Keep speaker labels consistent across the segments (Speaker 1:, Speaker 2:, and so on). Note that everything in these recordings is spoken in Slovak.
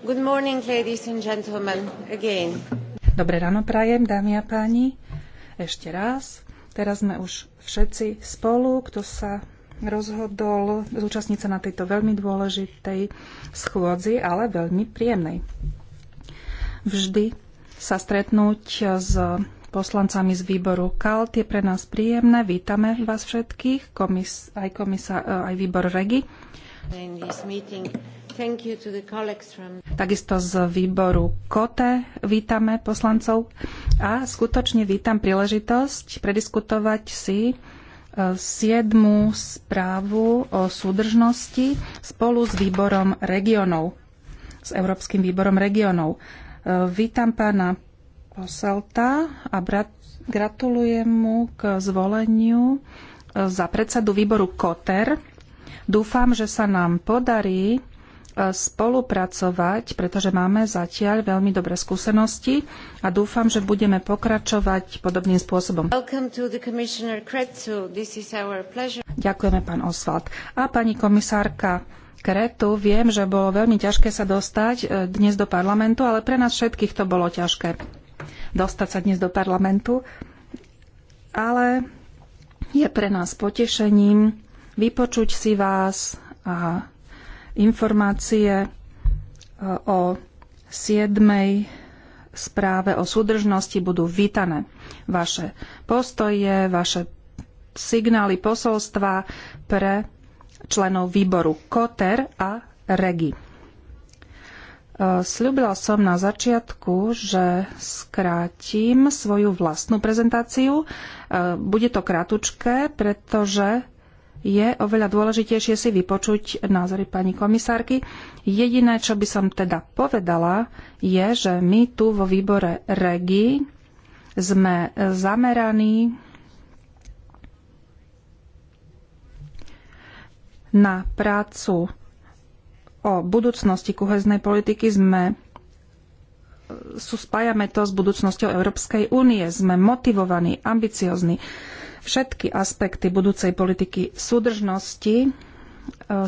Speaker 1: Good morning, ladies and gentlemen, again.
Speaker 2: Dobré ráno prajem, dámy a páni. Ešte raz. Teraz sme už všetci spolu, kto sa rozhodol zúčastniť sa na tejto veľmi dôležitej schôdzi, ale veľmi príjemnej. Vždy sa stretnúť s poslancami z výboru KALT je pre nás príjemné. Vítame vás všetkých, komis, aj, komisa, aj výbor REGI.
Speaker 1: From...
Speaker 2: Takisto z výboru KOTE vítame poslancov a skutočne vítam príležitosť prediskutovať si e, siedmu správu o súdržnosti spolu s výborom regionov, s Európskym výborom regionov. E, vítam pána Poselta a gratulujem mu k zvoleniu e, za predsedu výboru KOTER. Dúfam, že sa nám podarí spolupracovať, pretože máme zatiaľ veľmi dobré skúsenosti a dúfam, že budeme pokračovať podobným spôsobom. Ďakujeme, pán Oswald. A pani komisárka Kretu, viem, že bolo veľmi ťažké sa dostať e, dnes do parlamentu, ale pre nás všetkých to bolo ťažké dostať sa dnes do parlamentu. Ale je pre nás potešením vypočuť si vás a informácie e, o 7. správe o súdržnosti budú vítané. Vaše postoje, vaše signály posolstva pre členov výboru Koter a Regi. E, Sľúbila som na začiatku, že skrátim svoju vlastnú prezentáciu. E, bude to kratučké, pretože je oveľa dôležitejšie si vypočuť názory pani komisárky. Jediné, čo by som teda povedala, je, že my tu vo výbore REGI sme zameraní na prácu o budúcnosti kuheznej politiky sme sú, spájame to s budúcnosťou Európskej únie. Sme motivovaní, ambiciozní. Všetky aspekty budúcej politiky súdržnosti e,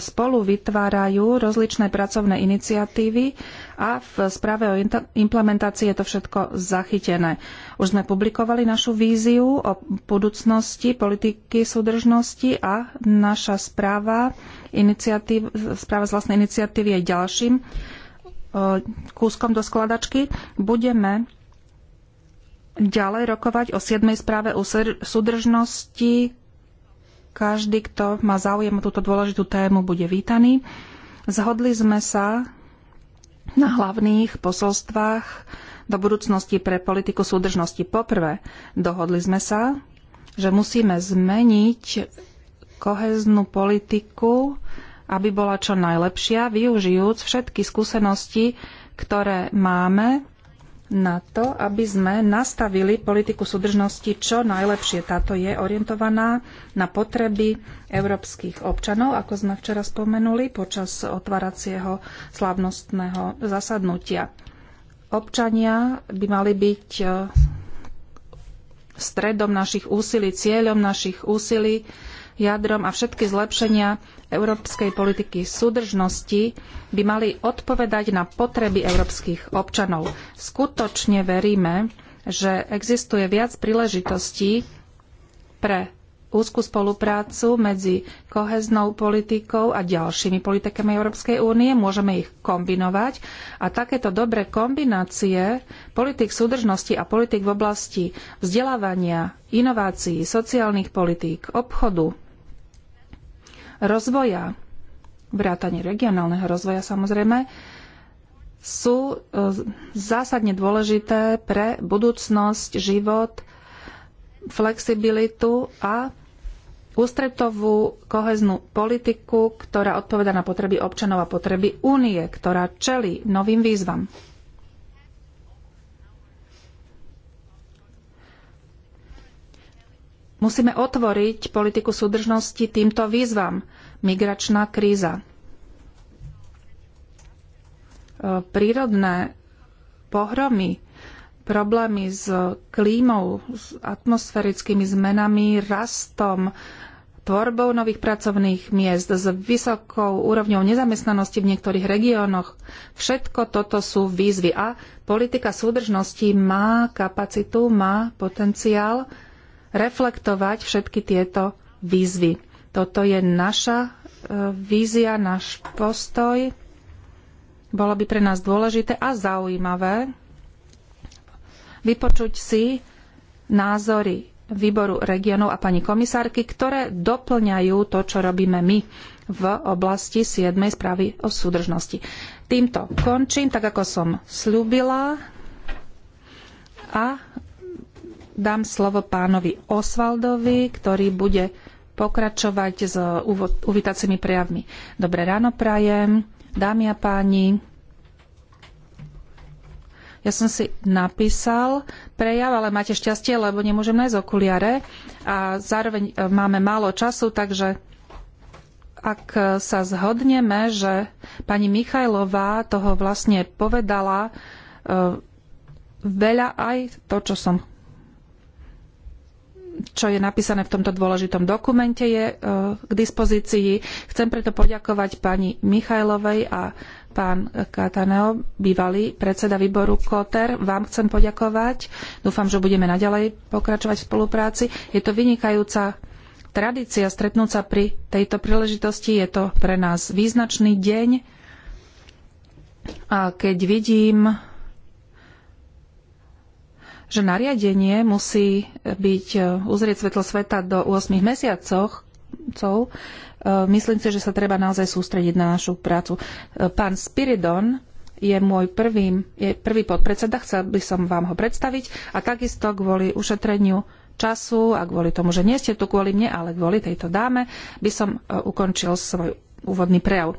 Speaker 2: spolu vytvárajú rozličné pracovné iniciatívy a v správe o implementácii je to všetko zachytené. Už sme publikovali našu víziu o budúcnosti politiky súdržnosti a naša správa, iniciatív, správa z vlastnej iniciatívy je ďalším e, kúskom do skladačky. Budeme ďalej rokovať o 7. správe o súdržnosti. Každý, kto má záujem o túto dôležitú tému, bude vítaný. Zhodli sme sa na hlavných posolstvách do budúcnosti pre politiku súdržnosti. Poprvé, dohodli sme sa, že musíme zmeniť koheznú politiku, aby bola čo najlepšia, využijúc všetky skúsenosti, ktoré máme na to, aby sme nastavili politiku súdržnosti čo najlepšie. Táto je orientovaná na potreby európskych občanov, ako sme včera spomenuli počas otváracieho slávnostného zasadnutia. Občania by mali byť eh, stredom našich úsilí, cieľom našich úsilí jadrom a všetky zlepšenia európskej politiky súdržnosti by mali odpovedať na potreby európskych občanov. Skutočne veríme, že existuje viac príležitostí pre úzku spoluprácu medzi koheznou politikou a ďalšími politikami Európskej únie. Môžeme ich kombinovať a takéto dobré kombinácie politik súdržnosti a politik v oblasti vzdelávania, inovácií, sociálnych politík, obchodu, rozvoja, vrátanie regionálneho rozvoja samozrejme, sú e, zásadne dôležité pre budúcnosť, život, flexibilitu a ústretovú koheznú politiku, ktorá odpoveda na potreby občanov a potreby únie, ktorá čelí novým výzvam. Musíme otvoriť politiku súdržnosti týmto výzvam. Migračná kríza. E, prírodné pohromy, problémy s klímou, s atmosférickými zmenami, rastom, tvorbou nových pracovných miest, s vysokou úrovňou nezamestnanosti v niektorých regiónoch. Všetko toto sú výzvy a politika súdržnosti má kapacitu, má potenciál reflektovať všetky tieto výzvy. Toto je naša e, vízia, náš postoj. Bolo by pre nás dôležité a zaujímavé vypočuť si názory výboru regionov a pani komisárky, ktoré doplňajú to, čo robíme my v oblasti 7. správy o súdržnosti. Týmto končím, tak ako som slúbila a dám slovo pánovi Osvaldovi, ktorý bude pokračovať s uvitacími prejavmi. Dobré ráno prajem, dámy a páni. Ja som si napísal prejav, ale máte šťastie, lebo nemôžem nájsť okuliare a zároveň e, máme málo času, takže ak e, sa zhodneme, že pani Michajlová toho vlastne povedala e, veľa aj to, čo som čo je napísané v tomto dôležitom dokumente, je e, k dispozícii. Chcem preto poďakovať pani Michajlovej a pán Kataneo, bývalý predseda výboru Koter. Vám chcem poďakovať. Dúfam, že budeme naďalej pokračovať v spolupráci. Je to vynikajúca tradícia stretnúť sa pri tejto príležitosti. Je to pre nás význačný deň. A keď vidím že nariadenie musí byť e, uzrieť svetlo sveta do 8 mesiacoch, e, myslím si, že sa treba naozaj sústrediť na našu prácu. E, pán Spiridon je môj prvý, je prvý podpredseda, chcel by som vám ho predstaviť a takisto kvôli ušetreniu času a kvôli tomu, že nie ste tu kvôli mne, ale kvôli tejto dáme, by som ukončil svoj úvodný prejav.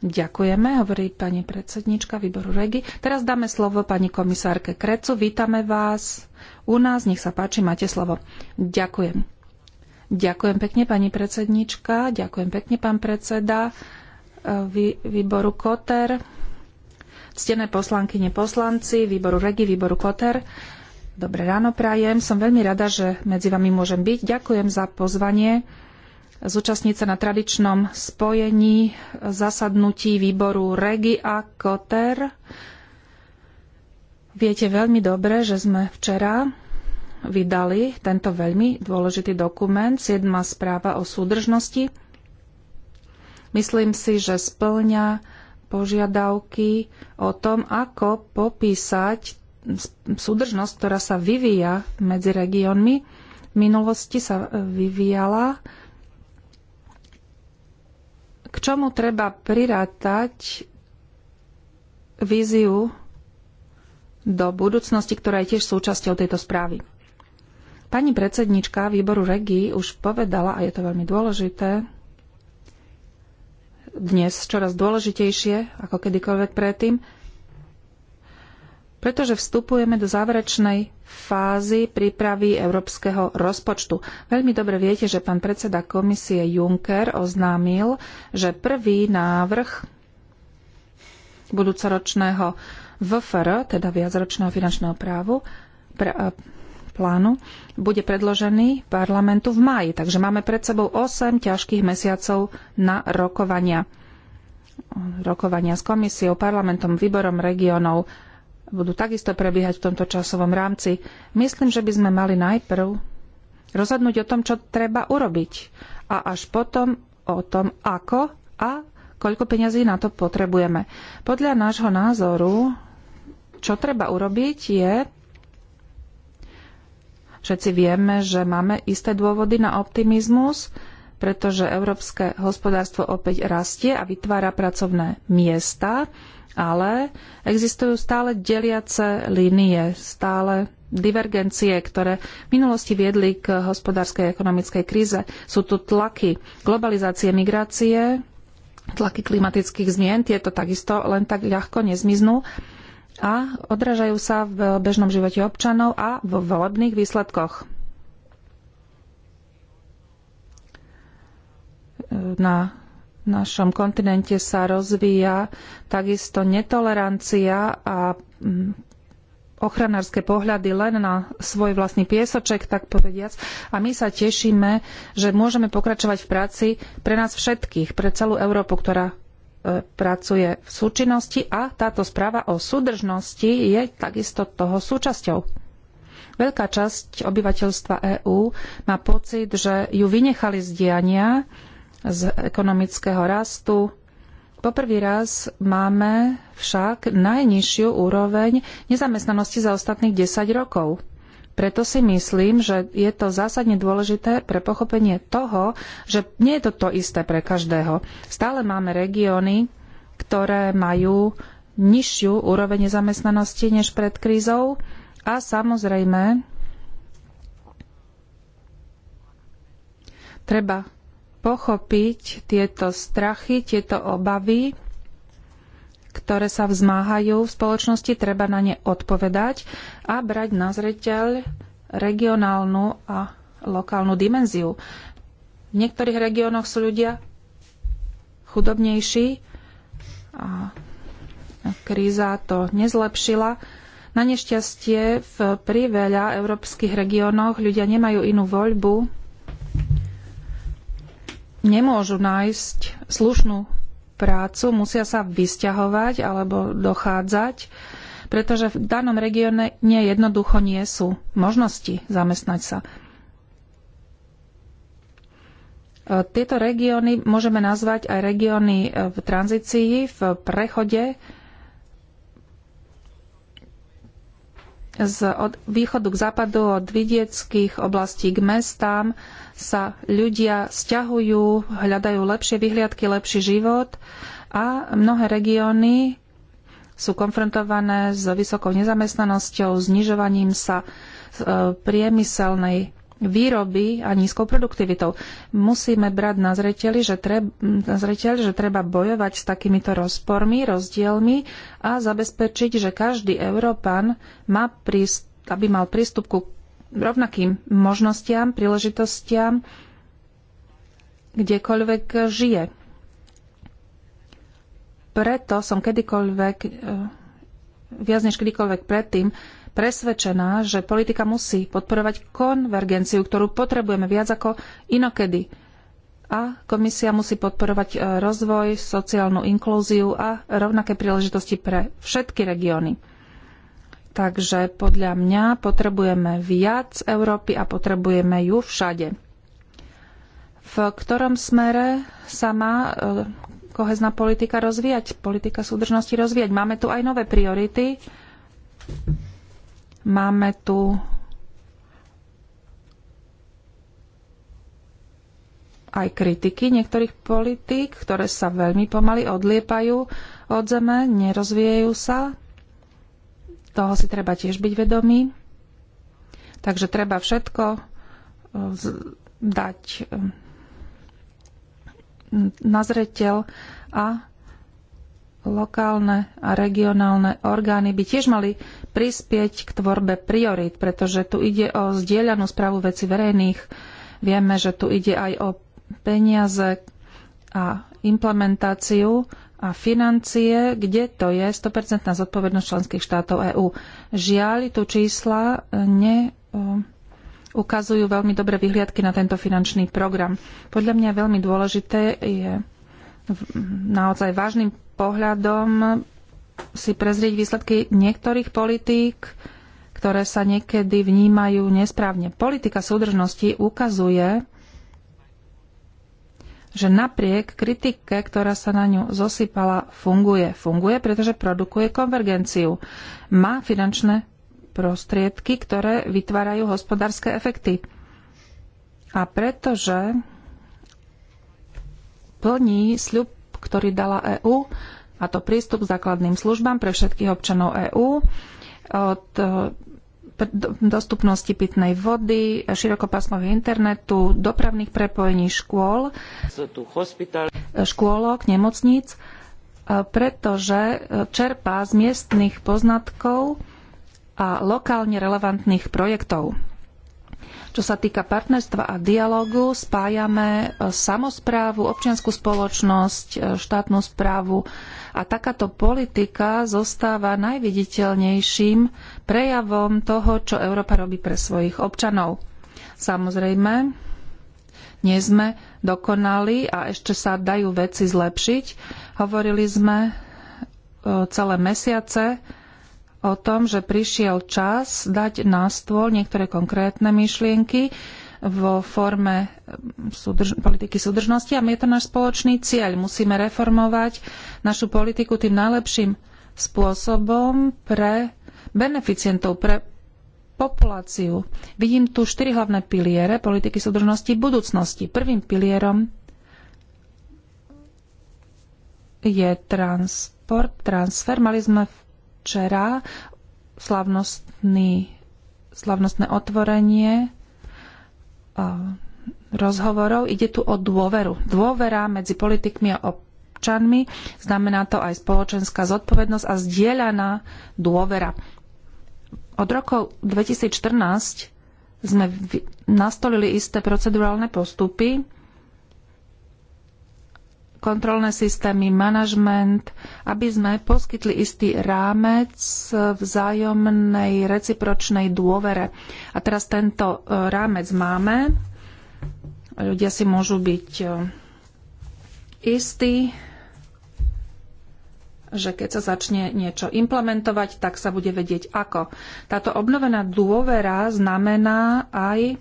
Speaker 2: Ďakujeme, hovorí pani predsednička výboru REGI. Teraz dáme slovo pani komisárke Krecu. Vítame vás u nás. Nech sa páči, máte slovo. Ďakujem. Ďakujem pekne, pani predsednička. Ďakujem pekne, pán predseda e, vý, výboru Koter. Ctené poslankyne poslanci výboru REGI, výboru Koter. Dobré ráno prajem. Som veľmi rada, že medzi vami môžem byť. Ďakujem za pozvanie zúčastniť sa na tradičnom spojení zasadnutí výboru Regi a Koter. Viete veľmi dobre, že sme včera vydali tento veľmi dôležitý dokument, 7. správa o súdržnosti. Myslím si, že splňa požiadavky o tom, ako popísať súdržnosť, ktorá sa vyvíja medzi regiónmi. V minulosti sa vyvíjala k čomu treba prirátať víziu do budúcnosti, ktorá je tiež súčasťou tejto správy. Pani predsednička výboru REGI už povedala, a je to veľmi dôležité, dnes čoraz dôležitejšie ako kedykoľvek predtým, pretože vstupujeme do záverečnej fázy prípravy európskeho rozpočtu. Veľmi dobre viete, že pán predseda komisie Juncker oznámil, že prvý návrh budúcoročného VFR, teda viacročného finančného právu, pr- eh, plánu, bude predložený parlamentu v máji. Takže máme pred sebou 8 ťažkých mesiacov na rokovania. Rokovania s komisiou, parlamentom, výborom regionov, budú takisto prebiehať v tomto časovom rámci. Myslím, že by sme mali najprv rozhodnúť o tom, čo treba urobiť a až potom o tom, ako a koľko peňazí na to potrebujeme. Podľa nášho názoru, čo treba urobiť je, všetci vieme, že máme isté dôvody na optimizmus, pretože európske hospodárstvo opäť rastie a vytvára pracovné miesta ale existujú stále deliace línie, stále divergencie, ktoré v minulosti viedli k hospodárskej a ekonomickej kríze. Sú tu tlaky globalizácie, migrácie, tlaky klimatických zmien, tieto takisto len tak ľahko nezmiznú a odrážajú sa v bežnom živote občanov a v volebných výsledkoch. Na našom kontinente sa rozvíja takisto netolerancia a mm, ochranárske pohľady len na svoj vlastný piesoček, tak povediac. A my sa tešíme, že môžeme pokračovať v práci pre nás všetkých, pre celú Európu, ktorá e, pracuje v súčinnosti a táto správa o súdržnosti je takisto toho súčasťou. Veľká časť obyvateľstva EÚ má pocit, že ju vynechali z diania z ekonomického rastu. Poprvý raz máme však najnižšiu úroveň nezamestnanosti za ostatných 10 rokov. Preto si myslím, že je to zásadne dôležité pre pochopenie toho, že nie je to to isté pre každého. Stále máme regióny, ktoré majú nižšiu úroveň nezamestnanosti než pred krízou a samozrejme treba pochopiť tieto strachy, tieto obavy, ktoré sa vzmáhajú v spoločnosti, treba na ne odpovedať a brať na zreteľ regionálnu a lokálnu dimenziu. V niektorých regiónoch sú ľudia chudobnejší a kríza to nezlepšila. Na nešťastie v priveľa európskych regiónoch ľudia nemajú inú voľbu, nemôžu nájsť slušnú prácu, musia sa vysťahovať alebo dochádzať, pretože v danom regióne jednoducho nie sú možnosti zamestnať sa. E, tieto regióny môžeme nazvať aj regióny e, v tranzícii, v prechode z od východu k západu, od vidieckých oblastí k mestám sa ľudia sťahujú, hľadajú lepšie vyhliadky, lepší život a mnohé regióny sú konfrontované s vysokou nezamestnanosťou, znižovaním sa e, priemyselnej výroby a nízkou produktivitou. Musíme brať na, zreteli, že treb, na zreteľ, že treba bojovať s takýmito rozpormi, rozdielmi a zabezpečiť, že každý Európan má príst, aby mal prístup ku rovnakým možnostiam, príležitostiam, kdekoľvek žije. Preto som kedykoľvek, eh, viac než kedykoľvek predtým, presvedčená, že politika musí podporovať konvergenciu, ktorú potrebujeme viac ako inokedy. A komisia musí podporovať e, rozvoj, sociálnu inklúziu a rovnaké príležitosti pre všetky regióny. Takže podľa mňa potrebujeme viac Európy a potrebujeme ju všade. V ktorom smere sa má e, kohezná politika rozvíjať, politika súdržnosti rozvíjať? Máme tu aj nové priority Máme tu aj kritiky niektorých politík, ktoré sa veľmi pomaly odliepajú od zeme, nerozvíjajú sa. Toho si treba tiež byť vedomý. Takže treba všetko eh, dať eh, na zreteľ a lokálne a regionálne orgány by tiež mali prispieť k tvorbe priorít, pretože tu ide o zdieľanú správu veci verejných. Vieme, že tu ide aj o peniaze a implementáciu a financie, kde to je 100% zodpovednosť členských štátov EÚ. Žiaľ, tu čísla eh, ne, eh, ukazujú veľmi dobré vyhliadky na tento finančný program. Podľa mňa veľmi dôležité je naozaj vážnym pohľadom si prezrieť výsledky niektorých politík, ktoré sa niekedy vnímajú nesprávne. Politika súdržnosti ukazuje, že napriek kritike, ktorá sa na ňu zosypala, funguje. Funguje, pretože produkuje konvergenciu. Má finančné prostriedky, ktoré vytvárajú hospodárske efekty. A pretože plní sľub, ktorý dala EÚ, a to prístup k základným službám pre všetkých občanov EÚ, od e, dostupnosti pitnej vody, širokopásmového internetu, dopravných prepojení škôl, škôlok, nemocníc, e, pretože e, čerpá z miestnych poznatkov a lokálne relevantných projektov. Čo sa týka partnerstva a dialogu, spájame e, samozprávu, občianskú spoločnosť, e, štátnu správu a takáto politika zostáva najviditeľnejším prejavom toho, čo Európa robí pre svojich občanov. Samozrejme, nie sme dokonali a ešte sa dajú veci zlepšiť. Hovorili sme e, celé mesiace o tom, že prišiel čas dať na stôl niektoré konkrétne myšlienky vo forme mm, súdrž- politiky súdržnosti a my je to náš spoločný cieľ. Musíme reformovať našu politiku tým najlepším spôsobom pre beneficientov, pre populáciu. Vidím tu štyri hlavné piliere politiky súdržnosti budúcnosti. Prvým pilierom je transport, transfer. Mali sme v včera slavnostný, slavnostné otvorenie rozhovorov. Ide tu o dôveru. Dôvera medzi politikmi a občanmi. Znamená to aj spoločenská zodpovednosť a zdieľaná dôvera. Od rokov 2014 sme nastolili isté procedurálne postupy, kontrolné systémy, manažment, aby sme poskytli istý rámec vzájomnej recipročnej dôvere. A teraz tento e, rámec máme. Ľudia si môžu byť e, istí, že keď sa začne niečo implementovať, tak sa bude vedieť ako. Táto obnovená dôvera znamená aj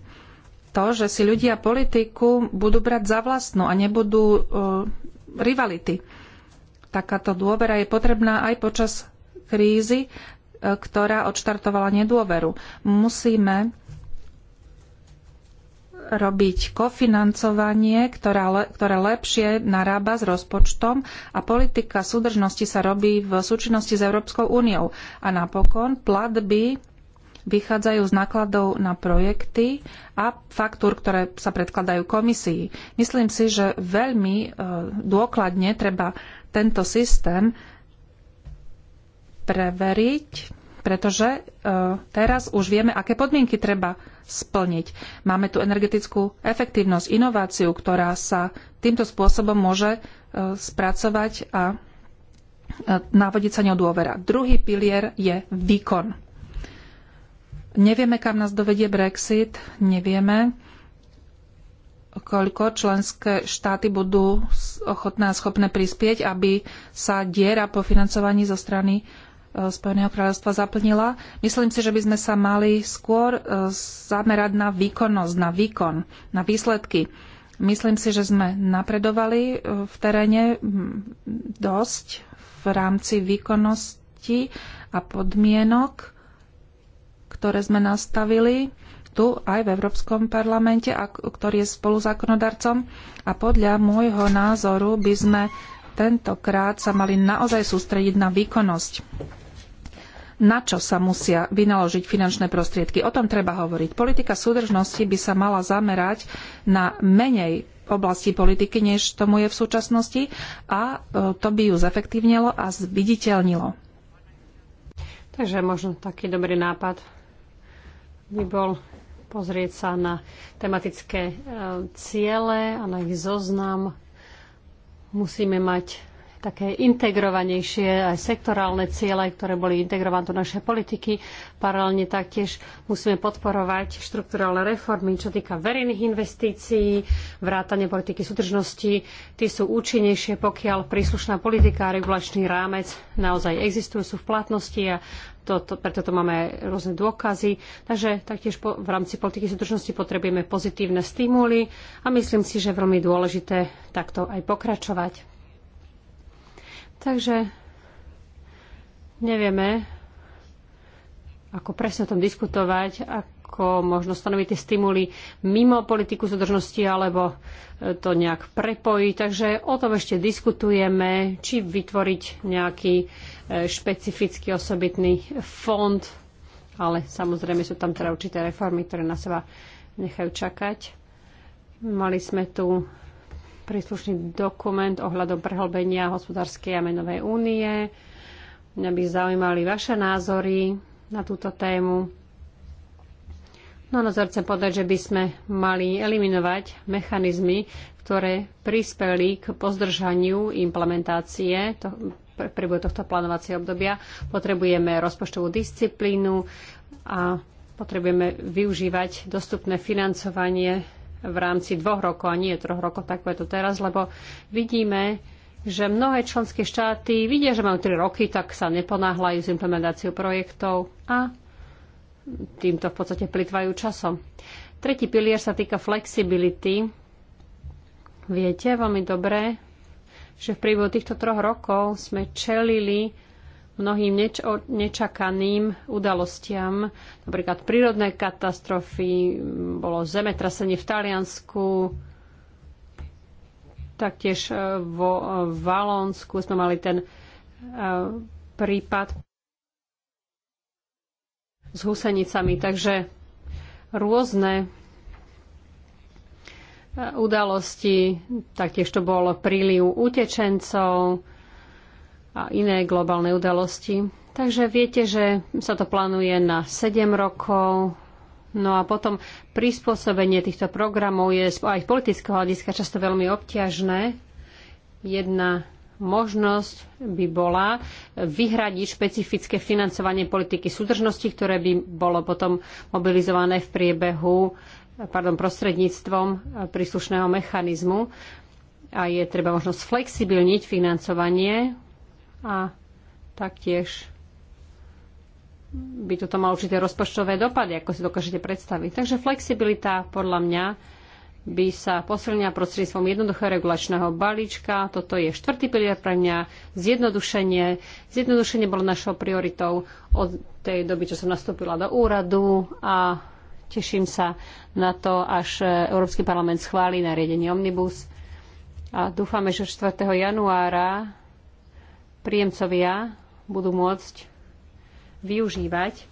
Speaker 2: to, že si ľudia politiku budú brať za vlastnú a nebudú uh, rivality. Takáto dôvera je potrebná aj počas krízy, e, ktorá odštartovala nedôveru. Musíme robiť kofinancovanie, ktoré lepšie narába s rozpočtom a politika súdržnosti sa robí v súčinnosti s Európskou úniou. A napokon platby vychádzajú z nákladov na projekty a faktúr, ktoré sa predkladajú komisii. Myslím si, že veľmi e, dôkladne treba tento systém preveriť, pretože e, teraz už vieme, aké podmienky treba splniť. Máme tu energetickú efektívnosť, inováciu, ktorá sa týmto spôsobom môže e, spracovať a navodiť sa ňou dôvera. Druhý pilier je výkon Nevieme, kam nás dovedie Brexit, nevieme, koľko členské štáty budú ochotné a schopné prispieť, aby sa diera po financovaní zo strany e, Spojeného kráľovstva zaplnila. Myslím si, že by sme sa mali skôr e, zamerať na výkonnosť, na výkon, na výsledky. Myslím si, že sme napredovali e, v teréne dosť v rámci výkonnosti a podmienok ktoré sme nastavili tu aj v Európskom parlamente, ktorý je spoluzákonodarcom. A podľa môjho názoru by sme tentokrát sa mali naozaj sústrediť na výkonnosť. Na čo sa musia vynaložiť finančné prostriedky? O tom treba hovoriť. Politika súdržnosti by sa mala zamerať na menej oblasti politiky, než tomu je v súčasnosti a e, to by ju zefektívnilo a zviditeľnilo.
Speaker 1: Takže možno taký dobrý nápad by bol pozrieť sa na tematické e, ciele a na ich zoznam. Musíme mať také integrovanejšie aj sektorálne ciele, ktoré boli integrované do našej politiky. Paralelne taktiež musíme podporovať štrukturálne reformy, čo týka verejných investícií, vrátanie politiky súdržnosti. Tí sú účinnejšie, pokiaľ príslušná politika a regulačný rámec naozaj existujú, sú v platnosti a to, preto to máme rôzne dôkazy. Takže taktiež po, v rámci politiky súdržnosti potrebujeme pozitívne stimuly a myslím si, že je veľmi dôležité takto aj pokračovať. Takže nevieme, ako presne o tom diskutovať, ak ako možno stanoviť tie stimuly mimo politiku súdržnosti alebo e, to nejak prepojiť. Takže o tom ešte diskutujeme, či vytvoriť nejaký e, špecifický osobitný fond, ale samozrejme sú tam teda určité reformy, ktoré na seba nechajú čakať. Mali sme tu príslušný dokument ohľadom prehlbenia hospodárskej a menovej únie. Mňa by zaujímali vaše názory na túto tému. No na no, chcem povedať, že by sme mali eliminovať mechanizmy, ktoré prispeli k pozdržaniu implementácie to, priebehu tohto plánovacieho obdobia. Potrebujeme rozpočtovú disciplínu a potrebujeme využívať dostupné financovanie v rámci dvoch rokov a nie troch rokov, tak je to teraz, lebo vidíme, že mnohé členské štáty vidia, že majú tri roky, tak sa neponáhľajú s implementáciou projektov a týmto v podstate plitvajú časom. Tretí pilier sa týka flexibility. Viete veľmi dobre, že v priebehu týchto troch rokov sme čelili mnohým neč- nečakaným udalostiam, napríklad prírodné katastrofy, bolo zemetrasenie v Taliansku, taktiež eh, vo Valonsku sme mali ten eh, prípad s husenicami. Takže rôzne e, udalosti, taktiež to bol príliv utečencov a iné globálne udalosti. Takže viete, že sa to plánuje na 7 rokov. No a potom prispôsobenie týchto programov je aj z politického hľadiska často veľmi obťažné. Jedna možnosť by bola vyhradiť špecifické financovanie politiky súdržnosti, ktoré by bolo potom mobilizované v priebehu, pardon, prostredníctvom príslušného mechanizmu. A je treba možno sflexibilniť financovanie a taktiež by toto malo určité rozpočtové dopady, ako si dokážete predstaviť. Takže flexibilita podľa mňa by sa posilnila prostredníctvom jednoduchého regulačného balíčka. Toto je štvrtý pilier pre mňa. Zjednodušenie. Zjednodušenie bolo našou prioritou od tej doby, čo som nastúpila do úradu a teším sa na to, až Európsky parlament schváli nariadenie Omnibus. A dúfame, že 4. januára príjemcovia budú môcť využívať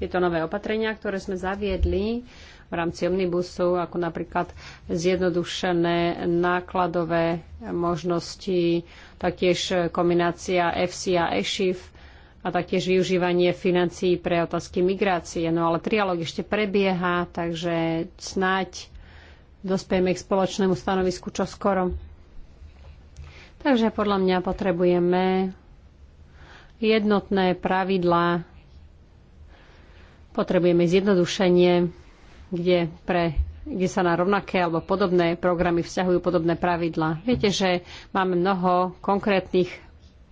Speaker 1: tieto nové opatrenia, ktoré sme zaviedli v rámci omnibusu, ako napríklad zjednodušené nákladové možnosti, taktiež kombinácia FC a ESHIF a taktiež využívanie financií pre otázky migrácie. No ale trialog ešte prebieha, takže snáď dospejeme k spoločnému stanovisku čoskoro. Takže podľa mňa potrebujeme jednotné pravidlá, potrebujeme zjednodušenie kde, pre, kde sa na rovnaké alebo podobné programy vzťahujú podobné pravidlá. Viete, že máme mnoho konkrétnych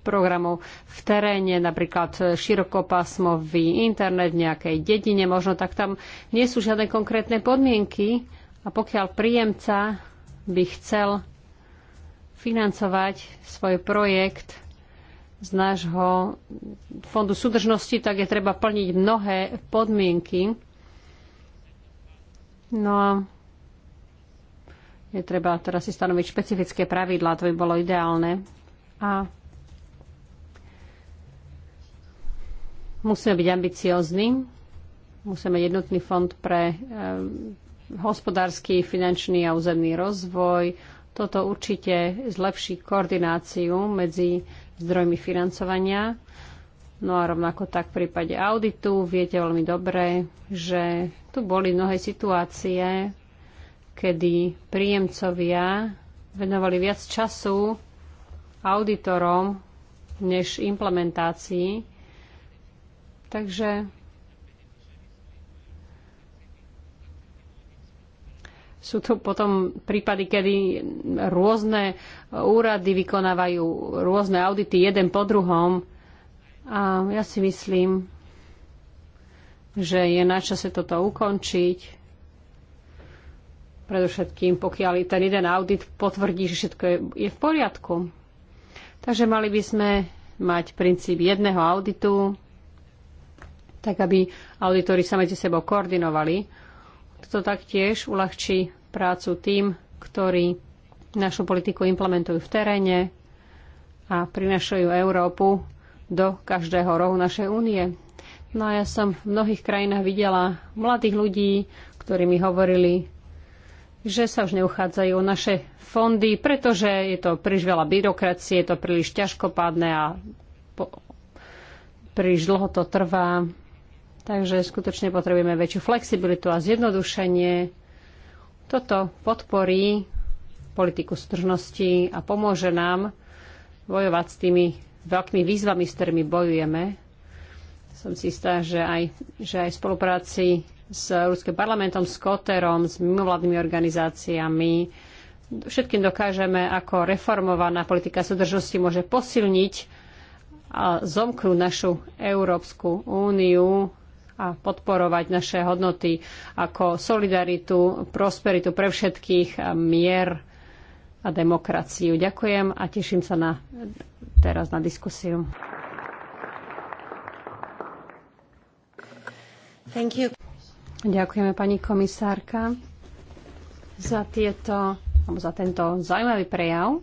Speaker 1: programov v teréne, napríklad širokopásmový internet v nejakej dedine, možno tak tam nie sú žiadne konkrétne podmienky a pokiaľ príjemca by chcel financovať svoj projekt z nášho fondu súdržnosti, tak je treba plniť mnohé podmienky. No a je treba teraz si stanoviť špecifické pravidlá, to by bolo ideálne. A musíme byť ambiciozni, musíme mať jednotný fond pre e, hospodársky, finančný a územný rozvoj. Toto určite zlepší koordináciu medzi zdrojmi financovania No a rovnako tak v prípade auditu viete veľmi dobre, že tu boli mnohé situácie, kedy príjemcovia venovali viac času auditorom než implementácii. Takže sú tu potom prípady, kedy rôzne úrady vykonávajú rôzne audity jeden po druhom a ja si myslím, že je na čase toto ukončiť. Predovšetkým, pokiaľ ten jeden audit potvrdí, že všetko je, je v poriadku. Takže mali by sme mať princíp jedného auditu, tak aby auditori sa medzi sebou koordinovali. To taktiež uľahčí prácu tým, ktorí našu politiku implementujú v teréne a prinašajú Európu do každého rohu našej únie. No a ja som v mnohých krajinách videla mladých ľudí, ktorí mi hovorili, že sa už neuchádzajú o naše fondy, pretože je to príliš veľa byrokracie, je to príliš ťažkopádne a po, príliš dlho to trvá. Takže skutočne potrebujeme väčšiu flexibilitu a zjednodušenie. Toto podporí politiku stržnosti a pomôže nám bojovať s tými veľkými výzvami, s ktorými bojujeme. Som si istá, že aj, že aj v spolupráci s Ruským parlamentom, s Koterom, s mimovládnymi organizáciami, všetkým dokážeme, ako reformovaná politika súdržnosti môže posilniť a zomknúť našu Európsku úniu a podporovať naše hodnoty ako solidaritu, prosperitu pre všetkých, mier a demokraciu. Ďakujem a teším sa na teraz na diskusiu. Thank you. Ďakujeme pani komisárka za tieto, alebo za tento zaujímavý prejav.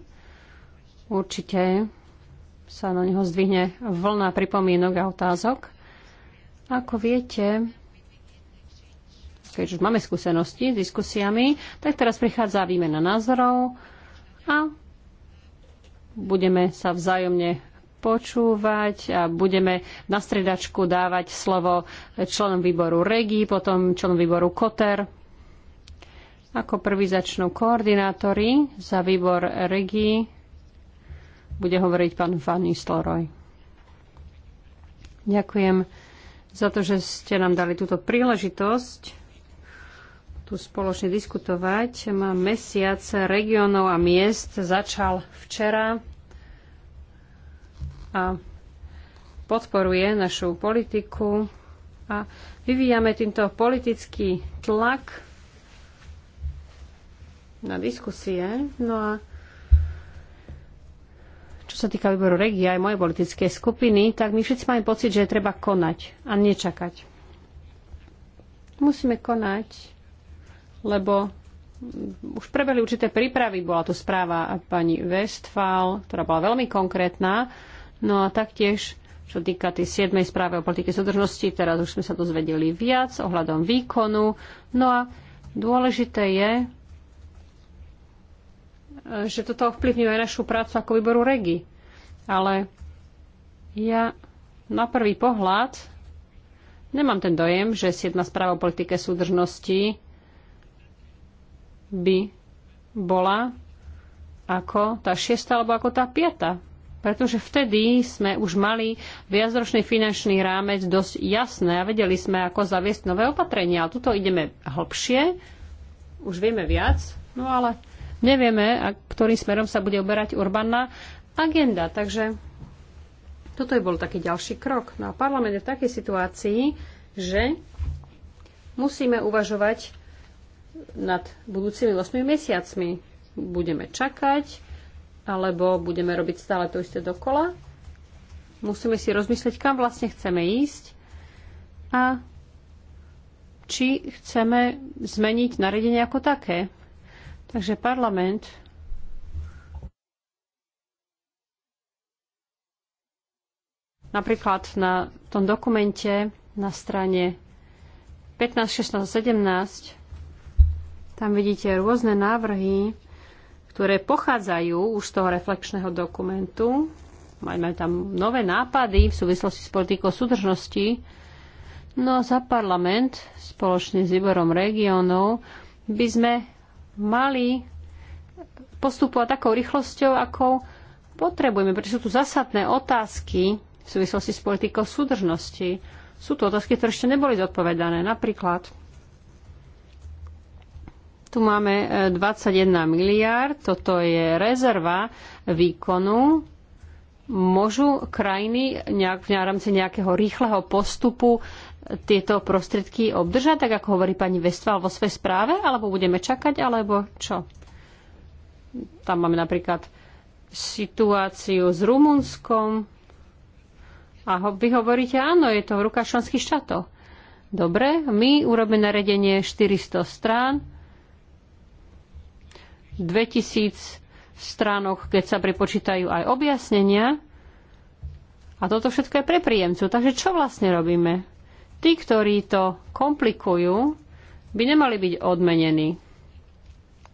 Speaker 1: Určite sa na neho zdvihne vlna pripomienok a otázok. Ako viete, keď už máme skúsenosti s diskusiami, tak teraz prichádza výmena názorov a budeme sa vzájomne počúvať a budeme na stredačku dávať slovo členom výboru REGI, potom členom výboru KOTER. Ako prvý začnú koordinátori za výbor REGI bude hovoriť pán Fanny Nistelrooy. Ďakujem za to, že ste nám dali túto príležitosť tu spoločne diskutovať. Mám mesiac regionov a miest. Začal včera a podporuje našu politiku a vyvíjame týmto politický tlak na diskusie. No a čo sa týka výboru regia aj mojej politickej skupiny, tak my všetci máme pocit, že treba konať a nečakať. Musíme konať lebo už prebehli určité prípravy. Bola tu správa pani Westphal, ktorá bola veľmi konkrétna. No a taktiež, čo týka tej 7. správy o politike súdržnosti, teraz už sme sa dozvedeli viac ohľadom výkonu. No a dôležité je, že toto ovplyvňuje našu prácu ako výboru REGI. Ale ja na prvý pohľad nemám ten dojem, že 7. správa o politike súdržnosti by bola ako tá šiesta alebo ako tá piata. Pretože vtedy sme už mali viacročný finančný rámec dosť jasné a vedeli sme, ako zaviesť nové opatrenia. Ale tuto ideme hlbšie, už vieme viac, no ale nevieme, a ktorým smerom sa bude uberať urbanná agenda. Takže toto je bol taký ďalší krok. No a parlament je v takej situácii, že musíme uvažovať nad budúcimi 8 mesiacmi. Budeme čakať, alebo budeme robiť stále to isté dokola. Musíme si rozmyslieť, kam vlastne chceme ísť a či chceme zmeniť naredenie ako také. Takže parlament napríklad na tom dokumente na strane 15, 16, 17 tam vidíte rôzne návrhy, ktoré pochádzajú už z toho reflexného dokumentu. Máme tam nové nápady v súvislosti s politikou súdržnosti. No za parlament spoločne s výborom regiónov by sme mali postupovať takou rýchlosťou, ako potrebujeme, pretože sú tu zásadné otázky v súvislosti s politikou súdržnosti. Sú tu otázky, ktoré ešte neboli zodpovedané. Napríklad, tu máme 21 e, miliárd, toto je rezerva výkonu. Môžu krajiny nejak, v rámci nejakého rýchleho postupu e, tieto prostriedky obdržať, tak ako hovorí pani Vestval vo svojej správe, alebo budeme čakať, alebo čo? Tam máme napríklad situáciu s Rumunskom a ho, vy hovoríte, áno, je to v rukách členských štátov. Dobre, my urobíme naredenie 400 strán, 2000 stránok, keď sa prepočítajú aj objasnenia. A toto všetko je pre príjemcu. Takže čo vlastne robíme? Tí, ktorí to komplikujú, by nemali byť odmenení.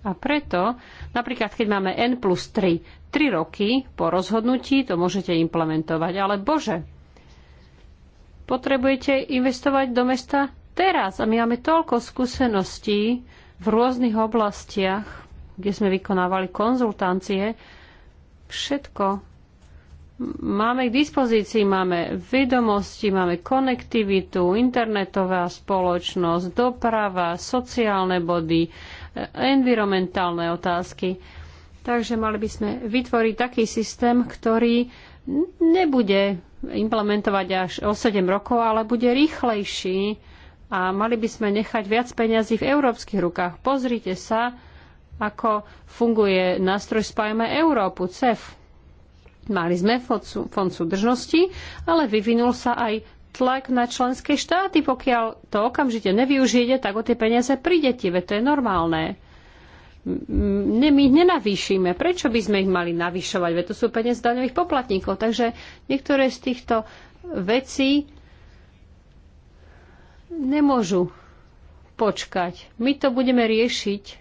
Speaker 1: A preto, napríklad keď máme N plus 3, 3 roky po rozhodnutí, to môžete implementovať. Ale bože, potrebujete investovať do mesta teraz. A my máme toľko skúseností v rôznych oblastiach, kde sme vykonávali konzultácie. Všetko máme k dispozícii, máme vedomosti, máme konektivitu, internetová spoločnosť, doprava, sociálne body, environmentálne otázky. Takže mali by sme vytvoriť taký systém, ktorý nebude implementovať až o 7 rokov, ale bude rýchlejší a mali by sme nechať viac peňazí v európskych rukách. Pozrite sa, ako funguje nástroj Spájame Európu, CEF. Mali sme fond súdržnosti, ale vyvinul sa aj tlak na členské štáty. Pokiaľ to okamžite nevyužijete, tak o tie peniaze prídete, veď to je normálne. Ne, my ich nenavýšime. Prečo by sme ich mali navyšovať? Veď to sú peniaze daňových poplatníkov. Takže niektoré z týchto vecí nemôžu počkať. My to budeme riešiť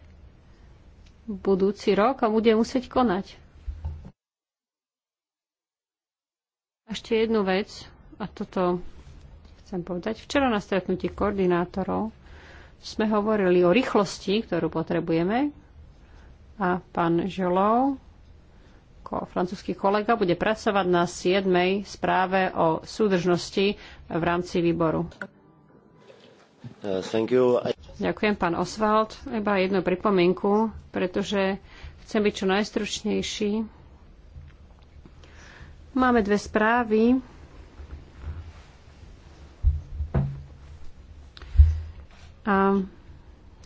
Speaker 1: budúci rok a bude musieť konať. Ešte jednu vec, a toto chcem povedať. Včera na stretnutí koordinátorov sme hovorili o rýchlosti, ktorú potrebujeme a pán ako francúzsky kolega, bude pracovať na 7. správe o súdržnosti v rámci výboru. Uh, Ďakujem, pán Oswald. Iba jednu pripomienku, pretože chcem byť čo najstručnejší. Máme dve správy. A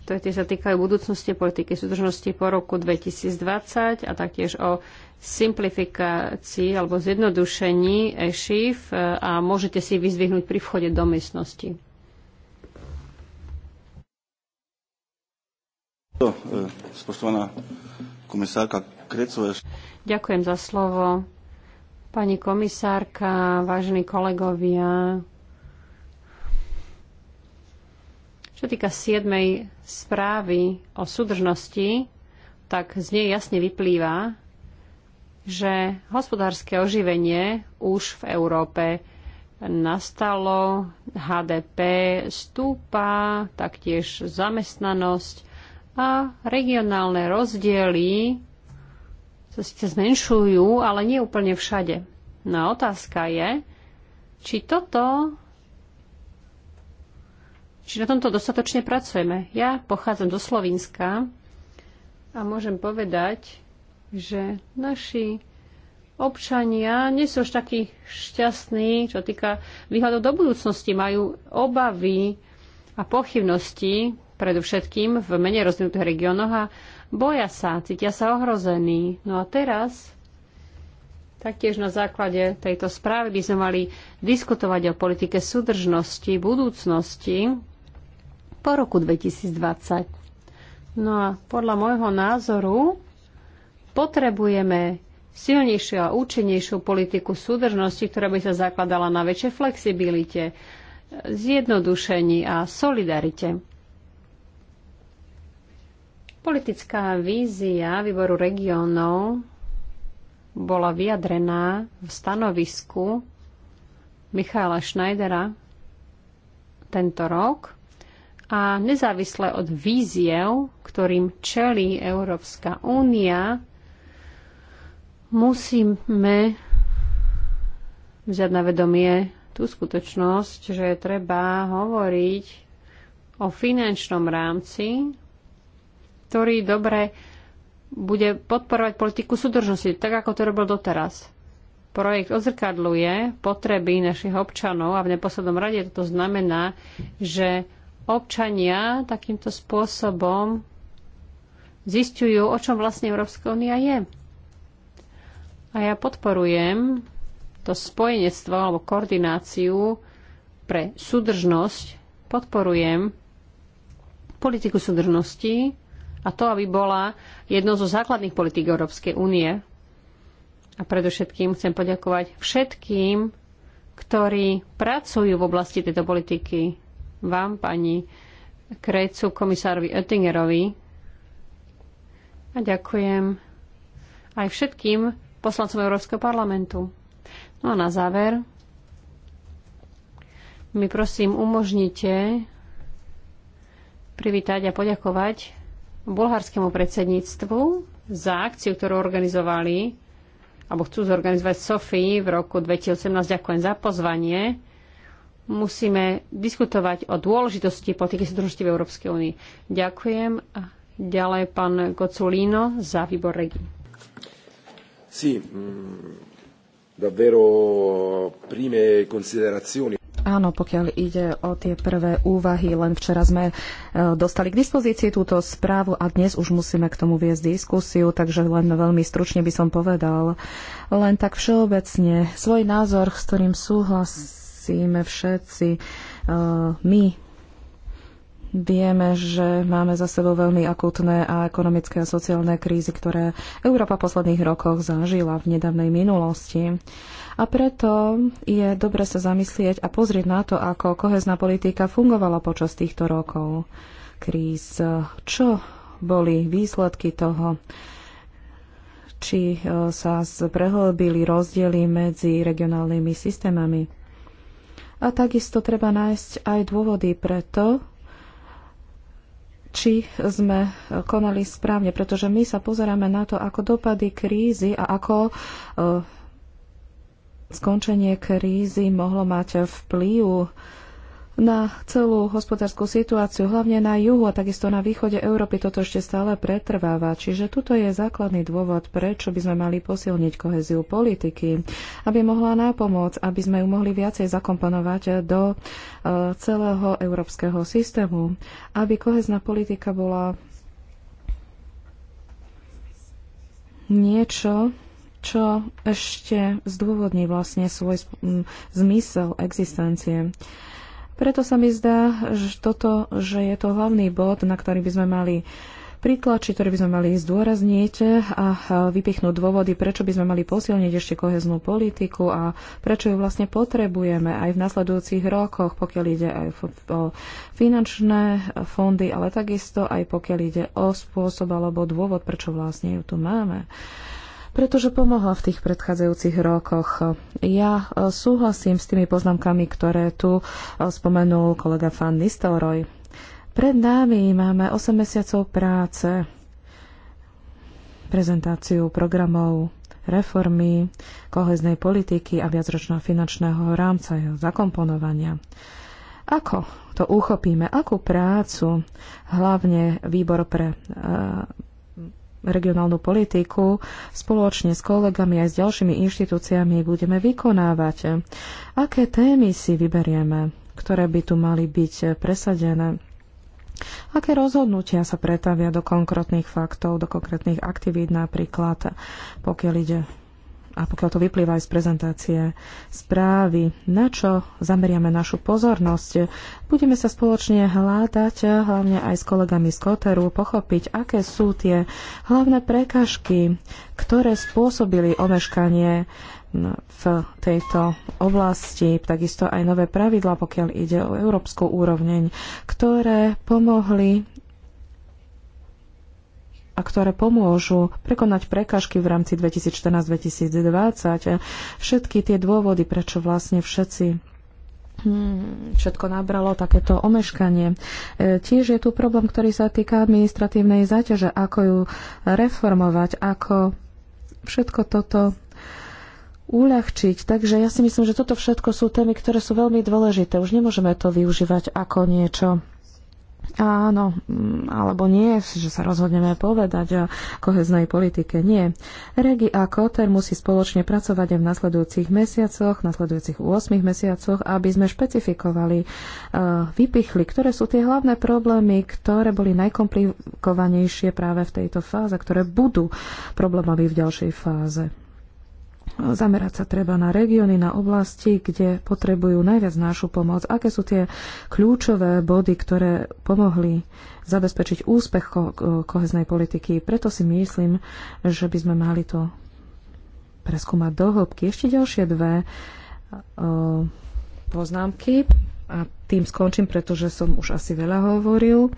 Speaker 1: to je, tie sa týkajú budúcnosti politiky súdržnosti po roku 2020 a taktiež o simplifikácii alebo zjednodušení e-shift e, a môžete si vyzvihnúť pri vchode do miestnosti. E, Ďakujem za slovo. Pani komisárka, vážení kolegovia, čo týka 7. správy o súdržnosti, tak z nej jasne vyplýva, že hospodárske oživenie už v Európe nastalo, HDP stúpa, taktiež zamestnanosť a regionálne rozdiely sa síce zmenšujú, ale nie úplne všade. No a otázka je, či toto či na tomto dostatočne pracujeme. Ja pochádzam do Slovenska a môžem povedať, že naši občania nie sú až takí šťastní, čo týka výhľadov do budúcnosti. Majú obavy a pochybnosti, predovšetkým v menej rozvinutých regiónoch a boja sa, cítia sa ohrození. No a teraz taktiež na základe tejto správy by sme mali diskutovať o politike súdržnosti, budúcnosti po roku 2020. No a podľa môjho názoru potrebujeme silnejšiu a účinnejšiu politiku súdržnosti, ktorá by sa zakladala na väčšej flexibilite, zjednodušení a solidarite. Politická vízia výboru regiónov bola vyjadrená v stanovisku Michaela Schneidera tento rok a nezávisle od víziev, ktorým čelí Európska únia, musíme vziať na vedomie tú skutočnosť, že treba hovoriť o finančnom rámci ktorý dobre bude podporovať politiku súdržnosti, tak ako to robil doteraz. Projekt odzrkadluje potreby našich občanov a v neposlednom rade toto znamená, že občania takýmto spôsobom zistujú, o čom vlastne Európska únia je. A ja podporujem to spojenectvo alebo koordináciu pre súdržnosť, podporujem politiku súdržnosti, a to, aby bola jednou zo základných politík Európskej únie. A predovšetkým chcem poďakovať všetkým, ktorí pracujú v oblasti tejto politiky. Vám, pani Krecu, komisárovi Oettingerovi. A ďakujem aj všetkým poslancom Európskeho parlamentu. No a na záver mi prosím umožnite privítať a poďakovať bulharskému predsedníctvu za akciu, ktorú organizovali alebo chcú zorganizovať Sofii v roku 2018. Ďakujem za pozvanie. Musíme diskutovať o dôležitosti politiky súdržnosti v Európskej únii. Ďakujem. A ďalej pán Gocolino za výbor regi.
Speaker 3: Sí, mm, davvero
Speaker 4: prime considerazioni. Áno, pokiaľ ide o tie prvé úvahy, len včera sme e, dostali k dispozícii túto správu a dnes už musíme k tomu viesť diskusiu, takže len veľmi stručne by som povedal. Len tak všeobecne, svoj názor, s ktorým súhlasíme všetci e, my, Vieme, že máme za sebou veľmi akutné a ekonomické a sociálne krízy, ktoré Európa v posledných rokoch zažila v nedávnej minulosti. A preto je dobre sa zamyslieť a pozrieť na to, ako kohezná politika fungovala počas týchto rokov kríz. Čo boli výsledky toho? Či e, sa prehlbili rozdiely medzi regionálnymi systémami? A takisto treba nájsť aj dôvody preto, či sme e, konali správne, pretože my sa pozeráme na to, ako dopady krízy a ako e, skončenie krízy mohlo mať vplyv na celú hospodárskú situáciu, hlavne na juhu a takisto na východe Európy toto ešte stále pretrváva. Čiže tuto je základný dôvod, prečo by sme mali posilniť koheziu politiky, aby mohla nápomôcť, aby sme ju mohli viacej zakomponovať do e, celého európskeho systému, aby kohezná politika bola niečo, čo ešte zdôvodní vlastne svoj zmysel existencie. Uh, preto sa mi zdá, že toto, že je to hlavný bod, na ktorý by sme mali príklad, ktorý by sme mali zdôrazniť a vypichnúť dôvody, prečo by sme mali posilniť ešte koheznú politiku a prečo ju vlastne potrebujeme aj v nasledujúcich rokoch, pokiaľ ide aj o finančné fondy, ale takisto aj pokiaľ ide o spôsob alebo dôvod, prečo vlastne ju tu máme pretože pomohla v tých predchádzajúcich rokoch. Ja e, súhlasím s tými poznámkami, ktoré tu e, spomenul kolega Fan Nistelroj. Pred nami máme 8 mesiacov práce, prezentáciu programov, reformy, koheznej politiky a viacročného finančného rámca jeho zakomponovania. Ako to uchopíme? Akú prácu hlavne výbor pre e, regionálnu politiku spoločne s kolegami aj s ďalšími inštitúciami budeme vykonávať. Aké témy si vyberieme, ktoré by tu mali byť presadené? Aké rozhodnutia sa pretavia do konkrétnych faktov, do konkrétnych aktivít, napríklad pokiaľ ide a pokiaľ to vyplýva aj z prezentácie správy, na čo zameriame našu pozornosť, budeme sa spoločne hľadať, hlavne aj s kolegami z Koteru, pochopiť, aké sú tie hlavné prekažky, ktoré spôsobili omeškanie v tejto oblasti, takisto aj nové pravidla, pokiaľ ide o európsku úrovneň, ktoré pomohli a ktoré pomôžu prekonať prekažky v rámci 2014-2020. Všetky tie dôvody, prečo vlastne všetci Hmm, všetko nabralo takéto omeškanie. E, tiež je tu problém, ktorý sa týka administratívnej záťaže, ako ju reformovať, ako všetko toto uľahčiť. Takže ja si myslím, že toto všetko sú témy, ktoré sú veľmi dôležité. Už nemôžeme to využívať ako niečo Áno, alebo nie, že sa rozhodneme povedať o koheznej politike. Nie. Regi a Koter musí spoločne pracovať aj v nasledujúcich mesiacoch, nasledujúcich 8 mesiacoch, aby sme špecifikovali, e, vypichli, ktoré sú tie hlavné problémy, ktoré boli najkomplikovanejšie práve v tejto fáze, ktoré budú problémami v ďalšej fáze. Zamerať sa treba na regióny, na oblasti, kde potrebujú najviac našu pomoc. Aké sú tie kľúčové body, ktoré pomohli zabezpečiť úspech ko- koheznej politiky? Preto si myslím, že by sme mali to preskúmať do hĺbky. Ešte ďalšie dve o, e, poznámky a tým skončím, pretože som už asi veľa hovoril.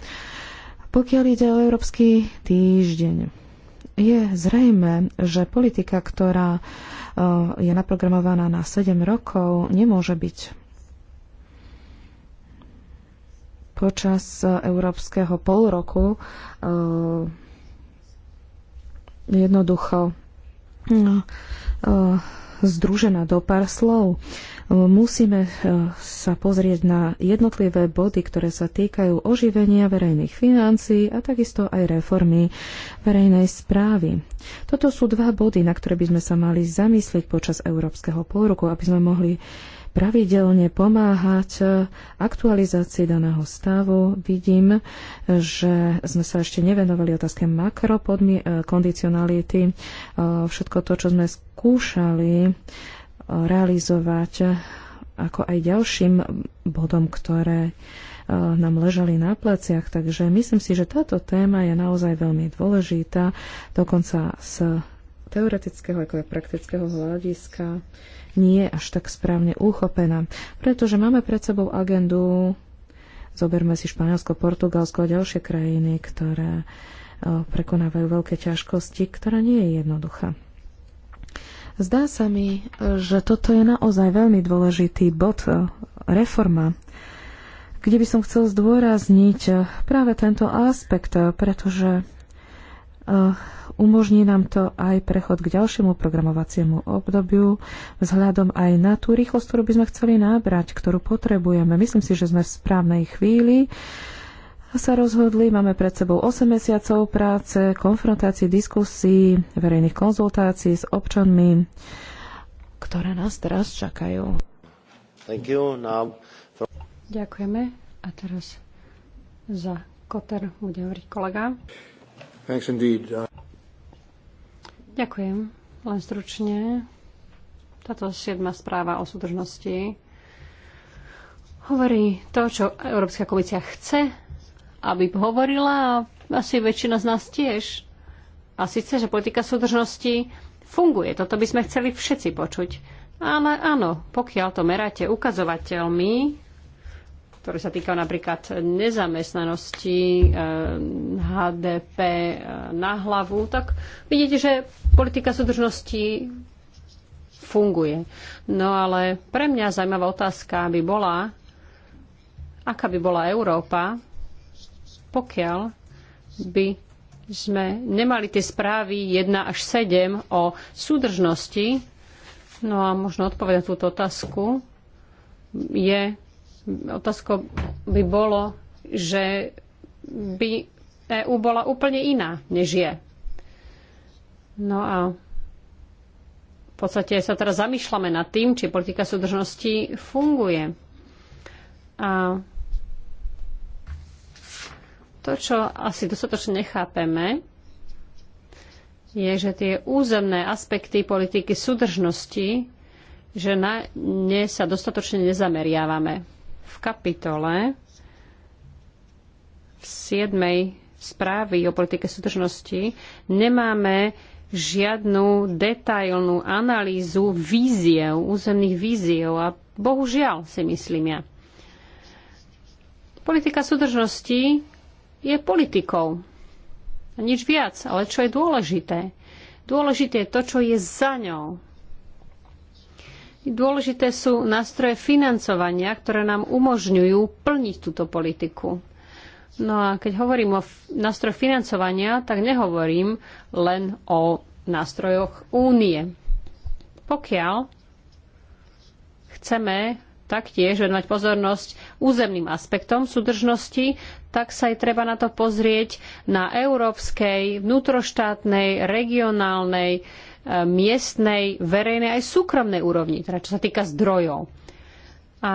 Speaker 4: Pokiaľ ide o Európsky týždeň, je zrejme, že politika, ktorá e, je naprogramovaná na 7 rokov, nemôže byť počas e, európskeho pol roku e, jednoducho združená do pár slov. Musíme e, sa pozrieť na jednotlivé body, ktoré sa týkajú oživenia verejných financií a takisto aj reformy verejnej správy. Toto sú dva body, na ktoré by sme sa mali zamyslieť počas európskeho pôroku, aby sme mohli pravidelne pomáhať e, aktualizácii daného stavu. Vidím, e, že sme sa ešte nevenovali otázke makrokondicionality. Všetko to, čo sme skúšali realizovať, eh, ako aj ďalším bodom, ktoré eh, nám ležali na pleciach. Takže myslím si, že táto téma je naozaj veľmi dôležitá, dokonca z teoretického ako aj praktického hľadiska nie je až tak správne uchopená, pretože máme pred sebou agendu, zoberme si Španielsko, Portugalsko a ďalšie krajiny, ktoré eh, prekonávajú veľké ťažkosti, ktorá nie je jednoduchá. Zdá sa mi, že toto je naozaj veľmi dôležitý bod e, reforma, kde by som chcel zdôrazniť e, práve tento aspekt, e, pretože umožní nám to aj prechod k ďalšiemu programovaciemu obdobiu, vzhľadom aj na tú rýchlosť, ktorú by sme chceli nábrať, ktorú potrebujeme. Myslím si, že sme v správnej chvíli sa rozhodli. Máme pred sebou 8 mesiacov práce, konfrontácií, diskusí, verejných konzultácií s občanmi, ktoré nás teraz čakajú.
Speaker 3: Thank you. Now from...
Speaker 1: Ďakujeme. A teraz za Koter bude hovoriť kolega.
Speaker 3: Thanks indeed. Uh...
Speaker 1: Ďakujem. Len stručne. Táto siedma správa o súdržnosti hovorí to, čo Európska komisia chce aby hovorila a asi väčšina z nás tiež. A síce, že politika súdržnosti funguje. Toto by sme chceli všetci počuť. Ale áno, pokiaľ to meráte ukazovateľmi, ktoré sa týkajú napríklad nezamestnanosti, HDP eh, eh, na hlavu, tak vidíte, že politika súdržnosti funguje. No ale pre mňa zaujímavá otázka by bola, aká by bola Európa, pokiaľ by sme nemali tie správy 1 až 7 o súdržnosti, no a možno odpovedať túto otázku, je, otázka by bolo, že by EU bola úplne iná, než je. No a v podstate sa teraz zamýšľame nad tým, či politika súdržnosti funguje. A to, čo asi dostatočne nechápeme, je, že tie územné aspekty politiky súdržnosti, že na ne sa dostatočne nezameriavame. V kapitole v 7. správy o politike súdržnosti nemáme žiadnu detailnú analýzu víziev, územných víziev a bohužiaľ si myslím ja. Politika súdržnosti je politikou. A nič viac. Ale čo je dôležité? Dôležité je to, čo je za ňou. Dôležité sú nástroje financovania, ktoré nám umožňujú plniť túto politiku. No a keď hovorím o nástrojoch financovania, tak nehovorím len o nástrojoch únie. Pokiaľ chceme taktiež venovať pozornosť územným aspektom súdržnosti, tak sa aj treba na to pozrieť na európskej, vnútroštátnej, regionálnej, e, miestnej, verejnej aj súkromnej úrovni, teda čo sa týka zdrojov. A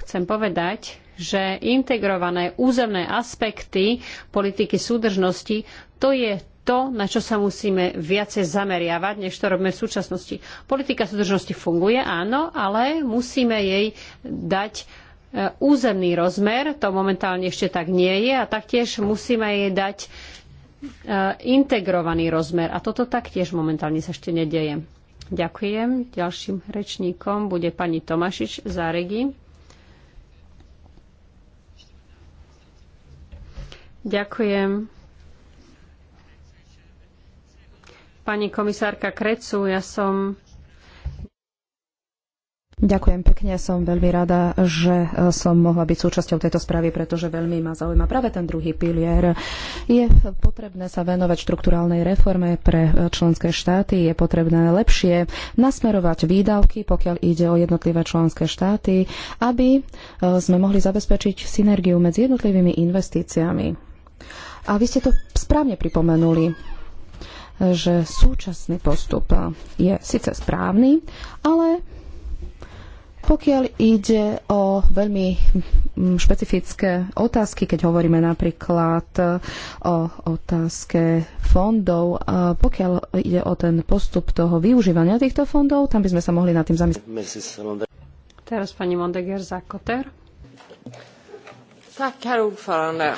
Speaker 1: chcem povedať, že integrované územné aspekty politiky súdržnosti to je to, na čo sa musíme viacej zameriavať, než to robíme v súčasnosti. Politika súdržnosti funguje, áno, ale musíme jej dať E, územný rozmer, to momentálne ešte tak nie je, a taktiež musíme jej dať e, integrovaný rozmer. A toto taktiež momentálne sa ešte nedeje. Ďakujem. Ďalším rečníkom bude pani Tomašič z Regi. Ďakujem. Pani komisárka Krecu, ja som
Speaker 4: Ďakujem pekne, som veľmi rada, že e, som mohla byť súčasťou tejto správy, pretože veľmi ma zaujíma práve ten druhý pilier. Je potrebné sa venovať štruktúrálnej reforme pre e, členské štáty, je potrebné lepšie nasmerovať výdavky, pokiaľ ide o jednotlivé členské štáty, aby e, sme mohli zabezpečiť synergiu medzi jednotlivými investíciami. A vy ste to správne pripomenuli že súčasný postup je síce správny, ale pokiaľ ide o veľmi mm, špecifické otázky, keď hovoríme napríklad e, o otázke fondov, pokiaľ ide o ten postup toho využívania týchto fondov, tam by sme sa mohli nad tým
Speaker 3: zamyslieť.
Speaker 1: Teraz pani Mondeger za Koter. Tack, herr
Speaker 2: ordförande.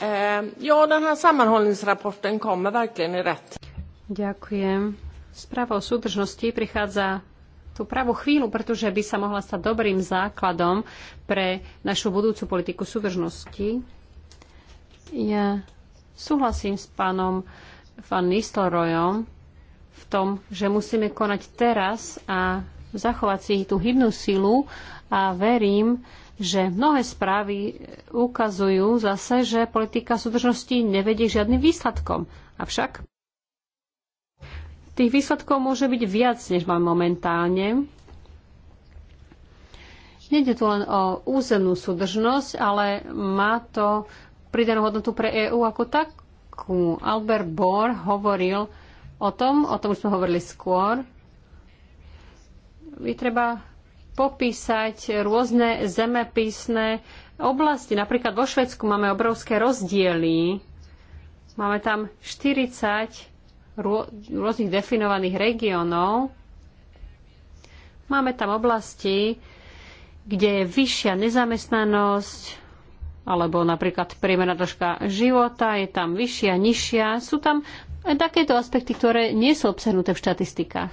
Speaker 2: Ehm, ja, den här sammanhållningsrapporten kommer verkligen i rätt.
Speaker 1: Ďakujem. Správa o súdržnosti prichádza tú pravú chvíľu, pretože by sa mohla stať dobrým základom pre našu budúcu politiku súdržnosti. Ja súhlasím s pánom Van Nistelrojom v tom, že musíme konať teraz a zachovať si tú hybnú silu a verím, že mnohé správy ukazujú zase, že politika súdržnosti nevedie žiadnym výsledkom. Avšak Tých výsledkov môže byť viac, než mám momentálne. Nede tu len o územnú súdržnosť, ale má to pridanú hodnotu pre EÚ ako takú. Albert Bohr hovoril o tom, o tom už sme hovorili skôr, Vy treba popísať rôzne zemepísne oblasti. Napríklad vo Švedsku máme obrovské rozdiely. Máme tam 40 rôznych definovaných regiónov. Máme tam oblasti, kde je vyššia nezamestnanosť, alebo napríklad priemerná dĺžka života je tam vyššia, nižšia. Sú tam aj takéto aspekty, ktoré nie sú obsahnuté v štatistikách.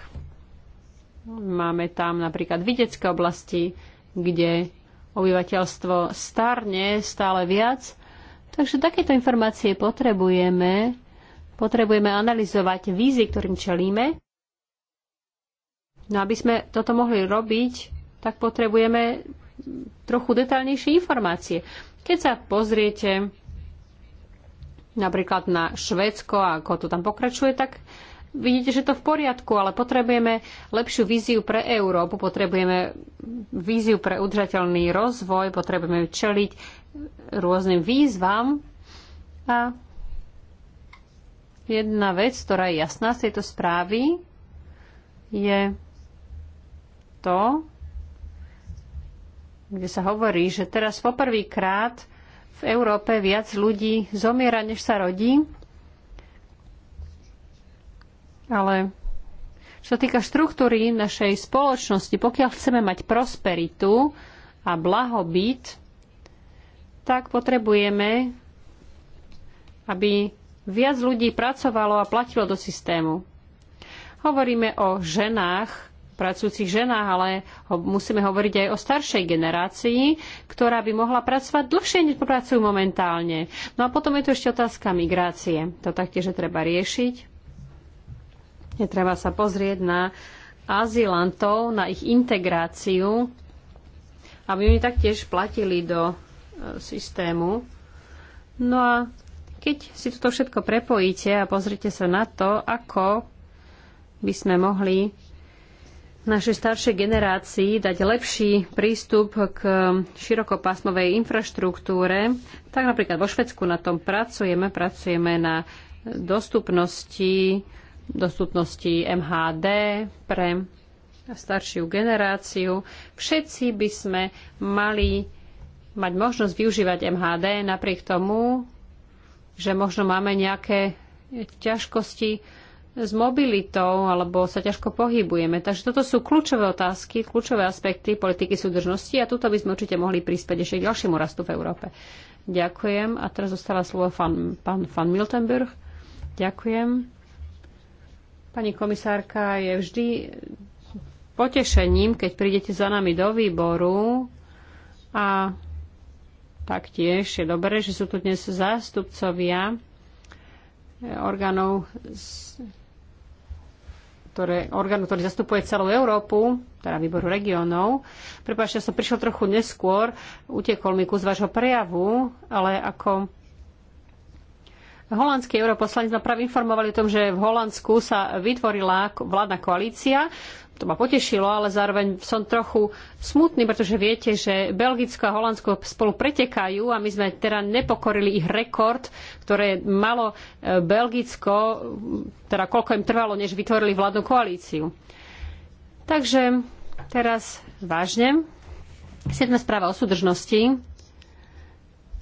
Speaker 1: Máme tam napríklad videcké oblasti, kde obyvateľstvo starne stále viac. Takže takéto informácie potrebujeme, Potrebujeme analyzovať vízy, ktorým čelíme. No aby sme toto mohli robiť, tak potrebujeme trochu detaľnejšie informácie. Keď sa pozriete napríklad na Švédsko a ako to tam pokračuje, tak vidíte, že to v poriadku, ale potrebujeme lepšiu víziu pre Európu, potrebujeme víziu pre udržateľný rozvoj, potrebujeme čeliť rôznym výzvam a Jedna vec, ktorá je jasná z tejto správy, je to, kde sa hovorí, že teraz poprvýkrát v Európe viac ľudí zomiera, než sa rodí. Ale čo týka štruktúry našej spoločnosti, pokiaľ chceme mať prosperitu a blahobyt, tak potrebujeme, aby viac ľudí pracovalo a platilo do systému. Hovoríme o ženách, pracujúcich ženách, ale ho, musíme hovoriť aj o staršej generácii, ktorá by mohla pracovať dlhšie, než pracujú momentálne. No a potom je tu ešte otázka migrácie. To taktiež je treba riešiť. Je treba sa pozrieť na azylantov, na ich integráciu, aby oni taktiež platili do e, systému. No a keď si toto všetko prepojíte a pozrite sa na to, ako by sme mohli našej staršej generácii dať lepší prístup k širokopásmovej infraštruktúre, tak napríklad vo Švedsku na tom pracujeme, pracujeme na dostupnosti, dostupnosti MHD pre staršiu generáciu. Všetci by sme mali mať možnosť využívať MHD napriek tomu, že možno máme nejaké ťažkosti s mobilitou alebo sa ťažko pohybujeme. Takže toto sú kľúčové otázky, kľúčové aspekty politiky súdržnosti a tuto by sme určite mohli prispieť ešte k ďalšiemu rastu v Európe. Ďakujem. A teraz zostáva slovo pán, pán, van Miltenburg. Ďakujem. Pani komisárka, je vždy potešením, keď prídete za nami do výboru a Taktiež je dobré, že sú tu dnes zástupcovia eh, orgánov, ktoré, orgánu, ktorý zastupuje celú Európu, teda výboru regionov. Prepáčte, ja som prišiel trochu neskôr, utekol mi kus vášho prejavu, ale ako holandský europoslanec ma práve informovali o tom, že v Holandsku sa vytvorila vládna koalícia, to ma potešilo, ale zároveň som trochu smutný, pretože viete, že Belgicko a Holandsko spolu pretekajú a my sme teda nepokorili ich rekord, ktoré malo e, Belgicko, teda koľko im trvalo, než vytvorili vládnu koalíciu. Takže teraz vážne. Siedma správa o súdržnosti.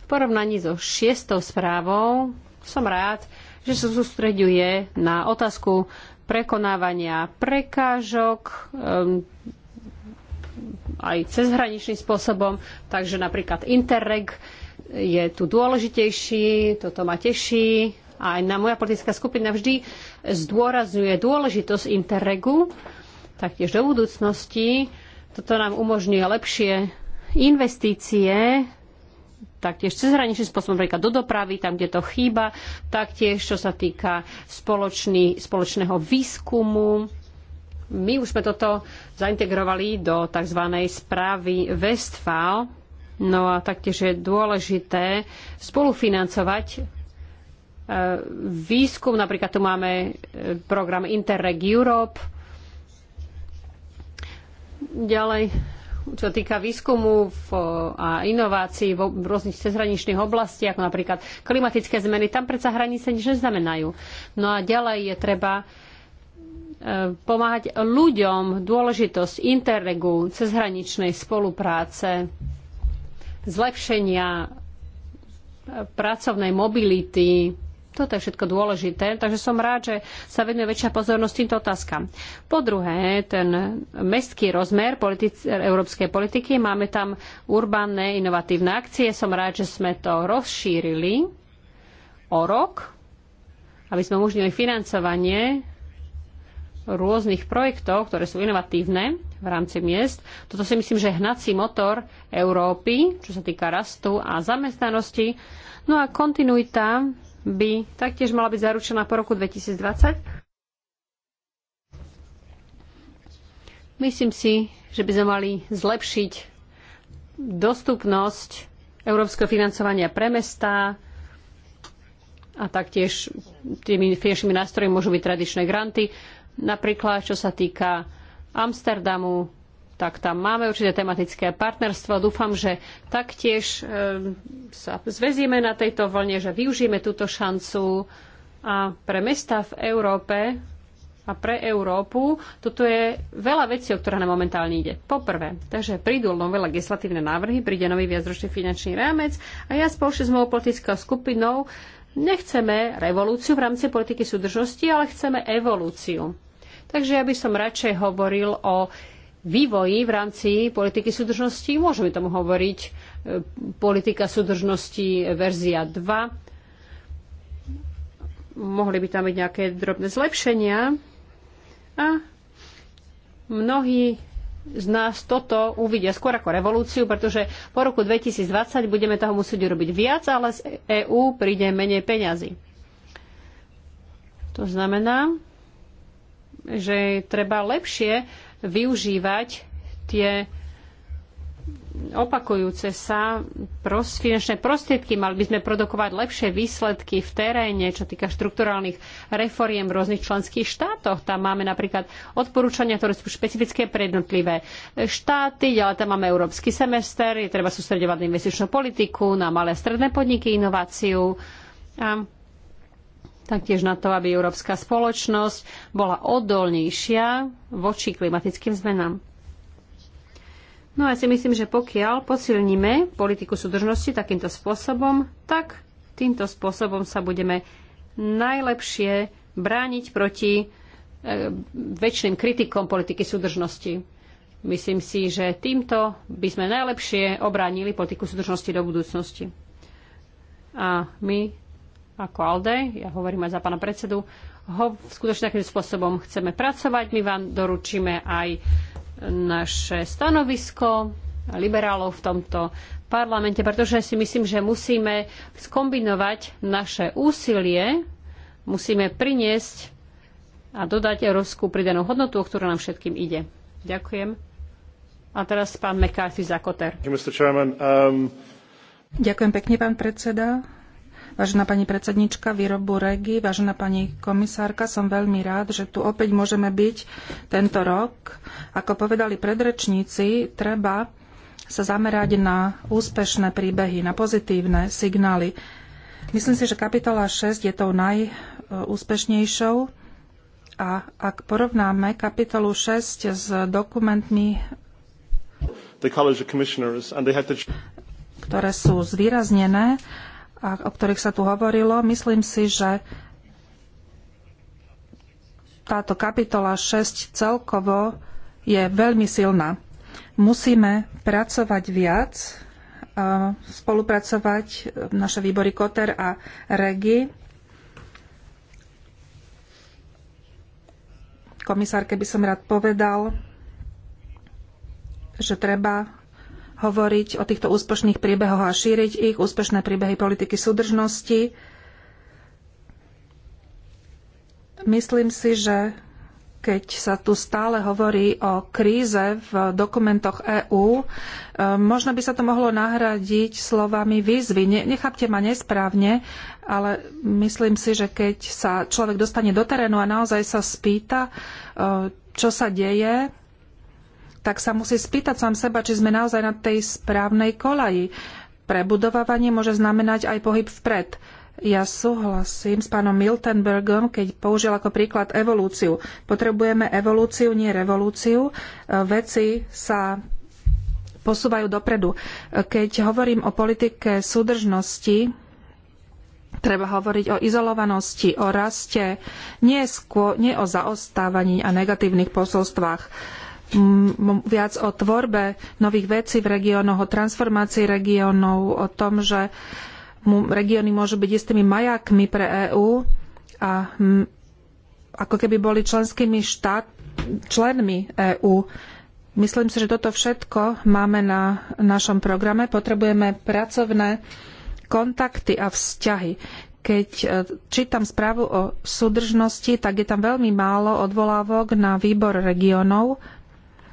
Speaker 1: V porovnaní so šiestou správou som rád, že sa sústreďuje na otázku prekonávania prekážok aj cezhraničným spôsobom, takže napríklad Interreg je tu dôležitejší, toto ma teší. A aj na moja politická skupina vždy zdôrazňuje dôležitosť Interregu, taktiež do budúcnosti. Toto nám umožňuje lepšie investície taktiež cezhraničným spôsobom, napríklad do dopravy, tam, kde to chýba, taktiež čo sa týka spoločný, spoločného výskumu. My už sme toto zaintegrovali do tzv. správy Westfál, no a taktiež je dôležité spolufinancovať e, výskum, napríklad tu máme e, program Interreg Europe, ďalej čo týka výskumu v, a inovácií v rôznych cezhraničných oblastiach, ako napríklad klimatické zmeny, tam predsa hranice nič neznamenajú. No a ďalej je treba e, pomáhať ľuďom, dôležitosť interregu, cezhraničnej spolupráce, zlepšenia e, pracovnej mobility, toto je všetko dôležité, takže som rád, že sa venuje väčšia pozornosť týmto otázkam. Po druhé, ten mestský rozmer politici, európskej politiky, máme tam urbánne inovatívne akcie, som rád, že sme to rozšírili o rok, aby sme umožnili financovanie rôznych projektov, ktoré sú inovatívne v rámci miest. Toto si myslím, že hnací motor Európy, čo sa týka rastu a zamestnanosti. No a kontinuita by taktiež mala byť zaručená po roku 2020. Myslím si, že by sme mali zlepšiť dostupnosť európskeho financovania pre mestá a taktiež tými finančnými nástrojmi môžu byť tradičné granty. Napríklad, čo sa týka Amsterdamu, tak tam máme určité tematické partnerstvo. Dúfam, že taktiež e, sa zväzieme na tejto vlne, že využijeme túto šancu a pre mesta v Európe a pre Európu toto je veľa vecí, o ktoré nám momentálne ide. Poprvé, takže prídu nové legislatívne návrhy, príde nový viacročný finančný rámec a ja spoločne s mojou politickou skupinou nechceme revolúciu v rámci politiky súdržnosti, ale chceme evolúciu. Takže ja by som radšej hovoril o vývoji v rámci politiky súdržnosti. Môžeme tomu hovoriť e, politika súdržnosti verzia 2. Mohli by tam byť nejaké drobné zlepšenia. A mnohí z nás toto uvidia skôr ako revolúciu, pretože po roku 2020 budeme toho musieť urobiť viac, ale z EÚ príde menej peňazí. To znamená, že treba lepšie využívať tie opakujúce sa pros, finančné prostriedky. Mali by sme produkovať lepšie výsledky v teréne, čo týka štrukturálnych reforiem v rôznych členských štátoch. Tam máme napríklad odporúčania, ktoré sú špecifické pre jednotlivé štáty, ale tam máme európsky semester, je treba sústredovať na investičnú politiku, na malé a stredné podniky, inováciu. A taktiež na to, aby európska spoločnosť bola odolnejšia voči klimatickým zmenám. No a ja si myslím, že pokiaľ posilníme politiku súdržnosti takýmto spôsobom, tak týmto spôsobom sa budeme najlepšie brániť proti e, väčšným kritikom politiky súdržnosti. Myslím si, že týmto by sme najlepšie obránili politiku súdržnosti do budúcnosti. A my ako ALDE, ja hovorím aj za pána predsedu, ho skutočne takým spôsobom chceme pracovať. My vám doručíme aj naše stanovisko liberálov v tomto parlamente, pretože si myslím, že musíme skombinovať naše úsilie, musíme priniesť a dodať európsku pridanú hodnotu, o ktorú nám všetkým ide. Ďakujem. A teraz pán McCarthy za Koter.
Speaker 2: Um,
Speaker 1: Ďakujem pekne, pán predseda.
Speaker 2: Vážená pani predsednička výrobu REGI, vážená pani komisárka, som veľmi rád, že tu opäť môžeme byť tento rok. Ako povedali predrečníci, treba sa zamerať na úspešné príbehy, na pozitívne signály. Myslím si, že kapitola 6 je tou najúspešnejšou a ak porovnáme kapitolu 6 s dokumentmi ktoré sú zvýraznené, a o ktorých sa tu hovorilo. Myslím si, že táto kapitola 6 celkovo je veľmi silná. Musíme pracovať viac, spolupracovať e, naše výbory Koter a Regi. Komisárke by som rád povedal, že treba hovoriť o týchto úspešných príbehoch a šíriť ich, úspešné príbehy politiky súdržnosti. Myslím si, že keď sa tu stále hovorí o kríze v dokumentoch EÚ, e, možno by sa to mohlo nahradiť slovami výzvy. Nechápte ma nesprávne, ale myslím si, že keď sa človek dostane do terénu a naozaj sa spýta, e, čo sa deje, tak sa musí spýtať sám seba, či sme naozaj na tej správnej kolaji. Prebudovávanie môže znamenať aj pohyb vpred. Ja súhlasím s pánom Miltenbergom, keď použil ako príklad evolúciu. Potrebujeme evolúciu, nie revolúciu. E, veci sa posúvajú dopredu. E, keď hovorím o politike súdržnosti, treba hovoriť o izolovanosti, o raste, nie, skôr, nie o zaostávaní a negatívnych posolstvách viac o tvorbe nových vecí v regiónoch, o transformácii regiónov, o tom, že regióny môžu byť istými majákmi pre EÚ a ako keby boli členskými štát, členmi EÚ. Myslím si, že toto všetko máme na našom programe. Potrebujeme pracovné kontakty a vzťahy. Keď e, čítam správu o súdržnosti, tak je tam veľmi málo odvolávok na výbor regiónov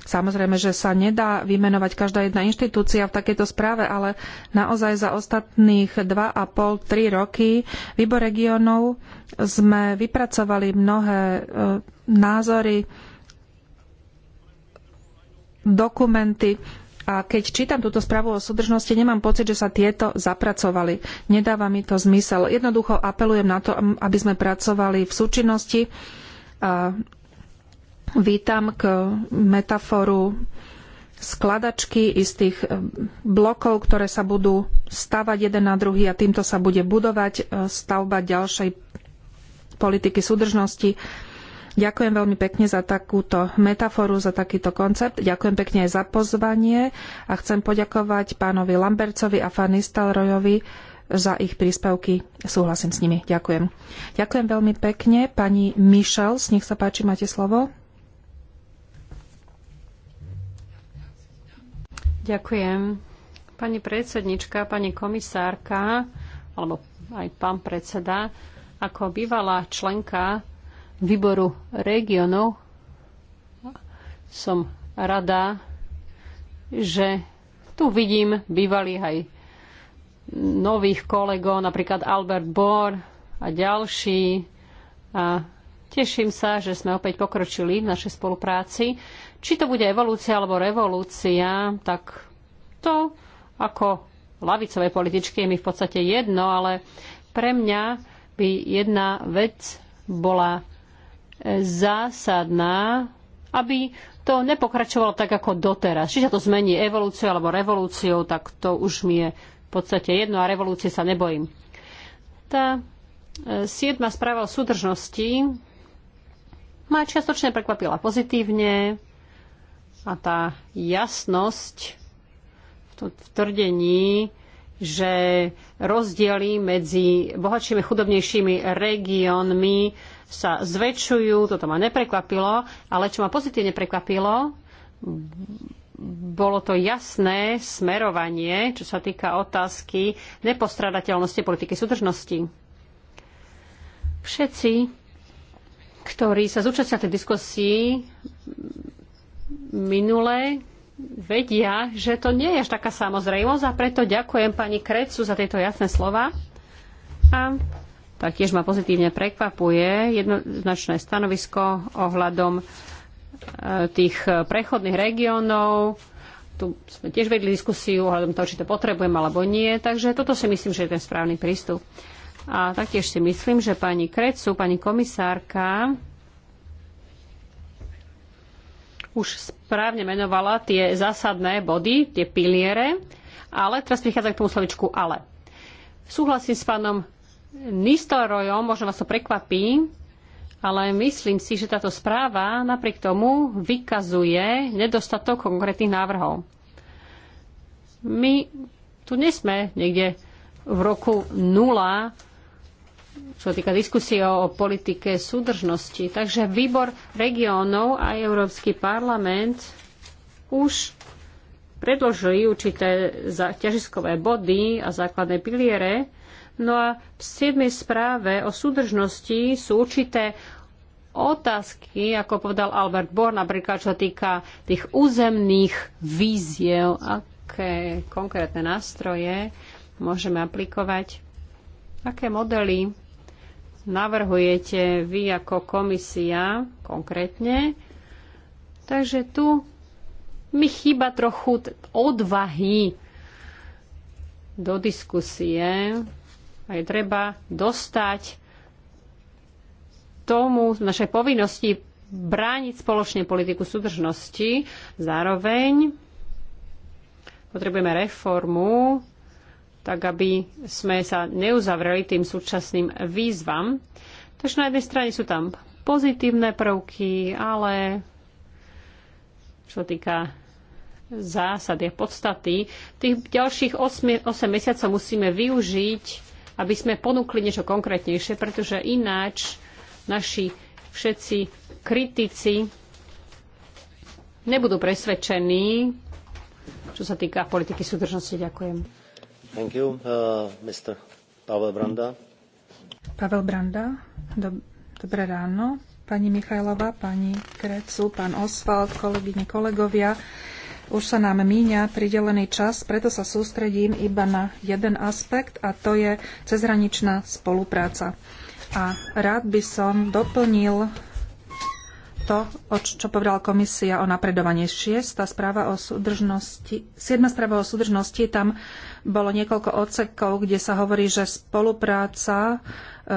Speaker 2: Samozrejme, že sa nedá vymenovať každá jedna inštitúcia v takejto správe, ale naozaj za ostatných 2,5-3 roky výbor regionov sme vypracovali mnohé e, názory, dokumenty, a keď čítam túto správu o súdržnosti, nemám pocit, že sa tieto zapracovali. Nedáva mi to zmysel. Jednoducho apelujem na to, aby sme pracovali v súčinnosti a Vítam k metaforu skladačky istých eh, blokov, ktoré sa budú stavať jeden na druhý a týmto sa bude budovať eh, stavba ďalšej politiky súdržnosti. Ďakujem veľmi pekne za takúto metaforu, za takýto koncept. Ďakujem pekne aj za pozvanie a chcem poďakovať pánovi Lambercovi a Fanny Stalrojovi za ich príspevky. Súhlasím s nimi. Ďakujem. Ďakujem veľmi pekne. Pani Michels, nech sa páči, máte slovo.
Speaker 1: Ďakujem. Pani predsednička, pani komisárka, alebo aj pán predseda, ako bývalá členka výboru regionov som rada, že tu vidím bývalých aj nových kolegov, napríklad Albert Bohr a ďalší. A teším sa, že sme opäť pokročili v našej spolupráci. Či to bude evolúcia alebo revolúcia, tak to ako lavicovej političky je mi v podstate jedno, ale pre mňa by jedna vec bola e, zásadná, aby to nepokračovalo tak ako doteraz. Či sa to zmení evolúciou alebo revolúciou, tak to už mi je v podstate jedno a revolúcie sa nebojím. Tá e, siedma správa o súdržnosti ma čiastočne prekvapila pozitívne a tá jasnosť v tvrdení, že rozdiely medzi bohatšími a chudobnejšími regiónmi sa zväčšujú, toto ma neprekvapilo, ale čo ma pozitívne prekvapilo, bolo to jasné smerovanie, čo sa týka otázky nepostradateľnosti politiky súdržnosti. Všetci, ktorí sa zúčastnia tej diskusii, Minulé vedia, že to nie je až taká samozrejmosť a preto ďakujem pani Krecu za tieto jasné slova. A taktiež ma pozitívne prekvapuje jednoznačné stanovisko ohľadom e, tých e, prechodných regiónov. Tu sme tiež vedli diskusiu ohľadom toho, či to potrebujem alebo nie, takže toto si myslím, že je ten správny prístup. A taktiež si myslím, že pani Krecu, pani komisárka, už správne menovala tie zásadné body, tie piliere, ale teraz prichádza k tomu slovičku ale. Súhlasím s pánom Nistorojom, možno vás to prekvapí, ale myslím si, že táto správa napriek tomu vykazuje nedostatok konkrétnych návrhov. My tu nesme niekde v roku nula čo týka diskusie o politike súdržnosti. Takže výbor regiónov a Európsky parlament už predložili určité ťažiskové body a základné piliere. No a v 7. správe o súdržnosti sú určité otázky, ako povedal Albert Bohr, napríklad čo týka tých územných víziev, aké konkrétne nástroje môžeme aplikovať, aké modely navrhujete vy ako komisia konkrétne. Takže tu mi chýba trochu odvahy do diskusie a je treba dostať tomu našej povinnosti brániť spoločne politiku súdržnosti. Zároveň potrebujeme reformu tak aby sme sa neuzavreli tým súčasným výzvam. Takže na jednej strane sú tam pozitívne prvky, ale čo týka zásady a podstaty, tých ďalších 8, 8 mesiacov musíme využiť, aby sme ponúkli niečo konkrétnejšie, pretože ináč naši všetci kritici nebudú presvedčení, čo sa týka politiky súdržnosti. Ďakujem.
Speaker 3: Uh, Pavel Branda.
Speaker 2: Pavel dobré ráno. Pani Michajlova, pani Krecu, pán Osvald, kolegyne, kolegovia. Už sa nám míňa pridelený čas, preto sa sústredím iba na jeden aspekt a to je cezhraničná spolupráca. A rád by som doplnil to, čo povedala komisia o napredovaní. Šiesta správa o súdržnosti, siedma správa o súdržnosti, tam bolo niekoľko odsekov, kde sa hovorí, že spolupráca e,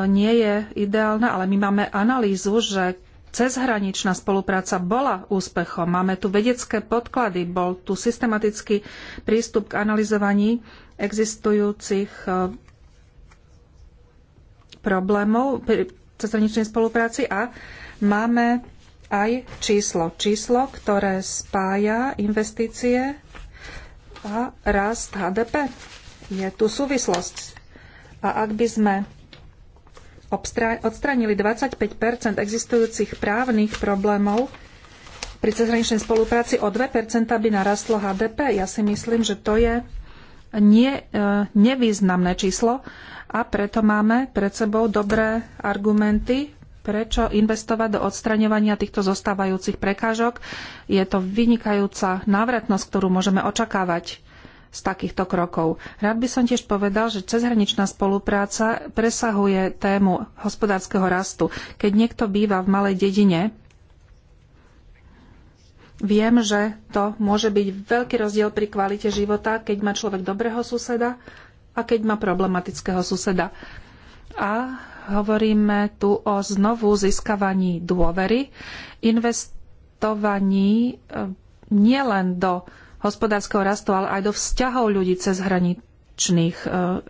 Speaker 2: nie je ideálna, ale my máme analýzu, že cezhraničná spolupráca bola úspechom. Máme tu vedecké podklady, bol tu systematický prístup k analyzovaní existujúcich e, problémov pri cezhraničnej spolupráci a máme aj číslo. Číslo, ktoré spája investície a rast HDP. Je tu súvislosť. A ak by sme odstránili 25 existujúcich právnych problémov, pri cezhraničnej spolupráci o 2 by narastlo HDP. Ja si myslím, že to je nie, e, nevýznamné číslo a preto máme pred sebou dobré argumenty Prečo investovať do odstraňovania týchto zostávajúcich prekážok? Je to vynikajúca návratnosť, ktorú môžeme očakávať z takýchto krokov. Rád by som tiež povedal, že cezhraničná spolupráca presahuje tému hospodárskeho rastu. Keď niekto býva v malej dedine, Viem, že to môže byť veľký rozdiel pri kvalite života, keď má človek dobrého suseda a keď má problematického suseda. A Hovoríme tu o znovu získavaní dôvery, investovaní e, nielen do hospodárskeho rastu, ale aj do vzťahov ľudí cez hraničných e,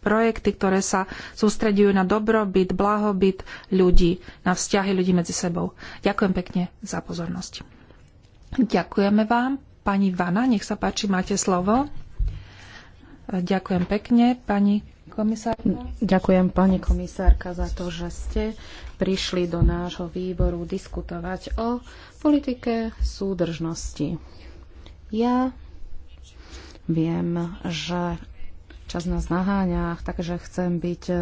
Speaker 2: projekty, ktoré sa sústredujú na dobrobyt, blahobyt ľudí, na vzťahy ľudí medzi sebou. Ďakujem pekne za pozornosť. Ďakujeme vám. Pani Vana, nech sa páči, máte slovo. E, ďakujem pekne, pani komisárka.
Speaker 4: Ďakujem pani
Speaker 2: komisárka za to, že ste prišli do nášho
Speaker 4: výboru diskutovať o politike súdržnosti. Ja viem, že čas nás naháňa, takže chcem byť e,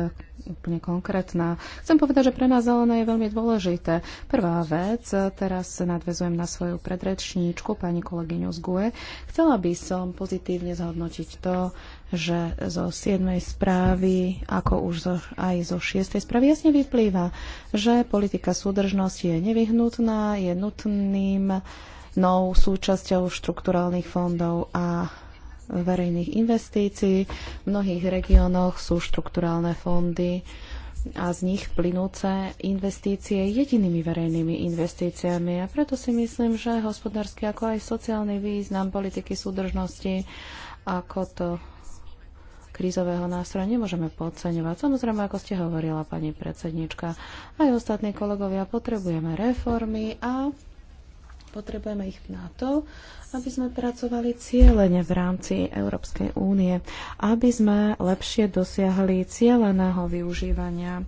Speaker 4: úplne konkrétna. Chcem povedať, že pre nás zelené je veľmi dôležité. Prvá vec, e, teraz nadvezujem na svoju predrečníčku, pani kolegyňu z GUE. Chcela by som pozitívne zhodnotiť to, že zo 7. správy, ako už zo, aj zo 6. správy jasne vyplýva, že politika súdržnosti je nevyhnutná, je nutným e, nou súčasťou štrukturálnych fondov a verejných investícií. V mnohých regiónoch sú štrukturálne fondy a z nich plynúce investície jedinými verejnými investíciami. A preto si myslím, že hospodársky ako aj sociálny význam politiky súdržnosti ako to krízového nástroja nemôžeme podceňovať. Samozrejme, ako ste hovorila, pani predsednička, aj ostatní kolegovia potrebujeme reformy a Potrebujeme ich na to, aby sme pracovali cieľene v rámci Európskej únie, aby sme lepšie dosiahli cieľeného využívania e,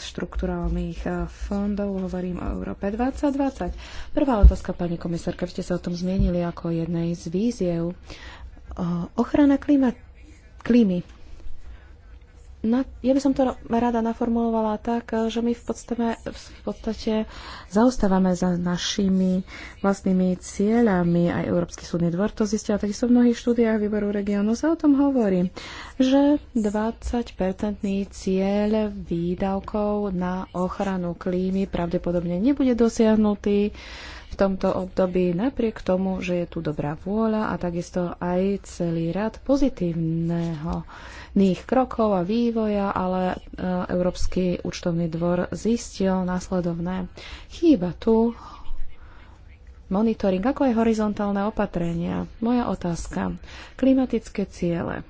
Speaker 4: štrukturálnych e, fondov. Hovorím o Európe 2020. Prvá otázka, pani komisárka, ste sa o tom zmienili ako jednej z víziev. E, ochrana klíma, klímy na, ja by som to rada naformulovala tak, že my v podstate, v podstate zaostávame za našimi vlastnými cieľami. Aj Európsky súdny dvor to zistil, takisto v mnohých štúdiách výboru regiónu sa o tom hovorí, že 20-percentný cieľ výdavkov na ochranu klímy pravdepodobne nebude dosiahnutý v tomto období, napriek tomu, že je tu dobrá vôľa a takisto aj celý rad pozitívneho iných krokov a vývoja, ale e, Európsky účtovný dvor zistil následovné. Chýba tu monitoring, ako aj horizontálne opatrenia. Moja otázka. Klimatické ciele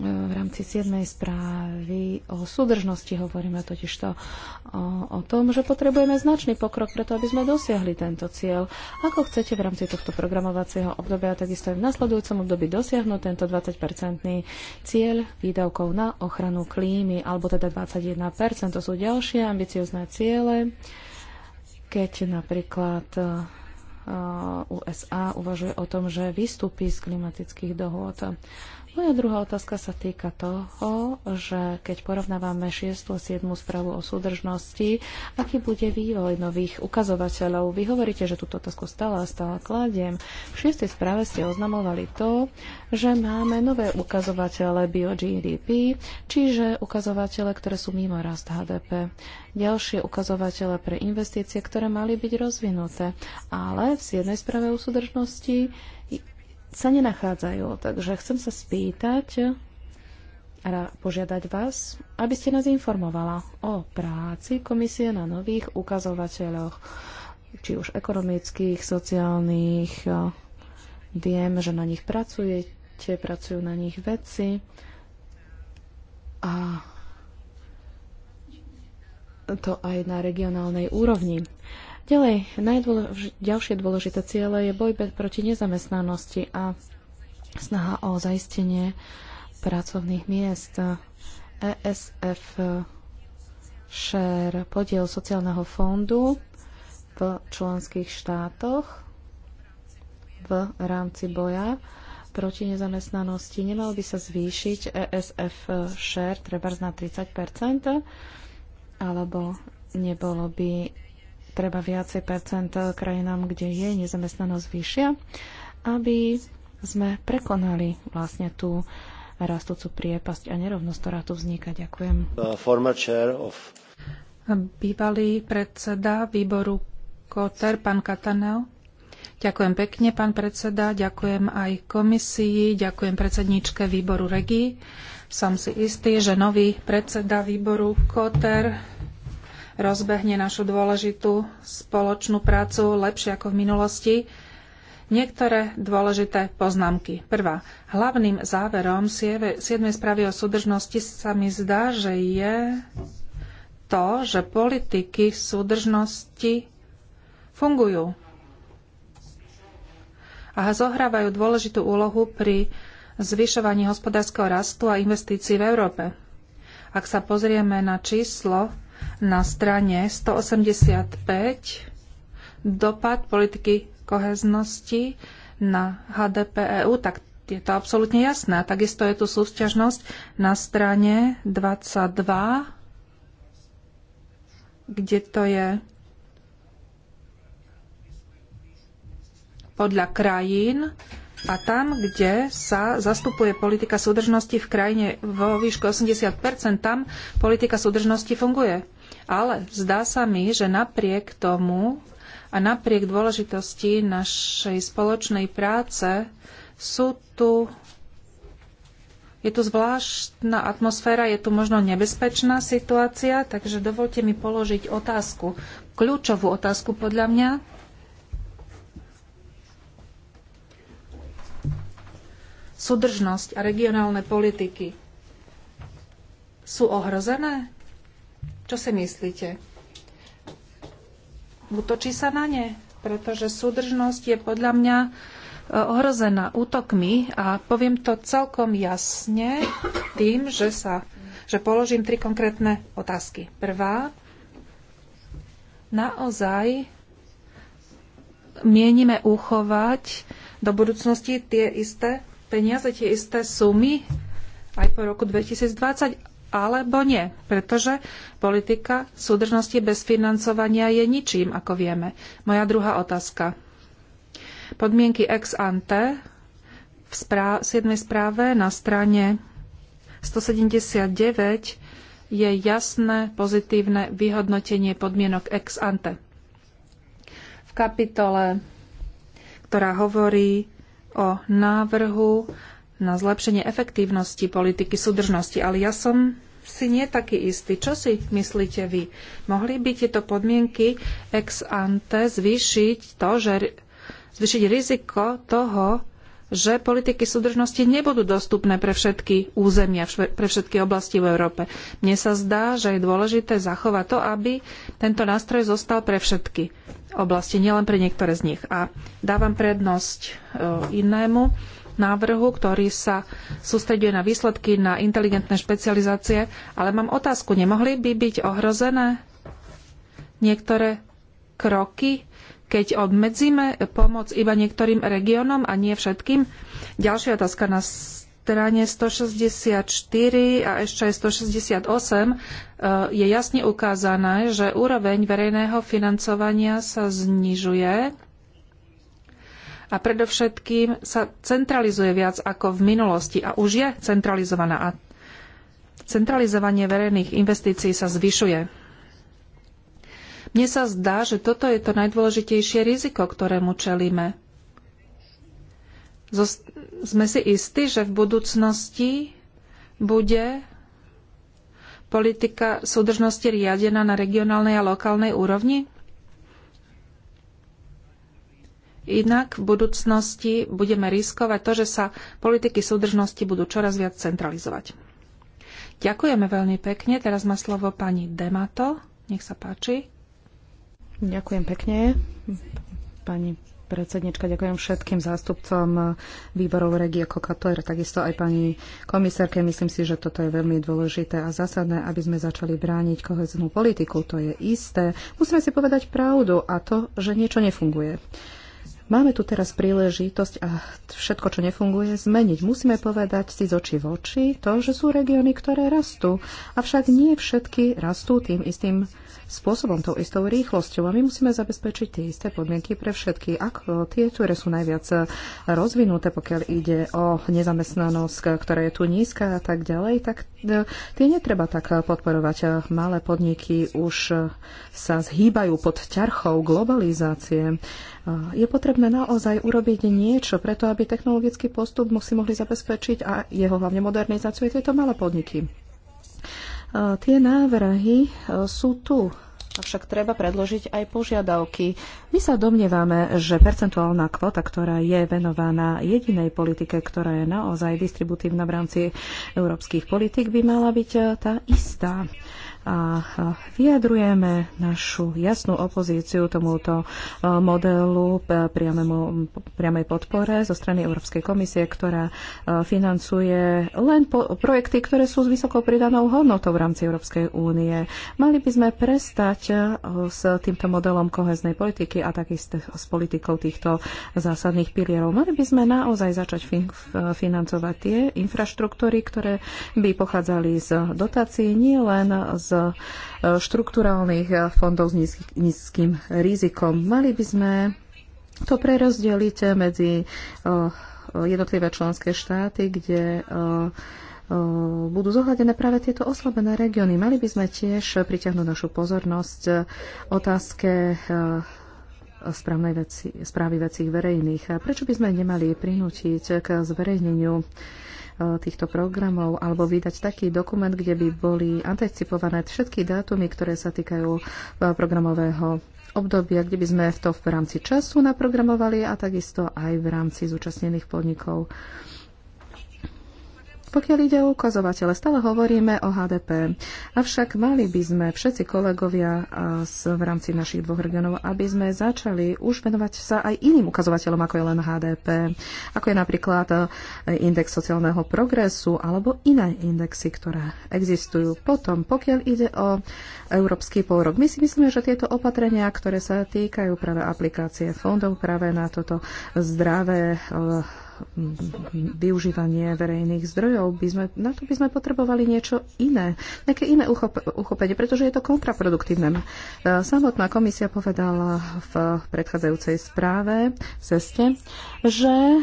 Speaker 4: v rámci 7. správy o súdržnosti hovoríme totiž to o, o tom, že potrebujeme značný pokrok preto, aby sme dosiahli tento cieľ. Ako chcete v rámci tohto programovacieho obdobia, takisto aj v nasledujúcom období dosiahnuť tento 20-percentný cieľ výdavkov na ochranu klímy, alebo teda 21%, to sú ďalšie ambiciozne ciele, keď napríklad e, USA uvažuje o tom, že vystúpi z klimatických dohôd. Moja druhá otázka sa týka toho, že keď porovnávame 6. a 7. správu o súdržnosti, aký bude vývoj nových ukazovateľov? Vy hovoríte, že túto otázku stále a stále kladiem. V 6. správe ste oznamovali to, že máme nové ukazovatele bio-GDP, čiže ukazovatele, ktoré sú mimo rast HDP. Ďalšie ukazovatele pre investície, ktoré mali byť rozvinuté. Ale v 7. správe o súdržnosti sa nenachádzajú. Takže chcem sa spýtať a požiadať vás, aby ste nás informovala o práci komisie na nových ukazovateľoch, či už ekonomických, sociálnych. Viem, že na nich pracujete, pracujú na nich veci. A to aj na regionálnej úrovni. Ďalej, najdôlež- ďalšie dôležité ciele je boj proti nezamestnanosti a snaha o zaistenie pracovných miest. ESF share podiel sociálneho fondu v členských štátoch v rámci boja proti nezamestnanosti. Nemal by sa zvýšiť ESF share treba na 30 alebo nebolo by treba viacej percent krajinám, kde je nezamestnanosť vyššia, aby sme prekonali vlastne tú rastúcu priepasť a
Speaker 2: nerovnosť, ktorá tu vzniká. Ďakujem.
Speaker 3: Uh, of...
Speaker 2: Bývalý predseda výboru Koter, pán Katanel. Ďakujem pekne, pán predseda, ďakujem aj komisii, ďakujem predsedničke výboru REGI. Som si istý, že nový predseda výboru Koter rozbehne našu dôležitú spoločnú prácu lepšie ako v minulosti. Niektoré dôležité poznámky. Prvá. Hlavným záverom 7. správy o súdržnosti sa mi zdá, že je to, že politiky súdržnosti fungujú a zohrávajú dôležitú úlohu pri zvyšovaní hospodárskeho rastu a investícií v Európe. Ak sa pozrieme na číslo na strane 185 dopad politiky koheznosti na HDP EU, tak je to absolútne jasné. A takisto je tu súťažnosť na strane 22, kde to je podľa krajín a tam, kde sa zastupuje politika súdržnosti v krajine vo výšku 80%, tam politika súdržnosti funguje. Ale zdá sa mi, že napriek tomu a napriek dôležitosti našej spoločnej práce sú tu je tu zvláštna atmosféra, je tu možno nebezpečná situácia, takže dovolte mi položiť otázku, kľúčovú otázku podľa mňa. Súdržnosť a regionálne politiky sú ohrozené? Čo si myslíte? Utočí sa na ne? Pretože súdržnosť je podľa mňa e, ohrozená útokmi a poviem to celkom jasne tým, že, sa, že položím tri konkrétne otázky. Prvá, naozaj mienime uchovať do budúcnosti tie isté peniaze, tie isté sumy aj po roku 2020, alebo nie, pretože politika súdržnosti bez financovania je ničím, ako vieme. Moja druhá otázka. Podmienky ex ante v 7. správe na strane 179 je jasné pozitívne vyhodnotenie podmienok ex ante. V kapitole, ktorá hovorí o návrhu na zlepšenie efektívnosti politiky súdržnosti, ale ja som si nie taký istý. Čo si myslíte vy? Mohli by tieto podmienky ex ante zvýšiť to, že zvýšiť riziko toho, že politiky súdržnosti nebudú dostupné pre všetky územia, pre všetky oblasti v Európe. Mne sa zdá, že je dôležité zachovať to, aby tento nástroj zostal pre všetky oblasti, nielen pre niektoré z nich. A dávam prednosť e, inému návrhu, ktorý sa sústreďuje na výsledky, na inteligentné špecializácie, ale mám otázku, nemohli by byť ohrozené niektoré kroky, keď obmedzíme pomoc iba niektorým regiónom a nie všetkým? Ďalšia otázka na strane 164 a ešte aj 168 eh, je jasne ukázané, že úroveň verejného financovania sa znižuje a predovšetkým sa centralizuje viac ako v minulosti a už je centralizovaná a centralizovanie verejných investícií sa zvyšuje. Mne sa zdá, že toto je to najdôležitejšie riziko, ktorému čelíme. Zost- sme si istí, že v budúcnosti bude politika súdržnosti riadená na regionálnej a lokálnej úrovni? Inak v budúcnosti budeme riskovať to, že sa politiky súdržnosti budú čoraz viac centralizovať. Ďakujeme veľmi pekne. Teraz má slovo pani Demato. Nech sa páči. Ďakujem pekne. Pani predsednička, ďakujem všetkým zástupcom
Speaker 4: výborov regie Kokatoer, takisto aj pani komisárke. Myslím si, že toto je veľmi dôležité a zásadné, aby sme začali brániť koheznú politiku. To je isté. Musíme si povedať pravdu a to, že niečo nefunguje. Máme tu teraz príležitosť a všetko, čo nefunguje, zmeniť. Musíme povedať si z očí v oči to, že sú regióny, ktoré rastú. Avšak nie všetky rastú tým istým spôsobom, tou istou rýchlosťou. A my musíme zabezpečiť tie isté podmienky pre všetky, ako e, tie, ktoré sú najviac e, rozvinuté, pokiaľ ide o nezamestnanosť, ktorá je tu nízka a tak ďalej, tak e, tie netreba tak podporovať. Malé podniky už sa zhýbajú pod ťarchou globalizácie. Je potrebné naozaj urobiť niečo preto, aby technologický postup si mohli zabezpečiť a jeho hlavne modernizáciu je tieto malé podniky. Eh, tie návrhy eh, sú tu, avšak treba predložiť aj požiadavky. My sa domnievame, že percentuálna kvota, ktorá je venovaná jedinej politike, ktorá je naozaj distributívna v rámci európskych politik, by mala byť eh, tá istá a vyjadrujeme našu jasnú opozíciu tomuto modelu e, priamemu, priamej podpore zo strany Európskej komisie, ktorá e, financuje len po, projekty, ktoré sú s vysokou pridanou hodnotou v rámci Európskej únie. Mali by sme prestať e, s týmto modelom koheznej politiky a takisto s politikou týchto zásadných pilierov. Mali by sme naozaj začať fin- financovať tie infraštruktúry, ktoré by pochádzali z dotácií, nie len z E, štruktúrálnych e, fondov s nízkym rizikom. Mali by sme to prerozdeliť medzi e, jednotlivé členské štáty, kde budú zohľadené práve tieto oslabené regióny. Mali by sme tiež priťahnuť našu pozornosť otázke správnej veci, správy vecí verejných. Prečo by sme nemali prinútiť k zverejneniu E, týchto programov alebo vydať taký dokument, kde by boli anticipované všetky dátumy, ktoré sa týkajú e, programového obdobia, kde by sme to v rámci času naprogramovali a takisto aj v rámci zúčastnených podnikov. Pokiaľ ide o ukazovatele, stále hovoríme o HDP. Avšak mali by sme všetci kolegovia v rámci našich dvoch regionov, aby sme začali už venovať sa aj iným ukazovateľom, ako je len HDP, ako je napríklad e, index sociálneho progresu alebo iné indexy, ktoré existujú. Potom, pokiaľ ide o európsky pôrok, my si myslíme, že tieto opatrenia, ktoré sa týkajú práve aplikácie fondov práve na toto zdravé e, využívanie verejných zdrojov, by sme, na to by sme potrebovali niečo iné, nejaké iné uchop, uchopenie, pretože je to kontraproduktívne. E, samotná komisia povedala v predchádzajúcej správe v ceste, že e,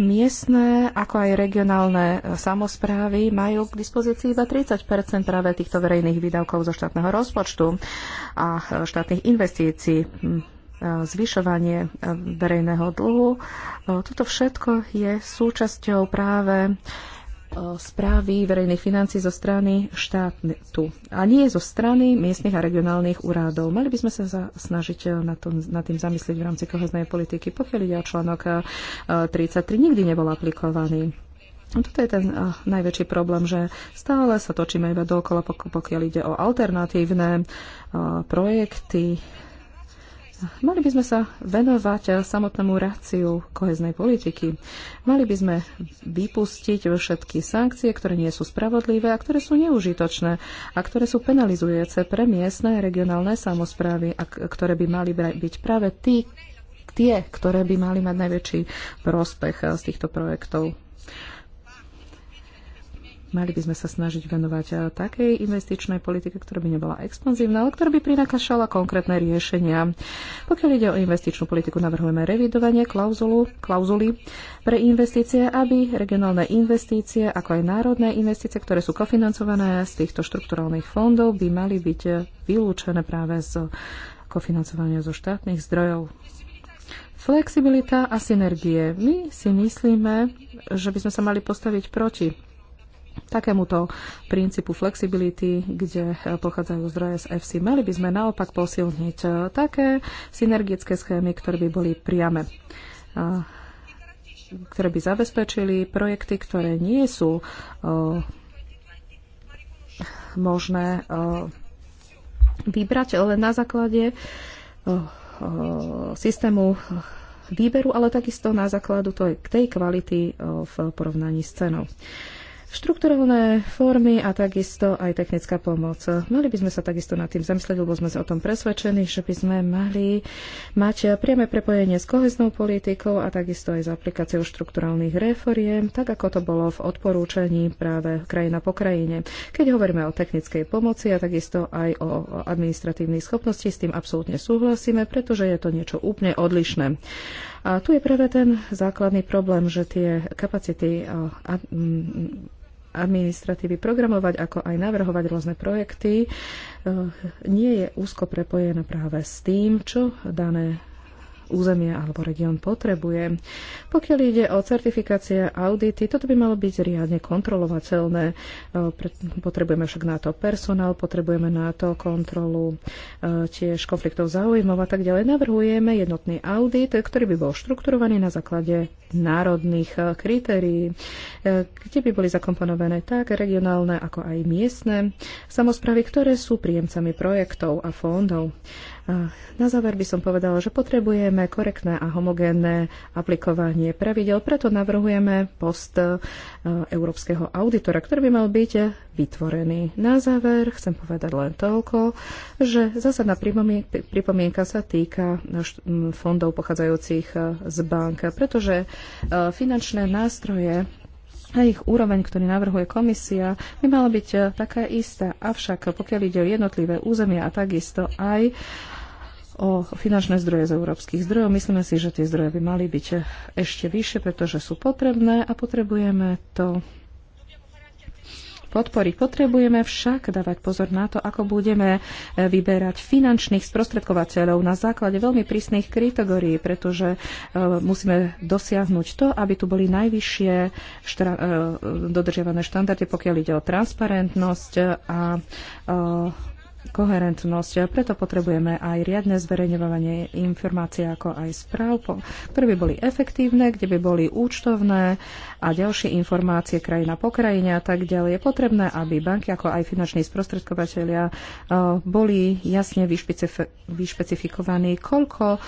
Speaker 4: miestne ako aj regionálne e, samozprávy majú k dispozícii iba 30 práve týchto verejných výdavkov zo štátneho rozpočtu a štátnych investícií hm zvyšovanie eh, verejného dlhu. Eh, toto všetko je súčasťou práve eh, správy verejných financí zo strany štátu a nie zo strany miestnych a regionálnych úradov. Mali by sme sa snažiť na, tom, na tým zamyslieť v rámci kohoznej politiky, pokiaľ ide o článok 33, nikdy nebol aplikovaný. Toto je ten uh, najväčší problém, že stále sa točíme iba dokola, pokiaľ ide o alternatívne uh, projekty, Mali by sme sa venovať eh, samotnému raciu koheznej politiky. Mali by sme vypustiť všetky sankcie, ktoré nie sú spravodlivé a ktoré sú neužitočné a ktoré sú penalizujúce pre miestne a regionálne samozprávy, a ktoré by mali byť práve tí, tie, ktoré by mali mať najväčší prospech eh, z týchto projektov. Mali by sme sa snažiť venovať eh, takej investičnej politike, ktorá by nebola expanzívna, ale ktorá by prinakašala konkrétne riešenia. Pokiaľ ide o investičnú politiku, navrhujeme revidovanie klauzulu, klauzuly pre investície, aby regionálne investície, ako aj národné investície, ktoré sú kofinancované z týchto štrukturálnych fondov, by mali byť eh, vylúčené práve z kofinancovania zo štátnych zdrojov. Flexibilita a synergie. My si myslíme, že by sme sa mali postaviť proti takémuto princípu flexibility, kde eh, pochádzajú zdroje z FC. Mali by sme naopak posilniť eh, také synergické schémy, ktoré by boli priame eh, ktoré by zabezpečili projekty, ktoré nie sú možné vybrať len na základe systému výberu, ale takisto na základu tej kvality v porovnaní s cenou štrukturované formy a takisto aj technická pomoc. Mali by sme sa takisto nad tým zamyslieť, lebo sme sa o tom presvedčení, že by sme mali mať priame prepojenie s koheznou politikou a takisto aj s aplikáciou štrukturálnych reforiem, tak ako to bolo v odporúčaní práve krajina po krajine. Keď hovoríme o technickej pomoci a takisto aj o administratívnych schopnosti, s tým absolútne súhlasíme, pretože je to niečo úplne odlišné. A tu je práve ten základný problém, že tie kapacity a, a, administratívy programovať, ako aj navrhovať rôzne projekty, eh, nie je úzko prepojené práve s tým, čo dané územie alebo región potrebuje. Pokiaľ ide o certifikácie audity, toto by malo byť riadne kontrolovateľné. E, potrebujeme však na to personál, potrebujeme na to kontrolu e, tiež konfliktov záujmov a tak ďalej. Navrhujeme jednotný audit, ktorý by bol štrukturovaný na základe národných e, kritérií, kde by boli zakomponované tak regionálne ako aj miestne samozprávy, ktoré sú príjemcami projektov a fondov. Na záver by som povedala, že potrebujeme korektné a homogénne aplikovanie pravidel, preto navrhujeme post e, európskeho auditora, ktorý by mal byť vytvorený. Na záver chcem povedať len toľko, že zásadná pripomienka sa týka e, fondov pochádzajúcich e, z bank, pretože finančné nástroje a ich úroveň, ktorý navrhuje komisia, by mala byť taká istá. Avšak pokiaľ ide o jednotlivé územia a takisto aj uh, o finančné zdroje z európskych zdrojov. Myslíme si, že tie zdroje by mali byť ešte vyššie, pretože sú potrebné a potrebujeme to podporiť. Potrebujeme však dávať pozor na to, ako budeme vyberať finančných sprostredkovateľov na základe veľmi prísnych kategórií, pretože e, musíme dosiahnuť to, aby tu boli najvyššie štra, e, dodržiavané štandardy, pokiaľ ide o transparentnosť a e, koherentnosť. Preto potrebujeme aj riadne zverejňovanie informácií, ako aj správ, ktoré by boli efektívne, kde by boli účtovné a ďalšie informácie krajina po krajine a tak ďalej. Je potrebné, aby banky, ako aj finanční sprostredkovateľia e, boli jasne vyšpecifikovaní, koľko e,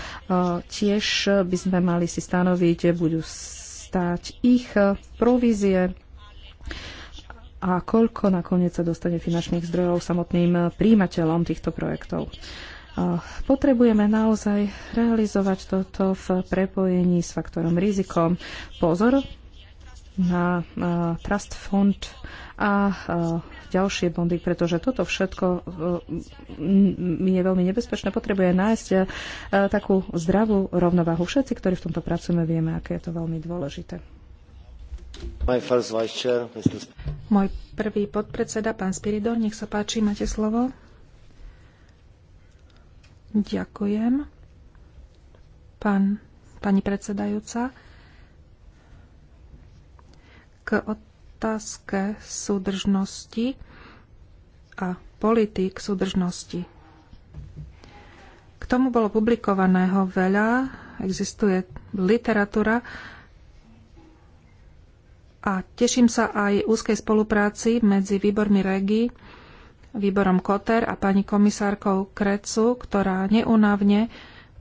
Speaker 4: tiež by sme mali si stanoviť, budú stáť ich e, provízie a koľko nakoniec sa dostane finančných zdrojov samotným príjimateľom týchto projektov. Potrebujeme naozaj realizovať toto v prepojení s faktorom rizikom. Pozor na Trust Fund a ďalšie bondy, pretože toto všetko e, je veľmi nebezpečné. Potrebuje nájsť e, takú zdravú rovnováhu. Všetci, ktorí v tomto pracujeme, vieme, aké je to veľmi dôležité.
Speaker 2: Môj prvý podpredseda, pán Spiridor, nech sa páči, máte slovo. Ďakujem. Pán, pani predsedajúca, k otázke súdržnosti a politik súdržnosti. K tomu bolo publikovaného veľa, existuje literatúra, a teším sa aj úzkej spolupráci medzi výbormi REGI, výborom Koter a pani komisárkou Krecu, ktorá neunavne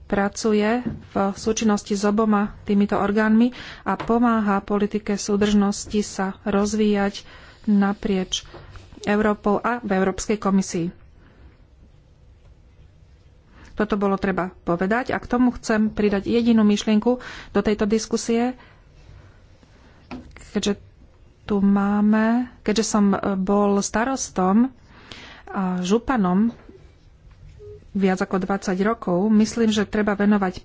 Speaker 2: pracuje v súčinnosti s oboma týmito orgánmi a pomáha politike súdržnosti sa rozvíjať naprieč Európou a v Európskej komisii. Toto bolo treba povedať a k tomu chcem pridať jedinú myšlienku do tejto diskusie keďže tu máme, keďže som e, bol starostom a županom viac ako 20 rokov, myslím, že treba venovať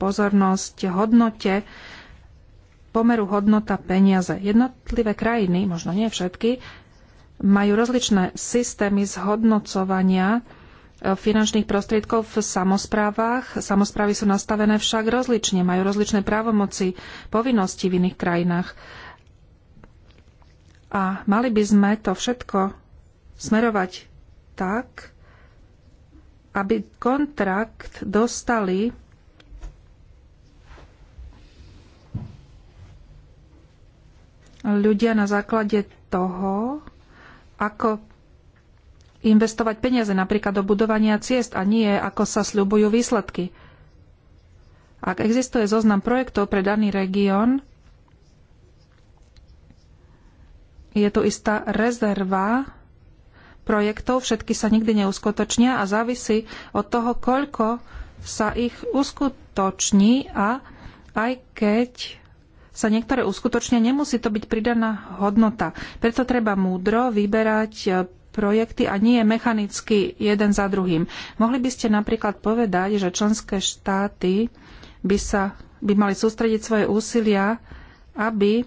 Speaker 2: pozornosť hodnote, pomeru hodnota peniaze. Jednotlivé krajiny, možno nie všetky, majú rozličné systémy zhodnocovania e, finančných prostriedkov v samozprávach. Samozprávy sú nastavené však rozlične, majú rozličné právomoci, povinnosti v iných krajinách. A mali by sme to všetko smerovať tak, aby kontrakt dostali ľudia na základe toho, ako investovať peniaze napríklad do budovania ciest a nie ako sa sľubujú výsledky. Ak existuje zoznam projektov pre daný región, je tu istá rezerva projektov, všetky sa nikdy neuskutočnia a závisí od toho, koľko sa ich uskutoční a aj keď sa niektoré uskutočnia, nemusí to byť pridaná hodnota. Preto treba múdro vyberať e, projekty a nie mechanicky jeden za druhým. Mohli by ste napríklad povedať, že členské štáty by, sa, by mali sústrediť svoje úsilia, aby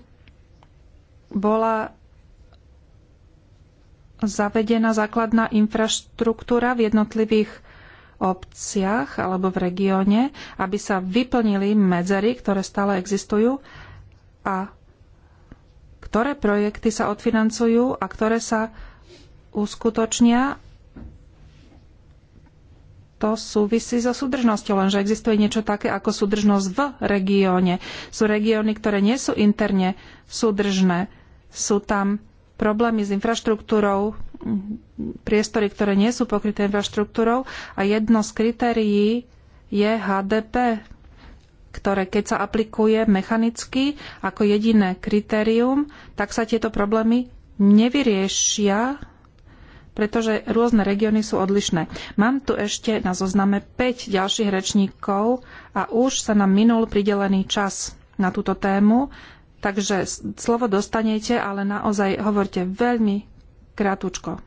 Speaker 2: bola zavedená základná infraštruktúra v jednotlivých obciach alebo v regióne, aby sa vyplnili medzery, ktoré stále existujú a ktoré projekty sa odfinancujú a ktoré sa uskutočnia. To súvisí so súdržnosťou, lenže existuje niečo také ako súdržnosť v regióne. Sú regióny, ktoré nie sú interne súdržné. Sú tam problémy s infraštruktúrou, priestory, ktoré nie sú pokryté infraštruktúrou a jedno z kritérií je HDP, ktoré keď sa aplikuje mechanicky ako jediné kritérium, tak sa tieto problémy nevyriešia, pretože rôzne regióny sú odlišné. Mám tu ešte na zozname 5 ďalších rečníkov a už sa nám minul pridelený čas na túto tému. Takže slovo dostanete, ale naozaj hovorte veľmi krátučko.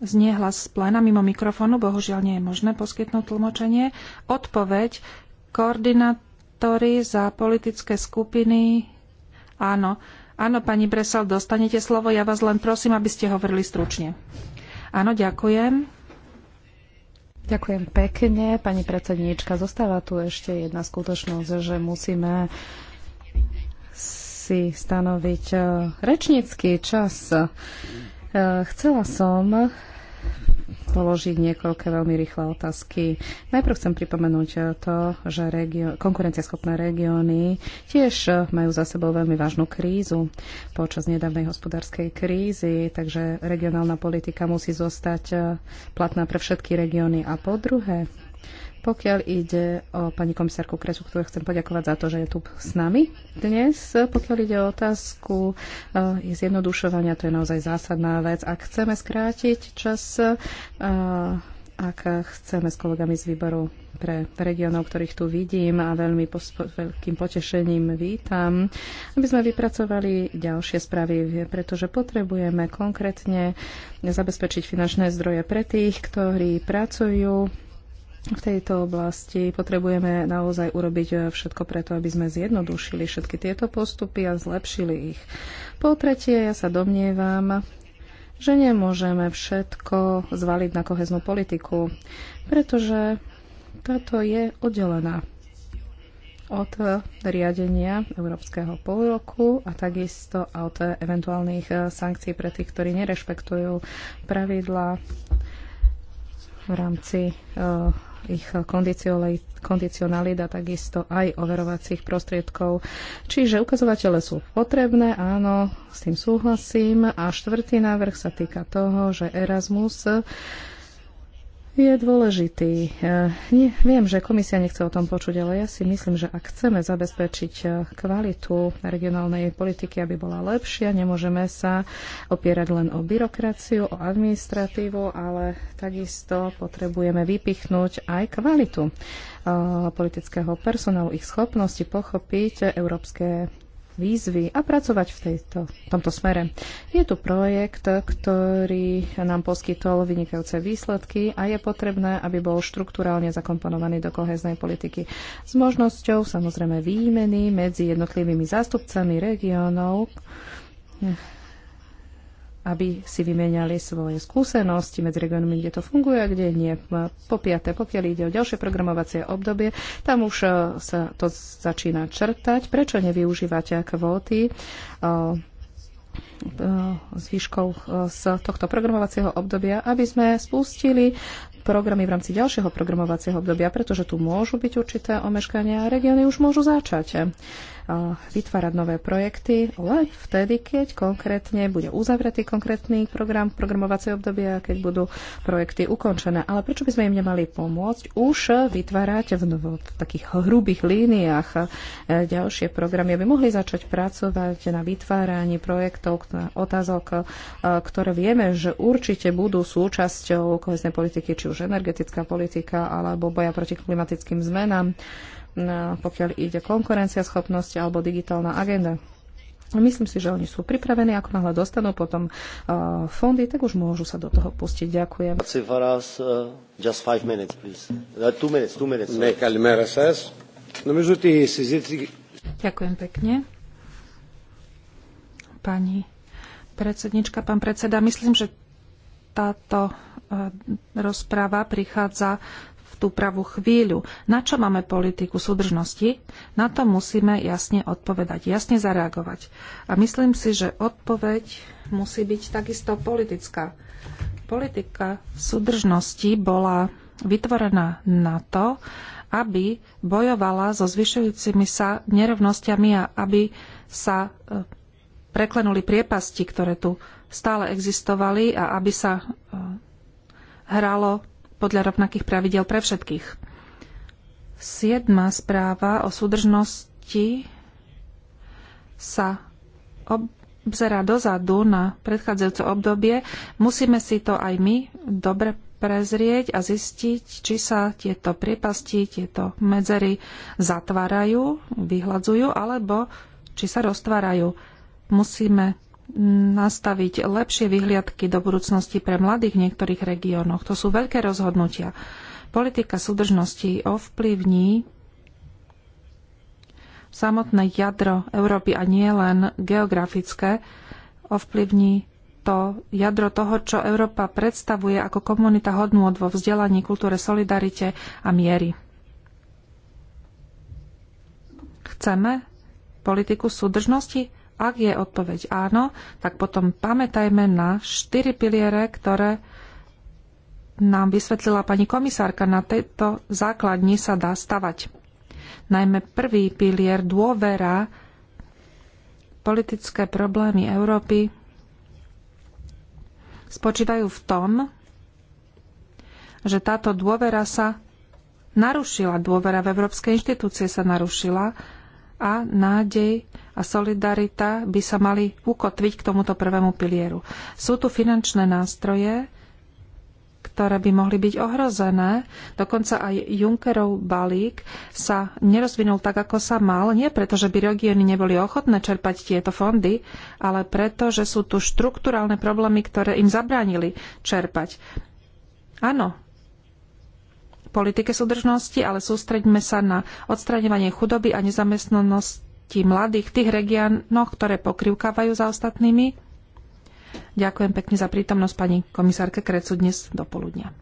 Speaker 2: Znie hlas z pléna mimo mikrofónu, bohužiaľ nie je možné poskytnúť tlmočenie. Odpoveď koordinátory za politické skupiny. Áno, áno, pani Bresal, dostanete slovo. Ja vás len prosím, aby ste hovorili stručne. Áno, ďakujem. Ďakujem
Speaker 4: pekne, pani predsedníčka. Zostáva tu ešte jedna skutočnosť, že musíme si stanoviť e, rečnícky čas. E, chcela som položiť niekoľké veľmi rýchle otázky. Najprv chcem pripomenúť e, to, že regio- konkurencieschopné regióny tiež majú za sebou veľmi vážnu krízu počas nedávnej hospodárskej krízy, takže regionálna politika musí zostať platná pre všetky regióny. A po druhé, pokiaľ ide o pani komisárku Kresu, ktorú chcem poďakovať za to, že je tu s nami dnes. Pokiaľ ide o otázku je eh, zjednodušovania, to je naozaj zásadná vec. Ak chceme skrátiť čas, eh, ak chceme s kolegami z výboru pre regionov, ktorých tu vidím a veľmi pospo- veľkým potešením vítam, aby sme vypracovali ďalšie správy, pretože potrebujeme konkrétne zabezpečiť finančné zdroje pre tých, ktorí pracujú v tejto oblasti potrebujeme naozaj urobiť eh, všetko preto, aby sme zjednodušili všetky tieto postupy a zlepšili ich. Po tretie, ja sa domnievam, že nemôžeme všetko zvaliť na koheznú politiku, pretože táto je oddelená od riadenia Európskeho polroku a takisto od eventuálnych eh, sankcií pre tých, ktorí nerešpektujú pravidla v rámci eh, ich kondicionalita, takisto aj overovacích prostriedkov. Čiže ukazovatele sú potrebné, áno, s tým súhlasím. A štvrtý návrh sa týka toho, že Erasmus je dôležitý. E, nie, viem, že komisia nechce o tom počuť, ale ja si myslím, že ak chceme zabezpečiť e, kvalitu regionálnej politiky, aby bola lepšia, nemôžeme sa opierať len o byrokraciu, o administratívu, ale takisto potrebujeme vypichnúť aj kvalitu e, politického personálu, ich schopnosti pochopiť európske výzvy a pracovať v tejto, v tomto smere. Je tu projekt, ktorý nám poskytol vynikajúce výsledky a je potrebné, aby bol štruktúrálne zakomponovaný do koheznej politiky s možnosťou samozrejme výmeny medzi jednotlivými zástupcami regiónov aby si vymenali svoje skúsenosti medzi regiónmi, kde to funguje a kde nie. Po piaté, pokiaľ ide o ďalšie programovacie obdobie, tam už e, sa to začína črtať. Prečo nevyužívate kvóty? zvyškov e, e, z tohto programovacieho obdobia, aby sme spustili programy v rámci ďalšieho programovacieho obdobia, pretože tu môžu byť určité omeškania a regióny už môžu začať vytvárať nové projekty len vtedy, keď konkrétne bude uzavretý konkrétny program, programovacie obdobie a keď budú projekty ukončené. Ale prečo by sme im nemali pomôcť už vytvárať v, v takých hrubých líniách ďalšie programy, aby mohli začať pracovať na vytváraní projektov, otázok, ktoré vieme, že určite budú súčasťou kohezné politiky, či už energetická politika alebo boja proti klimatickým zmenám pokiaľ ide konkurenciaschopnosť alebo digitálna agenda. Myslím si, že oni sú pripravení, ako náhle dostanú potom uh, fondy, tak už môžu sa do toho pustiť. Ďakujem.
Speaker 2: Ďakujem pekne. Pani predsednička, pán predseda, myslím, že táto uh, rozpráva prichádza tú pravú chvíľu. Na čo máme politiku súdržnosti? Na to musíme jasne odpovedať, jasne zareagovať. A myslím si, že odpoveď musí byť takisto politická. Politika súdržnosti bola vytvorená na to, aby bojovala so zvyšujúcimi sa nerovnostiami a aby sa e, preklenuli priepasti, ktoré tu stále existovali a aby sa e, hralo podľa rovnakých pravidel pre všetkých. Siedma správa o súdržnosti sa obzerá dozadu na predchádzajúce obdobie. Musíme si to aj my dobre prezrieť a zistiť, či sa tieto priepasti, tieto medzery zatvárajú, vyhľadzujú, alebo či sa roztvárajú. Musíme nastaviť lepšie vyhliadky do budúcnosti pre mladých v niektorých regiónoch. To sú veľké rozhodnutia. Politika súdržnosti ovplyvní samotné jadro Európy a nie len geografické, ovplyvní to jadro toho, čo Európa predstavuje ako komunita hodnôt vo vzdelaní, kultúre, solidarite a miery. Chceme politiku súdržnosti? Ak je odpoveď áno, tak potom pamätajme na štyri piliere, ktoré nám vysvetlila pani komisárka. Na tejto základni sa dá stavať. Najmä prvý pilier dôvera politické problémy Európy spočívajú v tom, že táto dôvera sa narušila, dôvera v európske inštitúcie sa narušila a nádej a solidarita by sa mali ukotviť k tomuto prvému pilieru. Sú tu finančné nástroje, ktoré by mohli byť ohrozené. Dokonca aj Junckerov balík sa nerozvinul tak, ako sa mal. Nie preto, že by regióny neboli ochotné čerpať tieto fondy, ale preto, že sú tu štrukturálne problémy, ktoré im zabránili čerpať. Áno, politike súdržnosti, ale sústreďme sa na odstraňovanie chudoby a nezamestnanosti detí, mladých v tých regiánoch, ktoré pokrivkávajú za ostatnými. Ďakujem pekne za prítomnosť pani komisárke Krecu dnes do poludnia.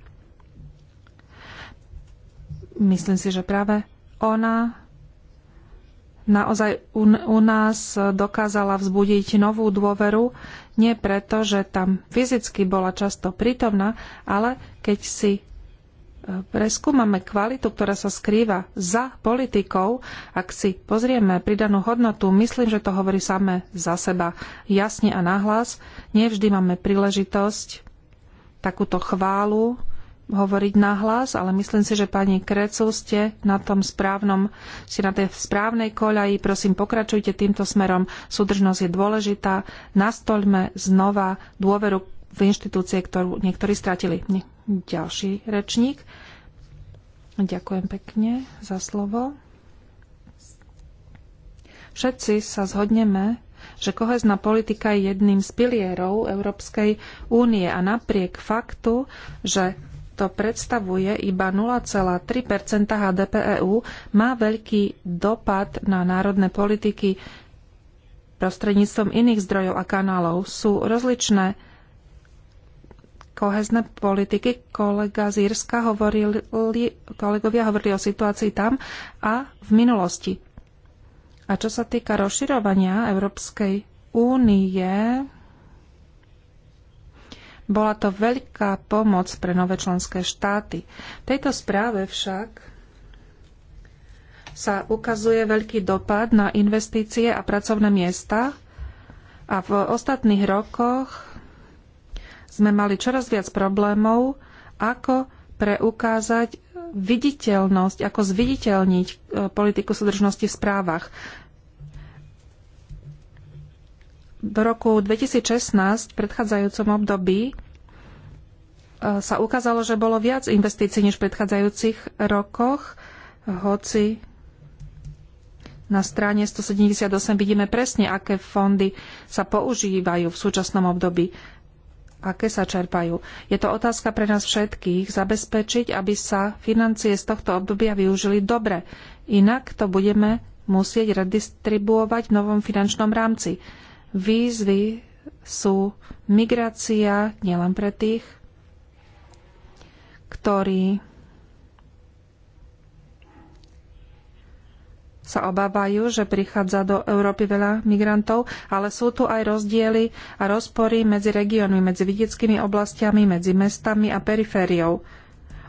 Speaker 2: Myslím si, že práve ona naozaj u, u nás dokázala vzbudiť novú dôveru, nie preto, že tam fyzicky bola často prítomná, ale keď si preskúmame kvalitu, ktorá sa skrýva za politikou, ak si pozrieme pridanú hodnotu, myslím, že to hovorí samé za seba jasne a nahlas. Nevždy máme príležitosť takúto chválu hovoriť nahlas, ale myslím si, že pani Krecu ste na tom správnom, ste na tej správnej koľaji. Prosím, pokračujte týmto smerom. Súdržnosť je dôležitá. Nastoľme znova dôveru v inštitúcie, ktorú niektorí stratili. Ďalší rečník. Ďakujem pekne za slovo. Všetci sa zhodneme, že kohezná politika je jedným z pilierov Európskej únie a napriek faktu, že to predstavuje iba 0,3 HDP EÚ, má veľký dopad na národné politiky prostredníctvom iných zdrojov a kanálov. Sú rozličné kohezné politiky. Kolega z Írska hovorili, kolegovia hovorili o situácii tam a v minulosti. A čo sa týka rozširovania Európskej únie, bola to veľká pomoc pre nové členské štáty. V tejto správe však sa ukazuje veľký dopad na investície a pracovné miesta a v ostatných rokoch sme mali čoraz viac problémov, ako preukázať viditeľnosť, ako zviditeľniť e, politiku súdržnosti v správach. Do roku 2016, v predchádzajúcom období, e, sa ukázalo, že bolo viac investícií než v predchádzajúcich rokoch, hoci na strane 178 vidíme presne, aké fondy sa používajú v súčasnom období aké sa čerpajú. Je to otázka pre nás všetkých zabezpečiť, aby sa financie z tohto obdobia využili dobre. Inak to budeme musieť redistribuovať v novom finančnom rámci. Výzvy sú migrácia nielen pre tých, ktorí sa obávajú, že prichádza do Európy veľa migrantov, ale sú tu aj rozdiely a rozpory medzi regiónmi, medzi vidieckými oblastiami, medzi mestami a perifériou.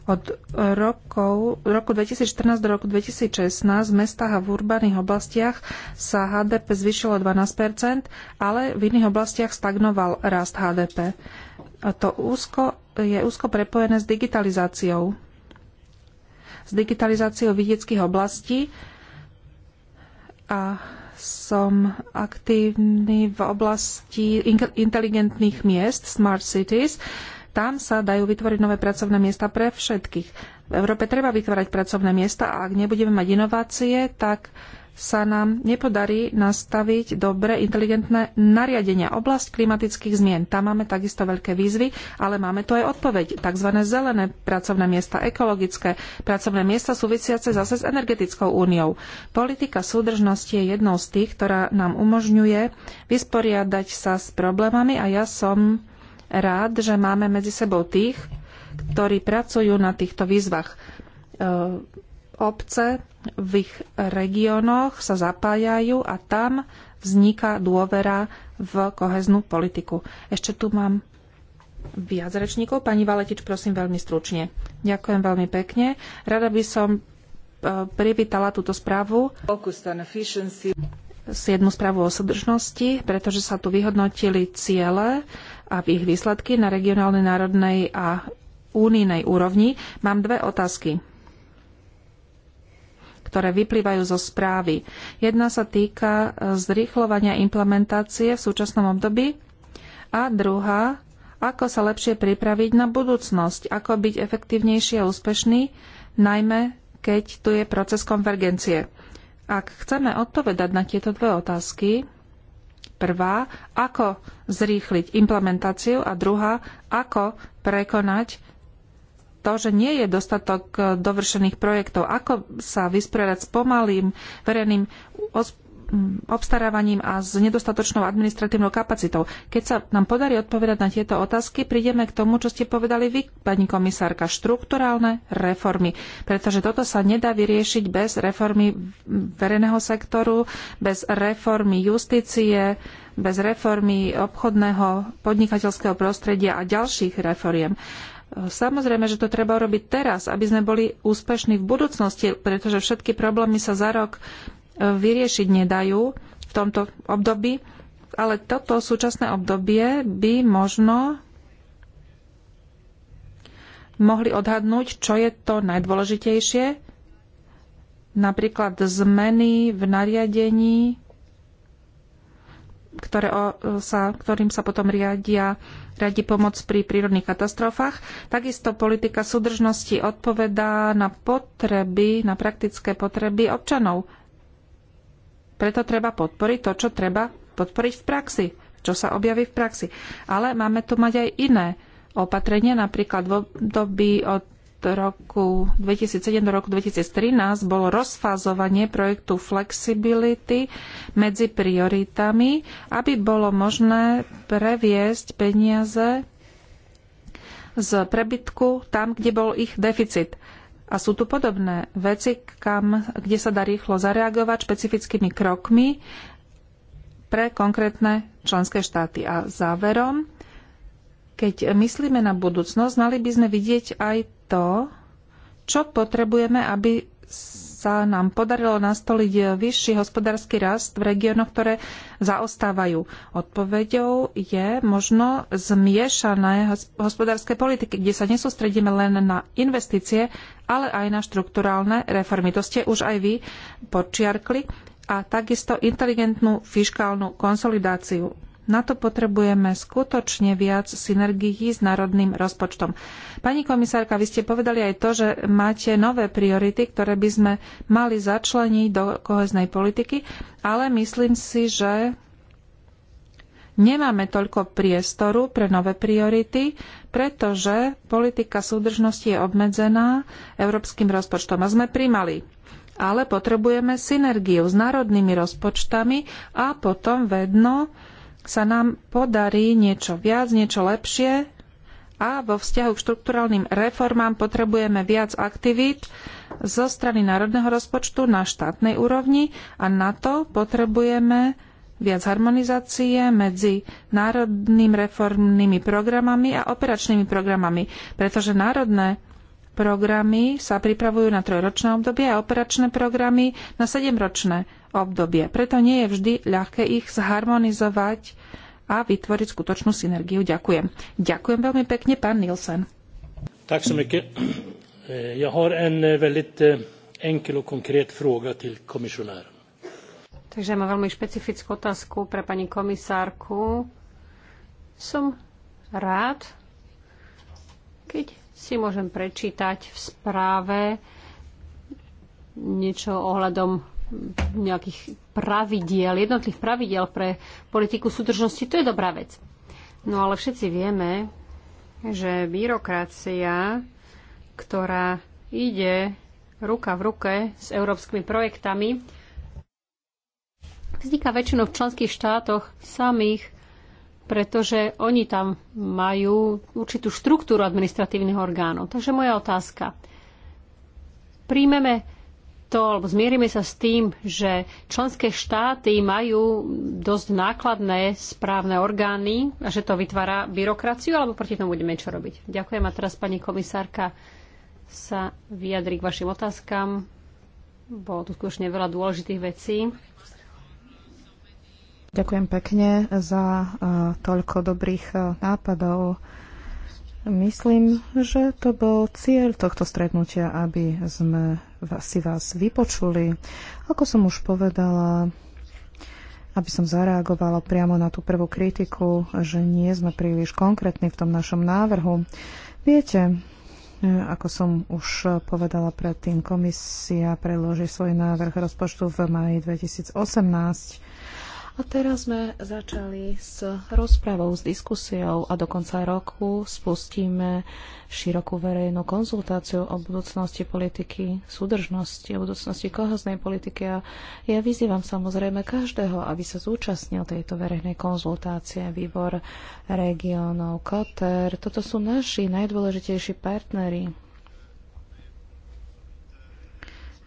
Speaker 2: Od rokov, roku 2014 do roku 2016 v mestách a v urbaných oblastiach sa HDP zvyšilo 12 ale v iných oblastiach stagnoval rast HDP. A to úzko, je úzko prepojené s digitalizáciou. S digitalizáciou vidieckých oblastí a som aktívny v oblasti inteligentných miest, smart cities. Tam sa dajú vytvoriť nové pracovné miesta pre všetkých. V Európe treba vytvárať pracovné miesta a ak nebudeme mať inovácie, tak sa nám nepodarí nastaviť dobre inteligentné nariadenia. Oblasť klimatických zmien, tam máme takisto veľké výzvy, ale máme tu aj odpoveď. Takzvané zelené pracovné miesta, ekologické pracovné miesta súvisiace zase s energetickou úniou. Politika súdržnosti je jednou z tých, ktorá nám umožňuje vysporiadať sa s problémami a ja som rád, že máme medzi sebou tých, ktorí pracujú na týchto výzvach e, obce v ich regiónoch sa zapájajú a tam vzniká dôvera v koheznú politiku. Ešte tu mám viac rečníkov. Pani Valetič, prosím veľmi stručne. Ďakujem veľmi pekne. Rada by som e, privítala túto správu. Jednu správu o súdržnosti, pretože sa tu vyhodnotili ciele a ich výsledky na regionálnej, národnej a únijnej úrovni. Mám dve otázky ktoré vyplývajú zo správy. Jedna sa týka e, zrýchľovania implementácie v súčasnom období a druhá, ako sa lepšie pripraviť na budúcnosť, ako byť efektívnejší a úspešný, najmä keď tu je proces konvergencie. Ak chceme odpovedať na tieto dve otázky, prvá, ako zrýchliť implementáciu a druhá, ako prekonať to, že nie je dostatok e, dovršených projektov. Ako sa vysporiadať s pomalým verejným obstarávaním a s nedostatočnou administratívnou kapacitou. Keď sa nám podarí odpovedať na tieto otázky, prídeme k tomu, čo ste povedali vy, pani komisárka, štrukturálne reformy. Pretože toto sa nedá vyriešiť bez reformy verejného sektoru, bez reformy justície, bez reformy obchodného podnikateľského prostredia a ďalších reforiem. Samozrejme, že to treba urobiť teraz, aby sme boli úspešní v budúcnosti, pretože všetky problémy sa za rok e, vyriešiť nedajú v tomto období, ale toto súčasné obdobie by možno mohli odhadnúť, čo je to najdôležitejšie, napríklad zmeny v nariadení ktoré o, sa, ktorým sa potom riadia, riadi pomoc pri prírodných katastrofách. Takisto politika súdržnosti odpovedá na potreby, na praktické potreby občanov. Preto treba podporiť to, čo treba podporiť v praxi, čo sa objaví v praxi. Ale máme tu mať aj iné opatrenia, napríklad v období od roku 2007 do roku 2013 bolo rozfázovanie projektu Flexibility medzi prioritami, aby bolo možné previesť peniaze z prebytku tam, kde bol ich deficit. A sú tu podobné veci, kam, kde sa dá rýchlo zareagovať špecifickými krokmi pre konkrétne členské štáty. A záverom, keď myslíme na budúcnosť, mali by sme vidieť aj to, čo potrebujeme, aby sa nám podarilo nastoliť vyšší hospodársky rast v regiónoch, ktoré zaostávajú. Odpoveďou je možno zmiešané hospodárske politiky, kde sa nesústredíme len na investície, ale aj na štrukturálne reformy. To ste už aj vy podčiarkli, a takisto inteligentnú fiškálnu konsolidáciu. Na to potrebujeme skutočne viac synergií s národným rozpočtom. Pani komisárka, vy ste povedali aj to, že máte nové priority, ktoré by sme mali začleniť do koheznej politiky, ale myslím si, že nemáme toľko priestoru pre nové priority, pretože politika súdržnosti je obmedzená európskym rozpočtom a sme primali ale potrebujeme synergiu s národnými rozpočtami a potom vedno sa nám podarí niečo viac, niečo lepšie a vo vzťahu k štrukturálnym reformám potrebujeme viac aktivít zo strany národného rozpočtu na štátnej úrovni a na to potrebujeme viac harmonizácie medzi národným reformnými programami a operačnými programami, pretože národné programy sa pripravujú na trojročné obdobie a operačné programy na sedemročné obdobie. Preto nie je vždy ľahké ich zharmonizovať a vytvoriť skutočnú synergiu. Ďakujem. Ďakujem veľmi pekne, pán Nielsen.
Speaker 3: Tak eh, har en eh,
Speaker 4: eh, enkel och fråga till
Speaker 1: Takže mám veľmi špecifickú otázku pre pani komisárku. Som rád, keď si môžem prečítať v správe niečo ohľadom nejakých pravidiel, jednotlivých pravidiel pre politiku súdržnosti, to je dobrá vec. No ale všetci vieme, že byrokracia, ktorá ide ruka v ruke s európskymi projektami, vzniká väčšinou v členských štátoch samých, pretože oni tam majú určitú štruktúru administratívnych orgánov. Takže moja otázka. Príjmeme to, alebo zmierime sa s tým, že členské štáty majú dosť nákladné správne orgány a že to vytvára byrokraciu, alebo proti tomu budeme čo robiť? Ďakujem a teraz pani komisárka sa vyjadri k vašim otázkam. Bolo tu skutočne veľa dôležitých vecí.
Speaker 4: Ďakujem pekne za eh, toľko dobrých eh, nápadov. Myslím, že to bol cieľ tohto stretnutia, aby sme si vás vypočuli. Ako som už povedala, aby som zareagovala priamo na tú prvú kritiku, že nie sme príliš konkrétni v tom našom návrhu. Viete, e, ako som už povedala predtým, komisia predloží svoj návrh rozpočtu v maji 2018 a teraz sme začali s rozpravou, s diskusiou a do konca roku spustíme širokú verejnú konzultáciu o budúcnosti politiky súdržnosti, o budúcnosti kohoznej politiky a ja vyzývam samozrejme každého, aby sa zúčastnil tejto verejnej konzultácie, výbor regionov, Koter. Toto sú naši najdôležitejší partnery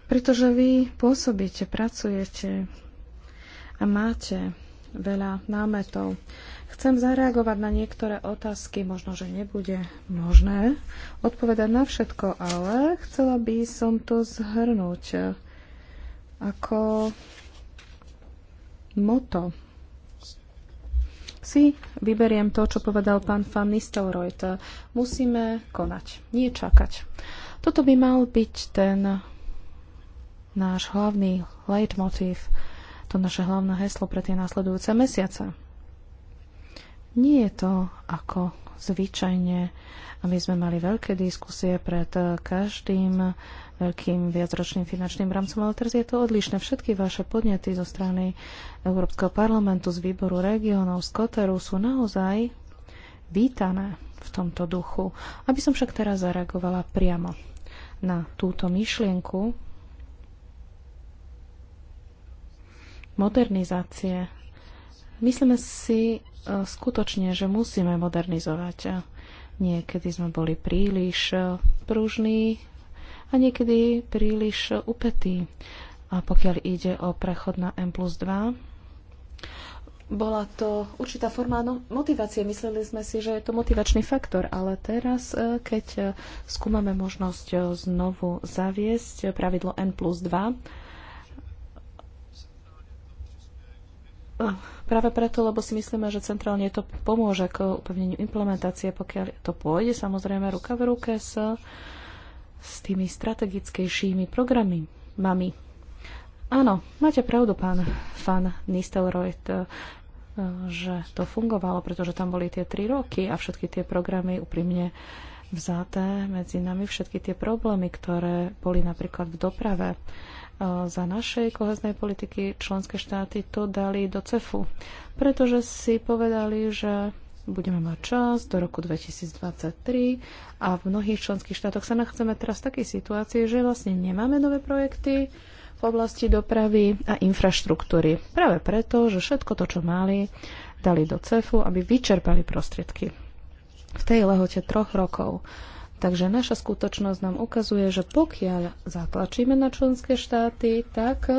Speaker 4: pretože vy pôsobíte, pracujete máte veľa námetov. Chcem zareagovať na niektoré otázky, možno, že nebude možné odpovedať na všetko, ale chcela by som to zhrnúť ako moto. Si vyberiem to, čo povedal pán Van Nistelrooy. Musíme konať, nie čakať. Toto by mal byť ten náš hlavný leitmotív. motív to naše hlavné heslo pre tie následujúce mesiace. Nie je to ako zvyčajne, aby sme mali veľké diskusie pred eh, každým veľkým viacročným finančným rámcom, ale teraz je to odlišné. Všetky vaše podnety zo strany Európskeho parlamentu, z výboru regionov, z Koteru sú naozaj vítané v tomto duchu. Aby som však teraz zareagovala priamo na túto myšlienku, modernizácie. Myslíme si e, skutočne, že musíme modernizovať. Niekedy sme boli príliš e, pružní a niekedy príliš e, upetí. A pokiaľ ide o prechod na M plus 2, bola to určitá forma no, motivácie. Mysleli sme si, že je to motivačný faktor, ale teraz, keď skúmame možnosť znovu zaviesť pravidlo N plus 2, Práve preto, lebo si myslíme, že centrálne to pomôže k upevneniu implementácie, pokiaľ to pôjde samozrejme ruka v ruke s, s tými strategickejšími programy. Mami. Áno, máte pravdu, pán, fan Nistelrooy, e, že to fungovalo, pretože tam boli tie tri roky a všetky tie programy úprimne vzaté medzi nami, všetky tie problémy, ktoré boli napríklad v doprave za našej koheznej politiky členské štáty to dali do CEFu, pretože si povedali, že budeme mať čas do roku 2023 a v mnohých členských štátoch sa nachádzame teraz v takej situácii, že vlastne nemáme nové projekty v oblasti dopravy a infraštruktúry. Práve preto, že všetko to, čo mali, dali do CEFu, aby vyčerpali prostriedky v tej lehote troch rokov. Takže naša skutočnosť nám ukazuje, že pokiaľ zatlačíme na členské štáty, tak e,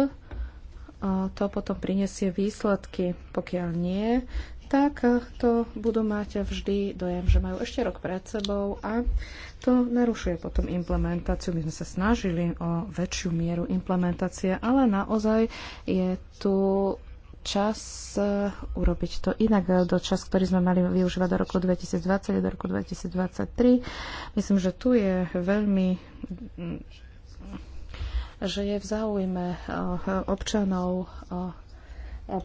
Speaker 4: to potom prinesie výsledky. Pokiaľ nie, tak e, to budú mať vždy dojem, že majú ešte rok pred sebou a to narušuje potom implementáciu. My sme sa snažili o väčšiu mieru implementácie, ale naozaj je tu čas e, urobiť to inak, e, do čas, ktorý sme mali využívať do roku 2020 a do roku 2023. Myslím, že tu je veľmi mm, že je v záujme e, občanov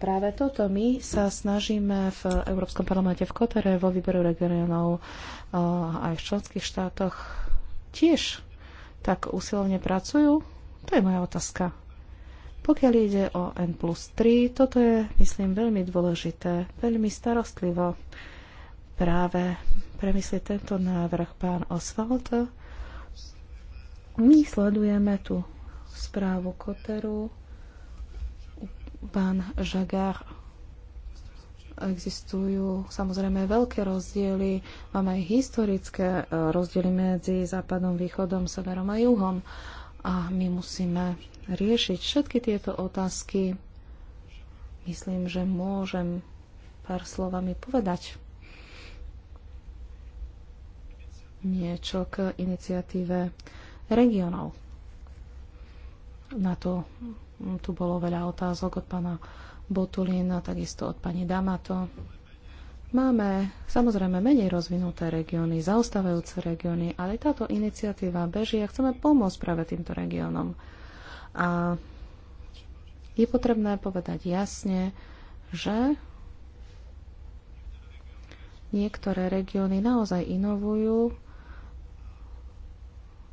Speaker 4: práve toto. My sa snažíme v Európskom parlamente v Kotere, vo výberu regionov aj v členských štátoch tiež tak usilovne pracujú? To je moja otázka. Pokiaľ ide o N plus 3, toto je, myslím, veľmi dôležité, veľmi starostlivo práve premyslieť tento návrh pán Oswald. My sledujeme tú správu Koteru. Pán Žagár existujú samozrejme veľké rozdiely. Máme aj historické rozdiely medzi západom, východom, severom a juhom. A my musíme riešiť všetky tieto otázky. Myslím, že môžem pár slovami povedať niečo k iniciatíve regionov. Na to tu bolo veľa otázok od pána Botulina, takisto od pani Damato. Máme samozrejme menej rozvinuté regióny, zaostávajúce regióny, ale táto iniciatíva beží a chceme pomôcť práve týmto regiónom. A je potrebné povedať jasne, že niektoré regióny naozaj inovujú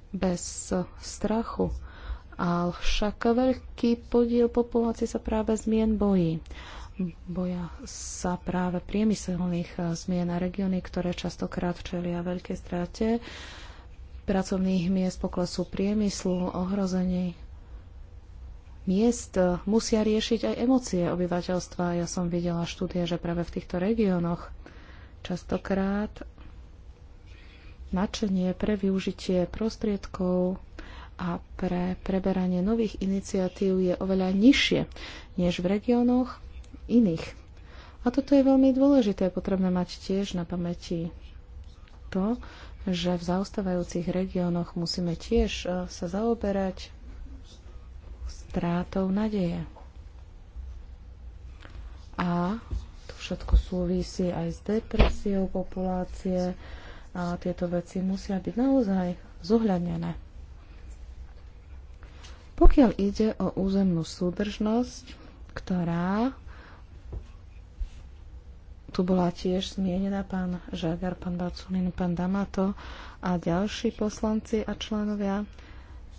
Speaker 4: bez strachu. Avšak veľký podiel populácie sa práve zmien bojí boja sa práve priemyselných eh, zmien na regióny, ktoré častokrát čelia veľké strate pracovných miest, poklesu priemyslu, ohrození miest, musia riešiť aj emócie obyvateľstva. Ja som videla štúdie, že práve v týchto regiónoch častokrát nadšenie pre využitie prostriedkov a pre preberanie nových iniciatív je oveľa nižšie než v regiónoch, iných. A toto je veľmi dôležité, je potrebné mať tiež na pamäti to, že v zaostávajúcich regiónoch musíme tiež e, sa zaoberať strátou nadeje. A to všetko súvisí aj s depresiou populácie a tieto veci musia byť naozaj zohľadnené. Pokiaľ ide o územnú súdržnosť, ktorá tu bola tiež zmienená pán Žagar, pán Baculín, pán Damato a ďalší poslanci a členovia.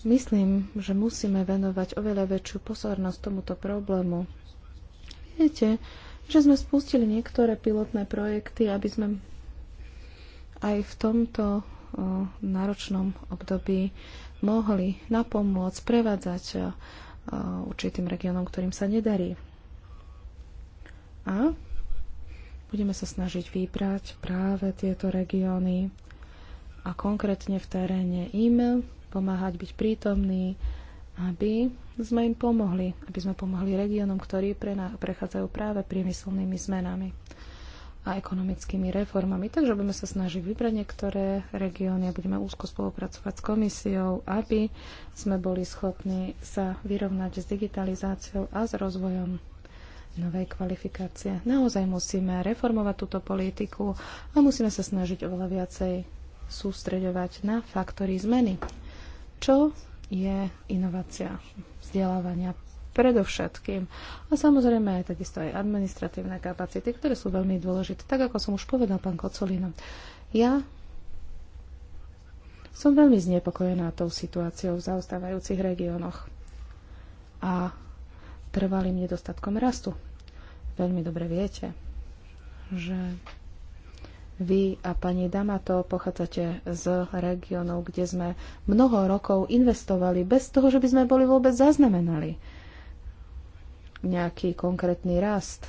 Speaker 4: Myslím, že musíme venovať oveľa väčšiu pozornosť tomuto problému. Viete, že sme spustili niektoré pilotné projekty, aby sme aj v tomto o, náročnom období mohli napomôcť, prevádzať o, určitým regiónom, ktorým sa nedarí. A Budeme sa snažiť vybrať práve tieto regióny a konkrétne v teréne im pomáhať byť prítomní, aby sme im pomohli, aby sme pomohli regiónom, ktorí pre prechádzajú práve priemyselnými zmenami a ekonomickými reformami. Takže budeme sa snažiť vybrať niektoré regióny a budeme úzko spolupracovať s komisiou, aby sme boli schopní sa vyrovnať s digitalizáciou a s rozvojom nové kvalifikácie. Naozaj musíme reformovať túto politiku a musíme sa snažiť oveľa viacej sústreďovať na faktory zmeny. Čo je inovácia vzdelávania predovšetkým. A samozrejme aj takisto aj administratívne kapacity, ktoré sú veľmi dôležité. Tak ako som už povedal pán Kocolino, ja som veľmi znepokojená tou situáciou v zaostávajúcich regiónoch. A trvalým nedostatkom rastu. Veľmi dobre viete, že vy a pani Damato pochádzate z regiónov, kde sme mnoho rokov investovali bez toho, že by sme boli vôbec zaznamenali nejaký konkrétny rast.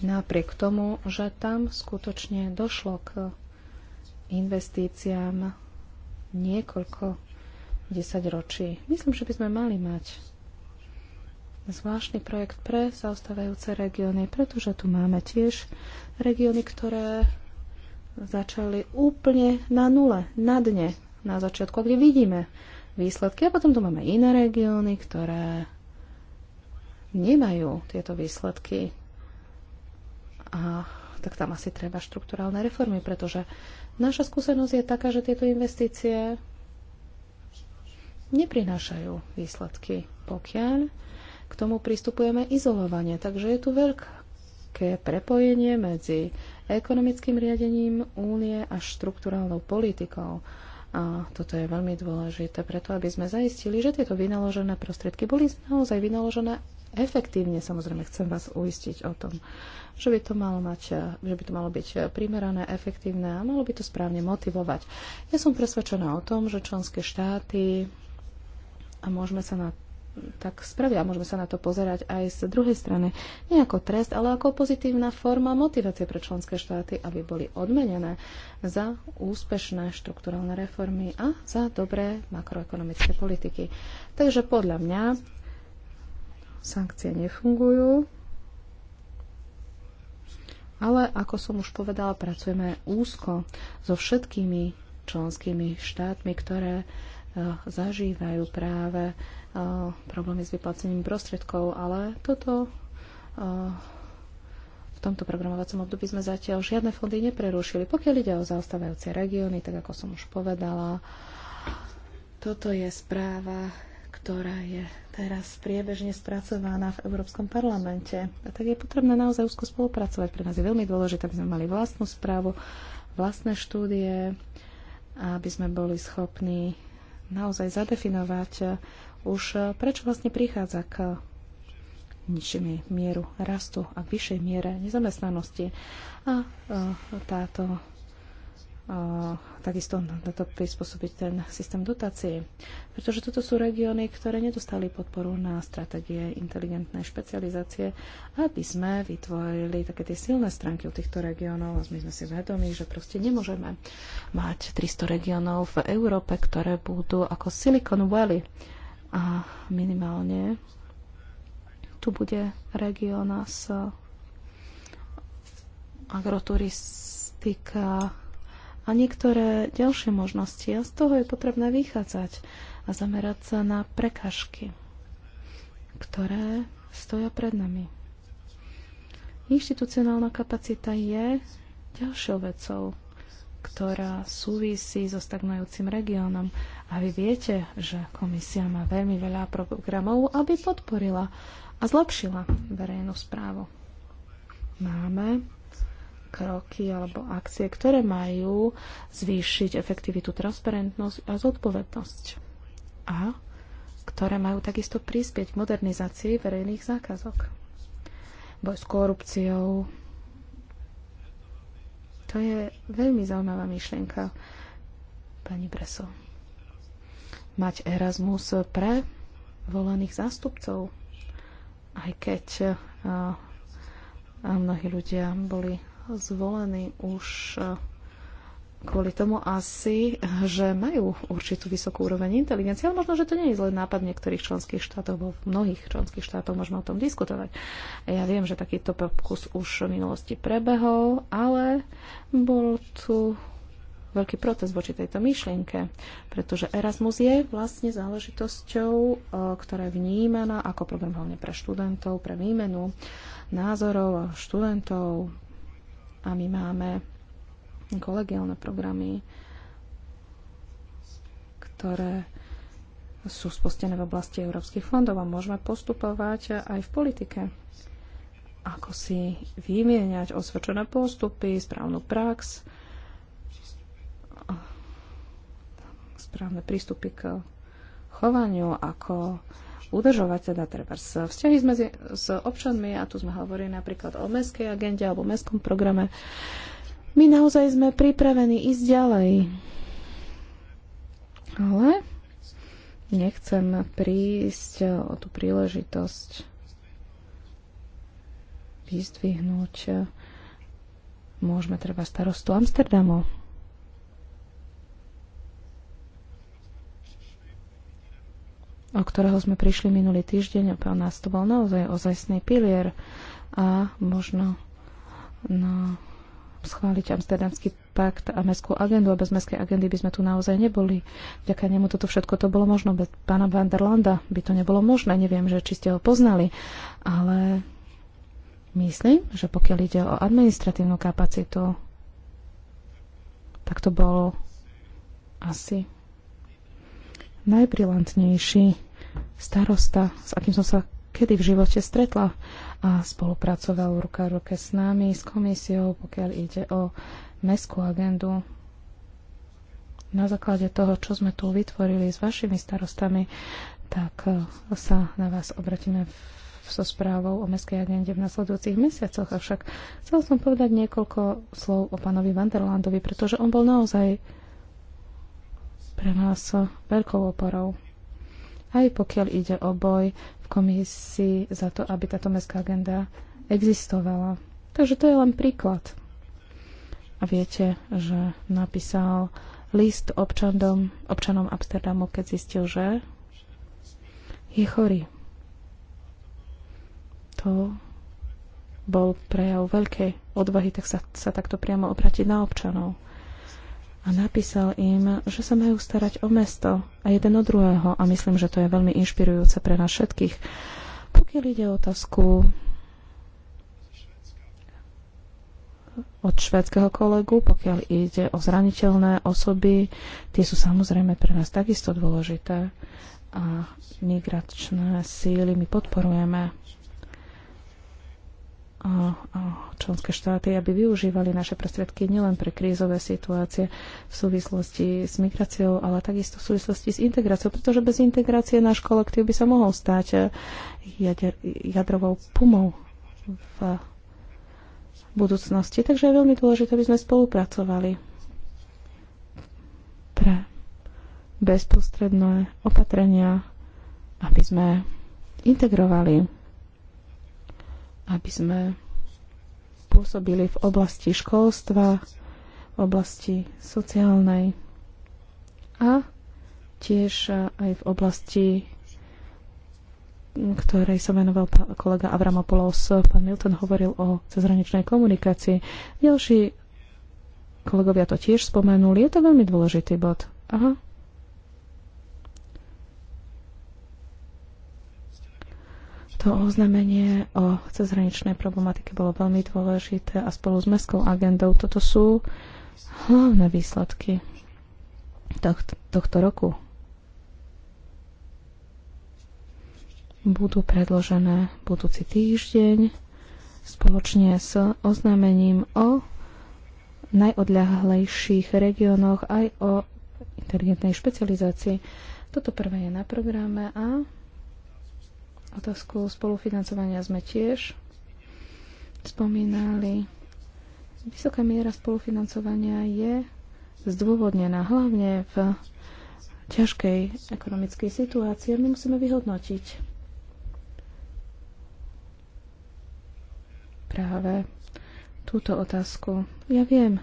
Speaker 4: Napriek tomu, že tam skutočne došlo k investíciám niekoľko 10 ročí. Myslím, že by sme mali mať zvláštny projekt pre zaostávajúce regióny, pretože tu máme tiež regióny, ktoré začali úplne na nule, na dne, na začiatku, kde vidíme výsledky. A potom tu máme iné regióny, ktoré nemajú tieto výsledky. A tak tam asi treba štruktúrálne reformy, pretože naša skúsenosť je taká, že tieto investície neprinášajú výsledky, pokiaľ k tomu pristupujeme izolovanie, Takže je tu veľké prepojenie medzi ekonomickým riadením únie a štruktúralnou politikou. A toto je veľmi dôležité preto, aby sme zaistili, že tieto vynaložené prostriedky boli naozaj vynaložené efektívne. Samozrejme, chcem vás uistiť o tom, že by to malo, mať, že by to malo byť primerané, efektívne a malo by to správne motivovať. Ja som presvedčená o tom, že členské štáty a môžeme sa na tak spraviť a môžeme sa na to pozerať aj z druhej strany. Nie ako trest, ale ako pozitívna forma motivácie pre členské štáty, aby boli odmenené za úspešné štrukturálne reformy a za dobré makroekonomické politiky. Takže podľa mňa sankcie nefungujú, ale ako som už povedala, pracujeme úzko so všetkými členskými štátmi, ktoré Eh, zažívajú práve eh, problémy s vyplacením prostriedkov, ale toto eh, v tomto programovacom období sme zatiaľ žiadne fondy neprerušili. Pokiaľ ide o zaostávajúce regióny, tak ako som už povedala, toto je správa, ktorá je teraz priebežne spracovaná v Európskom parlamente. A tak je potrebné naozaj úzko spolupracovať. Pre nás je veľmi dôležité, aby sme mali vlastnú správu, vlastné štúdie, aby sme boli schopní naozaj zadefinovať e, už, e, prečo vlastne prichádza k nižšiemu mieru rastu a k vyššej miere nezamestnanosti. A e, táto Eh, takisto na to prispôsobiť ten systém dotácie. Pretože toto sú regióny, ktoré nedostali podporu na stratégie inteligentnej špecializácie, aby sme vytvorili také tie silné stránky u týchto regiónov. A my sme si vedomi, že proste nemôžeme mať 300 regiónov v Európe, ktoré budú ako Silicon Valley. A minimálne tu bude regióna s agroturistika a niektoré ďalšie možnosti. A z toho je potrebné vychádzať a zamerať sa na prekažky, ktoré stoja pred nami. Inštitucionálna kapacita je ďalšou vecou, ktorá súvisí so stagnujúcim regiónom. A vy viete, že komisia má veľmi veľa programov, aby podporila a zlepšila verejnú správu. Máme kroky alebo akcie, ktoré majú zvýšiť efektivitu, transparentnosť a zodpovednosť. A ktoré majú takisto prispieť k modernizácii verejných zákazok. Boj s korupciou. To je veľmi zaujímavá myšlienka, pani Breso. Mať Erasmus pre volených zástupcov, aj keď eh, a mnohí ľudia boli zvolení už e, kvôli tomu asi, že majú určitú vysokú úroveň inteligencie, ale možno, že to nie je zlý nápad v niektorých členských štátoch, bo v mnohých členských štátoch môžeme o tom diskutovať. Ja viem, že takýto pokus už v minulosti prebehol, ale bol tu veľký protest voči tejto myšlienke, pretože Erasmus je vlastne záležitosťou, e, ktorá je vnímaná ako problém hlavne pre študentov, pre výmenu názorov študentov, a my máme kolegiálne programy, ktoré sú spustené v oblasti európskych fondov a môžeme postupovať aj v politike. Ako si vymieňať osvedčené postupy, správnu prax, správne prístupy k chovaniu, ako udržovať teda treba vzťahy medzi, s občanmi a tu sme hovorili napríklad o mestskej agende alebo mestskom programe. My naozaj sme pripravení ísť ďalej. Ale nechcem prísť o tú príležitosť vyzdvihnúť môžeme treba starostu Amsterdamu o ktorého sme prišli minulý týždeň. Pre nás to bol naozaj ozajstný pilier a možno no, schváliť Amsterdamský pakt a mestskú agendu. A bez mestskej agendy by sme tu naozaj neboli. Vďaka nemu toto všetko to bolo možno. Bez pána van der Landa by to nebolo možné. Neviem, že či ste ho poznali, ale myslím, že pokiaľ ide o administratívnu kapacitu, tak to bolo asi najbrilantnejší starosta, s akým som sa kedy v živote stretla a spolupracoval ruka ruke s nami, s komisiou, pokiaľ ide o mestskú agendu. Na základe toho, čo sme tu vytvorili s vašimi starostami, tak e, sa na vás obratíme so správou o mestskej agende v nasledujúcich mesiacoch. Avšak chcel som povedať niekoľko slov o pánovi Vanderlandovi, pretože on bol naozaj pre nás veľkou oporou. Aj pokiaľ ide o boj v komisii za to, aby táto mestská agenda existovala. Takže to je len príklad. A viete, že napísal list občanom, občanom Amsterdamu, keď zistil, že je chorý. To bol prejav veľkej odvahy, tak sa, sa takto priamo obratiť na občanov a napísal im, že sa majú starať o mesto a jeden o druhého a myslím, že to je veľmi inšpirujúce pre nás všetkých. Pokiaľ ide o otázku od švedského kolegu, pokiaľ ide o zraniteľné osoby, tie sú samozrejme pre nás takisto dôležité a migračné síly my podporujeme členské štáty, aby využívali naše prostriedky nielen pre krízové situácie v súvislosti s migráciou, ale takisto v súvislosti s integráciou, pretože bez integrácie náš kolektív by sa mohol stať e, jader, jadrovou pumou v budúcnosti. Takže je veľmi dôležité, aby sme spolupracovali pre bezprostredné opatrenia, aby sme integrovali aby sme pôsobili v oblasti školstva, v oblasti sociálnej a tiež aj v oblasti, ktorej sa venoval kolega Avramopoulos. Pán Milton hovoril o cezhraničnej komunikácii. Ďalší kolegovia to tiež spomenuli. Je to veľmi dôležitý bod. Aha. To oznámenie o cezhraničnej problematike bolo veľmi dôležité a spolu s mestskou agendou toto sú hlavné výsledky tohto, tohto roku. Budú predložené budúci týždeň spoločne s oznámením o najodľahlejších regiónoch aj o inteligentnej špecializácii. Toto prvé je na programe a Otázku spolufinancovania sme tiež spomínali. Vysoká miera spolufinancovania je zdôvodnená hlavne v ťažkej ekonomickej situácii my musíme vyhodnotiť práve túto otázku. Ja viem,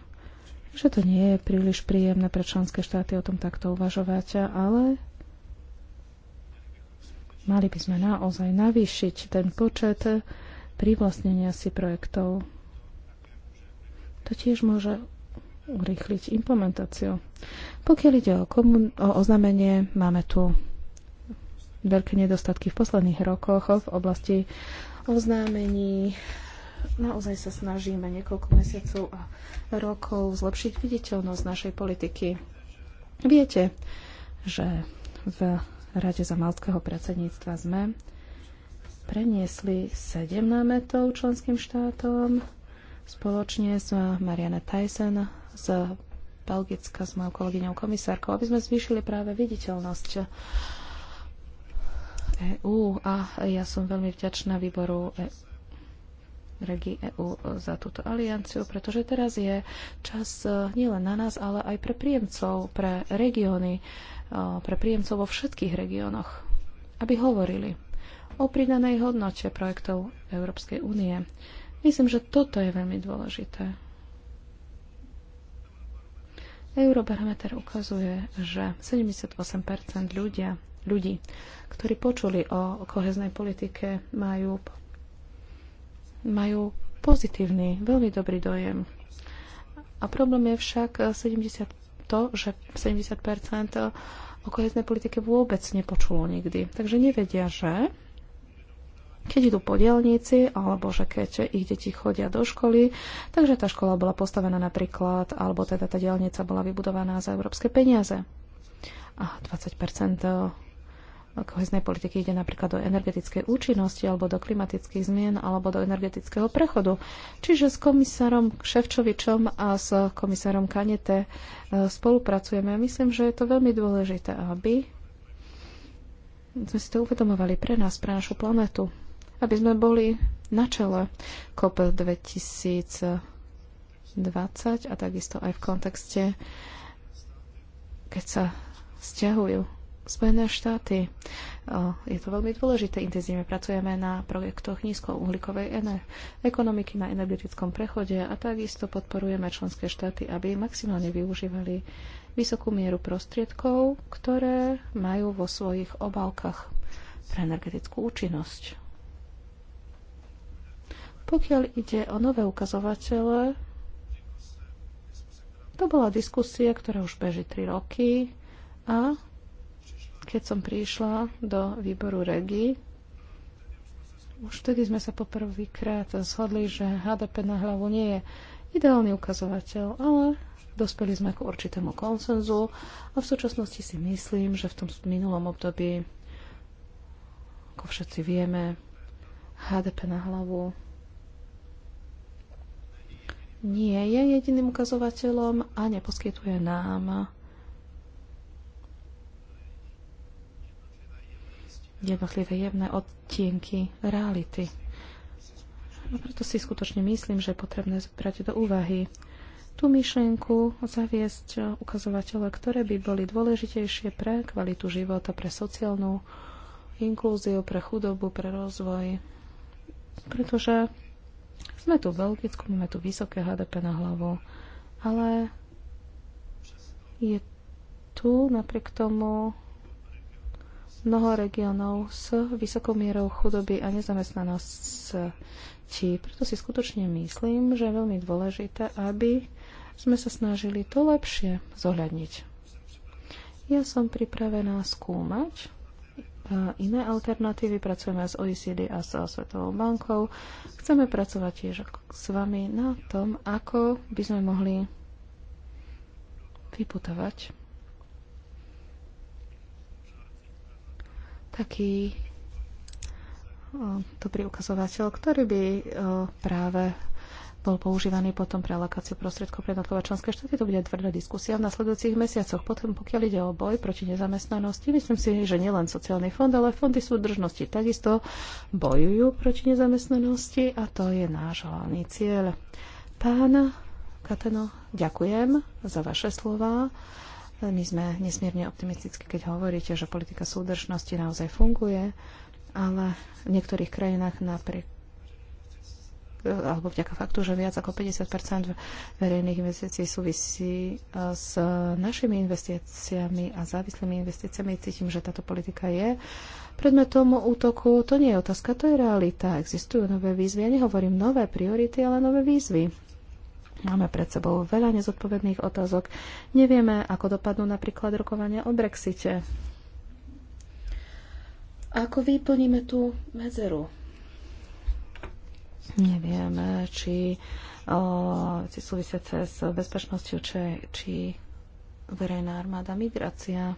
Speaker 4: že to nie je príliš príjemné pre členské štáty o tom takto uvažovať, ale Mali by sme naozaj navýšiť ten počet privlastnenia si projektov. To tiež môže urýchliť implementáciu. Pokiaľ ide o, komun- o oznámenie, máme tu veľké nedostatky v posledných rokoch v oblasti oznámení. Naozaj sa snažíme niekoľko mesiacov a rokov zlepšiť viditeľnosť našej politiky. Viete, že v Rade za maltského predsedníctva sme preniesli 7 námetov členským štátom spoločne s Marianne Tyson z Belgicka s mojou kolegyňou komisárkou, aby sme zvýšili práve viditeľnosť EÚ a ja som veľmi vďačná výboru e regi EU e, za túto alianciu, pretože teraz je čas e, nielen na nás, ale aj pre príjemcov, pre regióny, e, pre príjemcov vo všetkých regiónoch, aby hovorili o pridanej hodnote projektov Európskej únie. Myslím, že toto je veľmi dôležité. Eurobarometer ukazuje, že 78% ľudia, ľudí, ktorí počuli o koheznej politike, majú majú pozitívny, veľmi dobrý dojem. A problém je však 70, to, že 70 o kohezné politike vôbec nepočulo nikdy. Takže nevedia, že keď idú dielnici, alebo že keď ich deti chodia do školy, takže tá škola bola postavená napríklad, alebo teda tá dielnica bola vybudovaná za európske peniaze. A 20 koheznej politiky ide napríklad do energetickej účinnosti alebo do klimatických zmien alebo do energetického prechodu. Čiže s komisárom Ševčovičom a s komisárom Kanete e, spolupracujeme. Ja myslím, že je to veľmi dôležité, aby sme si to uvedomovali pre nás, pre našu planetu. Aby sme boli na čele COP 2020 a takisto aj v kontexte, keď sa stiahujú Spojené štáty. E, je to veľmi dôležité. Intenzívne pracujeme na projektoch nízkouhlíkovej ekonomiky na energetickom prechode a takisto podporujeme členské štáty, aby maximálne využívali vysokú mieru prostriedkov, ktoré majú vo svojich obálkach pre energetickú účinnosť. Pokiaľ ide o nové ukazovatele, to bola diskusia, ktorá už beží 3 roky a keď som prišla do výboru REGI, už vtedy sme sa poprvýkrát zhodli, že HDP na hlavu nie je ideálny ukazovateľ, ale dospeli sme k určitému konsenzu a v súčasnosti si myslím, že v tom minulom období, ako všetci vieme, HDP na hlavu nie je jediným ukazovateľom a neposkytuje nám jednotlivé jemné odtienky reality. A no preto si skutočne myslím, že je potrebné brať do úvahy tú myšlienku zaviesť ukazovatele, ktoré by boli dôležitejšie pre kvalitu života, pre sociálnu inklúziu, pre chudobu, pre rozvoj. Pretože sme tu v Belgicku, máme tu vysoké HDP na hlavu, ale je tu napriek tomu mnoho regiónov s vysokou mierou chudoby a nezamestnanosti. Preto si skutočne myslím, že je veľmi dôležité, aby sme sa snažili to lepšie zohľadniť. Ja som pripravená skúmať iné alternatívy. Pracujeme s OECD a s Svetovou bankou. Chceme pracovať tiež s vami na tom, ako by sme mohli vyputovať taký eh, dobrý ukazovateľ, ktorý by eh, práve bol používaný potom pre alokáciu prostriedkov pre jednotlivé členské štáty. To bude tvrdá diskusia v nasledujúcich mesiacoch. Potom, pokiaľ ide o boj proti nezamestnanosti, myslím si, že nielen sociálny fond, ale fondy súdržnosti takisto bojujú proti nezamestnanosti a to je náš hlavný cieľ. Pán Kateno, ďakujem za vaše slova my sme nesmierne optimisticky, keď hovoríte, že politika súdržnosti naozaj funguje, ale v niektorých krajinách napriek alebo vďaka faktu, že viac ako 50 verejných investícií súvisí e, s našimi investíciami a závislými investíciami. Cítim, že táto politika je predmetom útoku. To nie je otázka, to je realita. Existujú nové výzvy. Ja nehovorím nové priority, ale nové výzvy Máme pred sebou veľa nezodpovedných otázok. Nevieme, ako dopadnú napríklad rokovania o Brexite. Ako vyplníme tú medzeru? Nevieme, či, o, či súvisiace s bezpečnosťou, či, či verejná armáda, migrácia.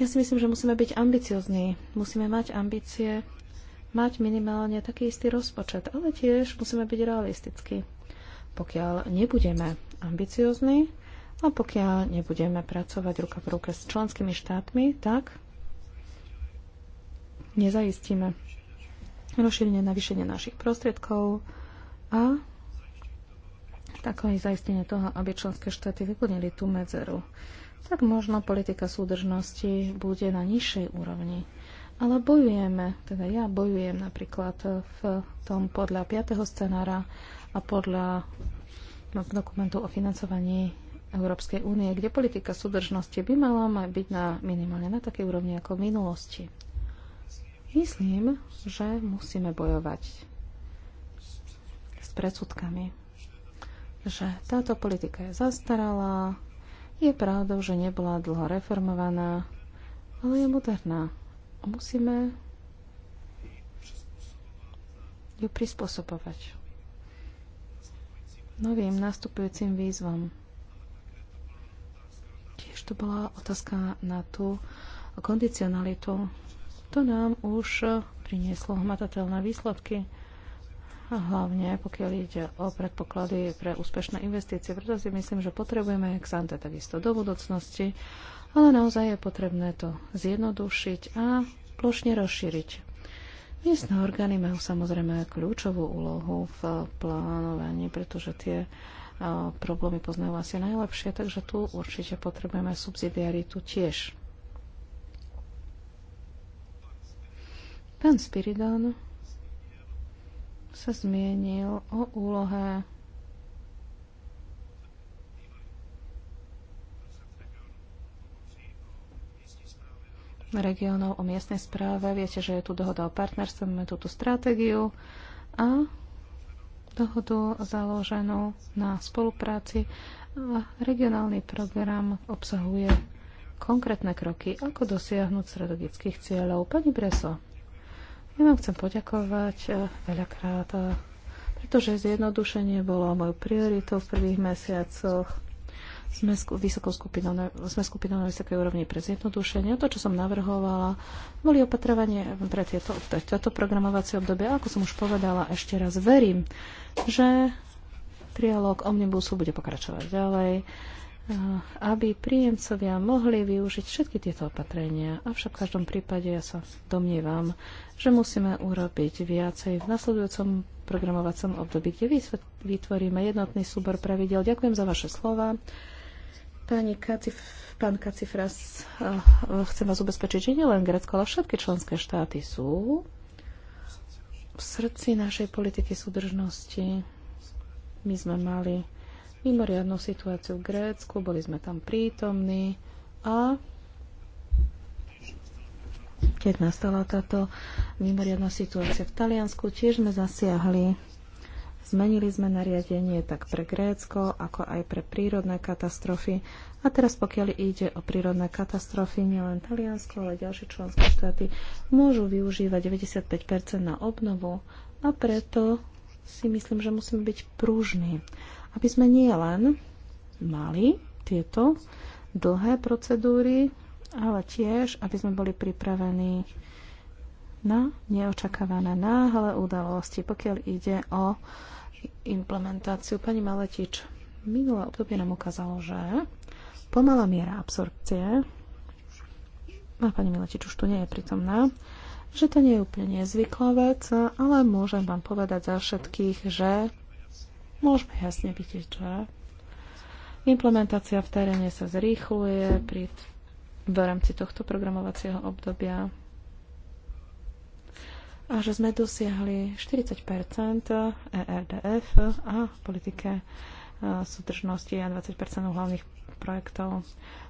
Speaker 4: Ja si myslím, že musíme byť ambiciozní. Musíme mať ambície mať minimálne taký istý rozpočet, ale tiež musíme byť realistickí. Pokiaľ nebudeme ambiciozní a pokiaľ nebudeme pracovať ruka v ruke s členskými štátmi, tak nezaistíme rozšírenie vyšenie našich prostriedkov a takové zaistenie toho, aby členské štáty vyplnili tú medzeru. Tak možno politika súdržnosti bude na nižšej úrovni ale bojujeme, teda ja bojujem napríklad eh, v tom podľa 5. scenára a podľa no, dokumentu o financovaní Európskej únie, kde politika súdržnosti by mala byť na, minimálne na takej úrovni ako v minulosti. Myslím, že musíme bojovať s predsudkami, že táto politika je zastaralá, je pravdou, že nebola dlho reformovaná, ale je moderná. Musíme ju prispôsobovať novým nastupujúcim výzvam. Tiež to bola otázka na tú kondicionalitu. To nám už prinieslo hmatateľné výsledky. A hlavne pokiaľ ide o predpoklady pre úspešné investície. Preto si myslím, že potrebujeme exante takisto do budúcnosti, ale naozaj je potrebné to zjednodušiť a plošne rozšíriť. Miestne orgány majú samozrejme kľúčovú úlohu v plánovaní, pretože tie problémy poznajú asi najlepšie, takže tu určite potrebujeme subsidiaritu tiež. Pán Spiridon sa zmienil o úlohe Regionov o miestnej správe. Viete, že je tu dohoda o partnerstve, máme túto stratégiu a dohodu založenú na spolupráci. A regionálny program obsahuje konkrétne kroky, ako dosiahnuť strategických cieľov. Pani Breso. Ja vám chcem poďakovať eh, veľakrát, eh, pretože zjednodušenie bolo mojou prioritou v prvých mesiacoch. Sme skupinou, sme skupinou na vysokej úrovni pre zjednodušenie. To, čo som navrhovala, boli opatrovanie pre tieto, pre toto programovacie obdobie. Ako som už povedala, ešte raz verím, že trialóg omnibusu bude pokračovať ďalej aby príjemcovia mohli využiť všetky tieto opatrenia. Avšak v každom prípade ja sa domnievam, že musíme urobiť viacej v nasledujúcom programovacom období, kde vytvoríme jednotný súbor pravidel. Ďakujem za vaše slova. Pani Kacif, pán Kacifras, chcem vás ubezpečiť, že nielen Grécko, ale všetky členské štáty sú v srdci našej politiky súdržnosti. My sme mali mimoriadnú situáciu v Grécku, boli sme tam prítomní a keď nastala táto mimoriadná situácia v Taliansku, tiež sme zasiahli. Zmenili sme nariadenie tak pre Grécko, ako aj pre prírodné katastrofy. A teraz pokiaľ ide o prírodné katastrofy, nielen Taliansko, ale ďalšie členské štáty môžu využívať 95% na obnovu a preto si myslím, že musíme byť pružní aby sme nie len mali tieto dlhé procedúry, ale tiež, aby sme boli pripravení na neočakávané náhle udalosti, pokiaľ ide o implementáciu. Pani Maletič, minulé obdobie nám ukázalo, že pomalá miera absorpcie, a pani Maletič už tu nie je pritomná, že to nie je úplne nezvyklá vec, ale môžem vám povedať za všetkých, že Môžeme jasne vidieť, že implementácia v teréne sa zrýchluje pri, v rámci tohto programovacieho obdobia a že sme dosiahli 40 ERDF a v politike súdržnosti a 20 hlavných projektov.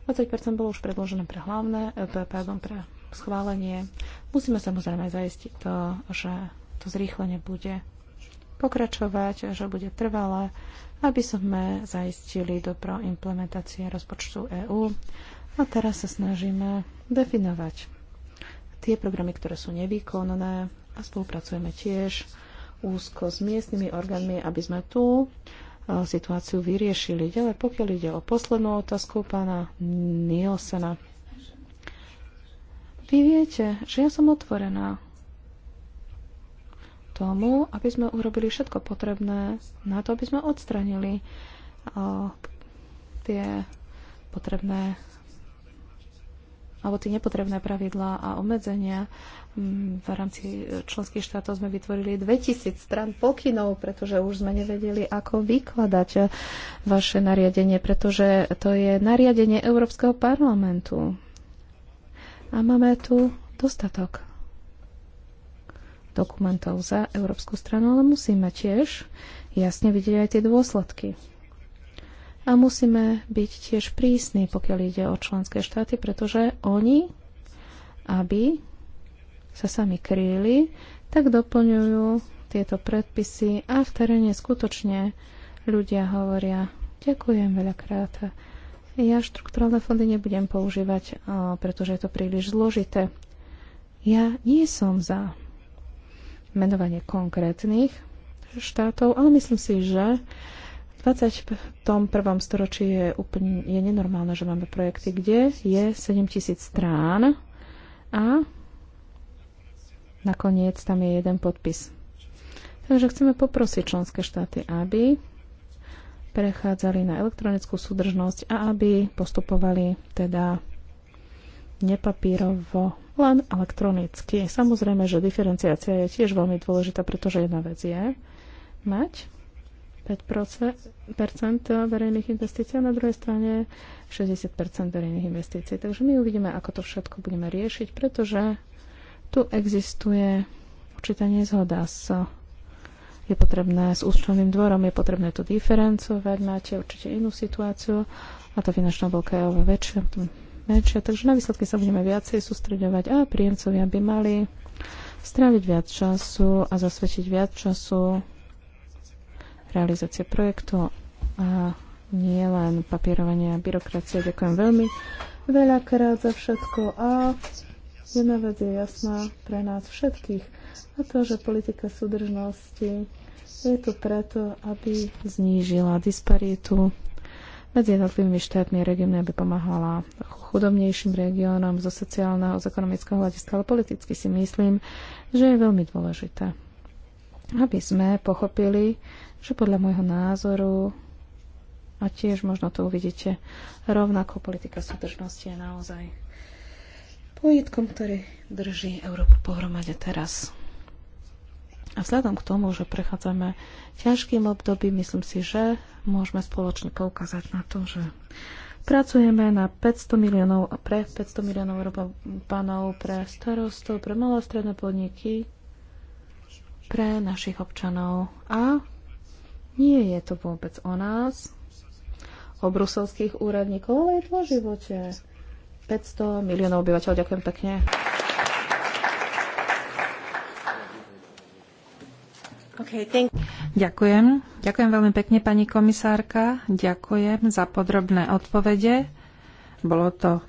Speaker 4: 20 bolo už predložené pre hlavné, e, pardon, pre schválenie. Musíme samozrejme zaistiť to, že to zrýchlenie bude pokračovať, že bude trvalé, aby sme zaistili dobro implementácie rozpočtu EÚ. A teraz sa snažíme definovať tie programy, ktoré sú nevýkonné a spolupracujeme tiež úzko s miestnymi orgánmi, aby sme tú e, situáciu vyriešili. Ďalej, pokiaľ ide o poslednú otázku pána Nielsena. Vy viete, že ja som otvorená tomu, aby sme urobili všetko potrebné na to, aby sme odstranili tie potrebné alebo tie nepotrebné pravidlá a obmedzenia. V rámci členských štátov sme vytvorili 2000 stran pokynov, pretože už sme nevedeli, ako vykladať vaše nariadenie, pretože to je nariadenie Európskeho parlamentu. A máme tu dostatok dokumentov za Európsku stranu, ale musíme tiež jasne vidieť aj tie dôsledky. A musíme byť tiež prísni, pokiaľ ide o členské štáty, pretože oni, aby sa sami kryli, tak doplňujú tieto predpisy a v teréne skutočne ľudia hovoria ďakujem veľakrát. Ja štrukturálne fondy nebudem používať, pretože je to príliš zložité. Ja nie som za menovanie konkrétnych štátov, ale myslím si, že v 21. storočí je úplne je nenormálne, že máme projekty, kde je 7000 strán a nakoniec tam je jeden podpis. Takže chceme poprosiť členské štáty, aby prechádzali na elektronickú súdržnosť a aby postupovali teda nepapírovo len elektronicky. Samozrejme, že diferenciácia je tiež veľmi dôležitá, pretože jedna vec je mať 5% verejných investícií a na druhej strane 60% verejných investícií. Takže my uvidíme, ako to všetko budeme riešiť, pretože tu existuje určitá nezhoda s je potrebné s účtovným dvorom, je potrebné to diferencovať, máte určite inú situáciu a tá finančná bloka je oveľa väčšia, väčšia, takže na výsledky sa budeme viacej sústredovať a príjemcovia by mali stráviť viac času a zasvedčiť viac času realizácie projektu a nie len a byrokracie. Ďakujem veľmi veľakrát za všetko a jedna vec je jasná pre nás všetkých a to, že politika súdržnosti je tu preto, aby znížila disparitu medzi jednotlivými štátmi a regiónmi, aby pomáhala chudobnejším regiónom zo sociálneho, z ekonomického hľadiska, ale politicky si myslím, že je veľmi dôležité, aby sme pochopili, že podľa môjho názoru a tiež možno to uvidíte, rovnako politika súdržnosti je naozaj pojitkom, ktorý drží Európu pohromade teraz. A vzhľadom k tomu, že prechádzame ťažkým obdobím, myslím si, že môžeme spoločne poukázať na to, že pracujeme na 500 miliónov a pre 500 miliónov Európanov, pre starostov, pre malé stredné podniky, pre našich občanov. A nie je to vôbec o nás, o bruselských úradníkov, ale je to o živote. 500 miliónov obyvateľov. Ďakujem pekne.
Speaker 2: Okay, Ďakujem. Ďakujem veľmi pekne, pani komisárka. Ďakujem za podrobné odpovede. Bolo to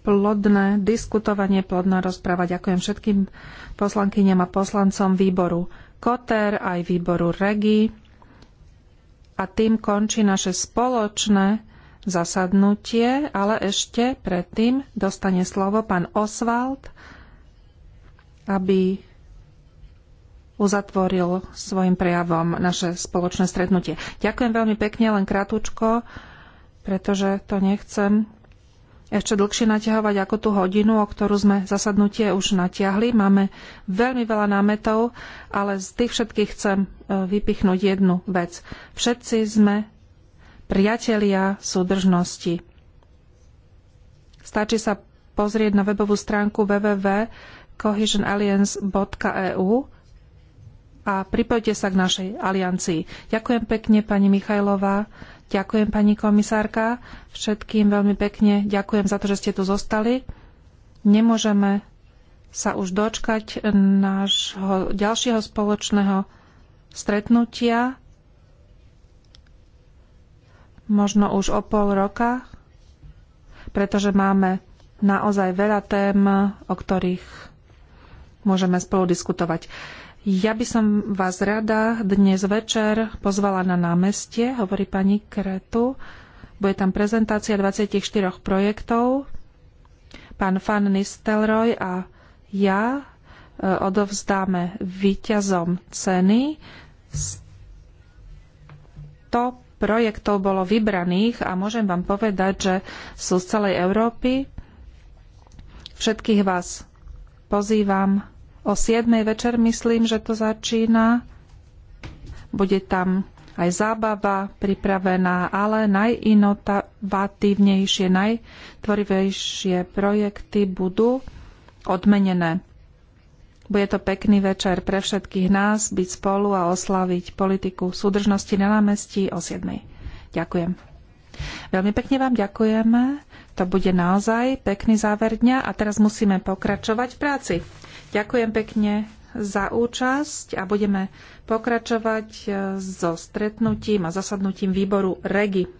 Speaker 2: plodné diskutovanie, plodná rozpráva. Ďakujem všetkým poslankyňam a poslancom výboru Koter, aj výboru Regi. A tým končí naše spoločné zasadnutie, ale ešte predtým dostane slovo pán Oswald, aby uzatvoril svojim prejavom naše spoločné stretnutie. Ďakujem veľmi pekne, len krátko, pretože to nechcem ešte dlhšie natiahovať ako tú hodinu, o ktorú sme zasadnutie už natiahli. Máme veľmi veľa námetov, ale z tých všetkých chcem e, vypichnúť jednu vec. Všetci sme priatelia súdržnosti. Stačí sa pozrieť na webovú stránku www.cohesionalliance.eu a pripojte sa k našej aliancii. Ďakujem pekne pani Michajlová, ďakujem pani komisárka, všetkým veľmi pekne ďakujem za to, že ste tu zostali. Nemôžeme sa už dočkať nášho ďalšieho spoločného stretnutia, možno už o pol roka, pretože máme naozaj veľa tém, o ktorých môžeme spolu diskutovať. Ja by som vás rada dnes večer pozvala na námestie, hovorí pani Kretu. Bude tam prezentácia 24 projektov. Pán Fan Nistelroj a ja e, odovzdáme výťazom ceny. 100 projektov bolo vybraných a môžem vám povedať, že sú z celej Európy. Všetkých vás pozývam o 7. večer, myslím, že to začína. Bude tam aj zábava pripravená, ale najinovatívnejšie, najtvorivejšie projekty budú odmenené. Bude to pekný večer pre všetkých nás byť spolu a oslaviť politiku súdržnosti na námestí o 7. Ďakujem. Veľmi pekne vám ďakujeme. To bude naozaj pekný záver dňa a teraz musíme pokračovať v práci. Ďakujem pekne za účasť a budeme pokračovať eh, so stretnutím a zasadnutím výboru REGI.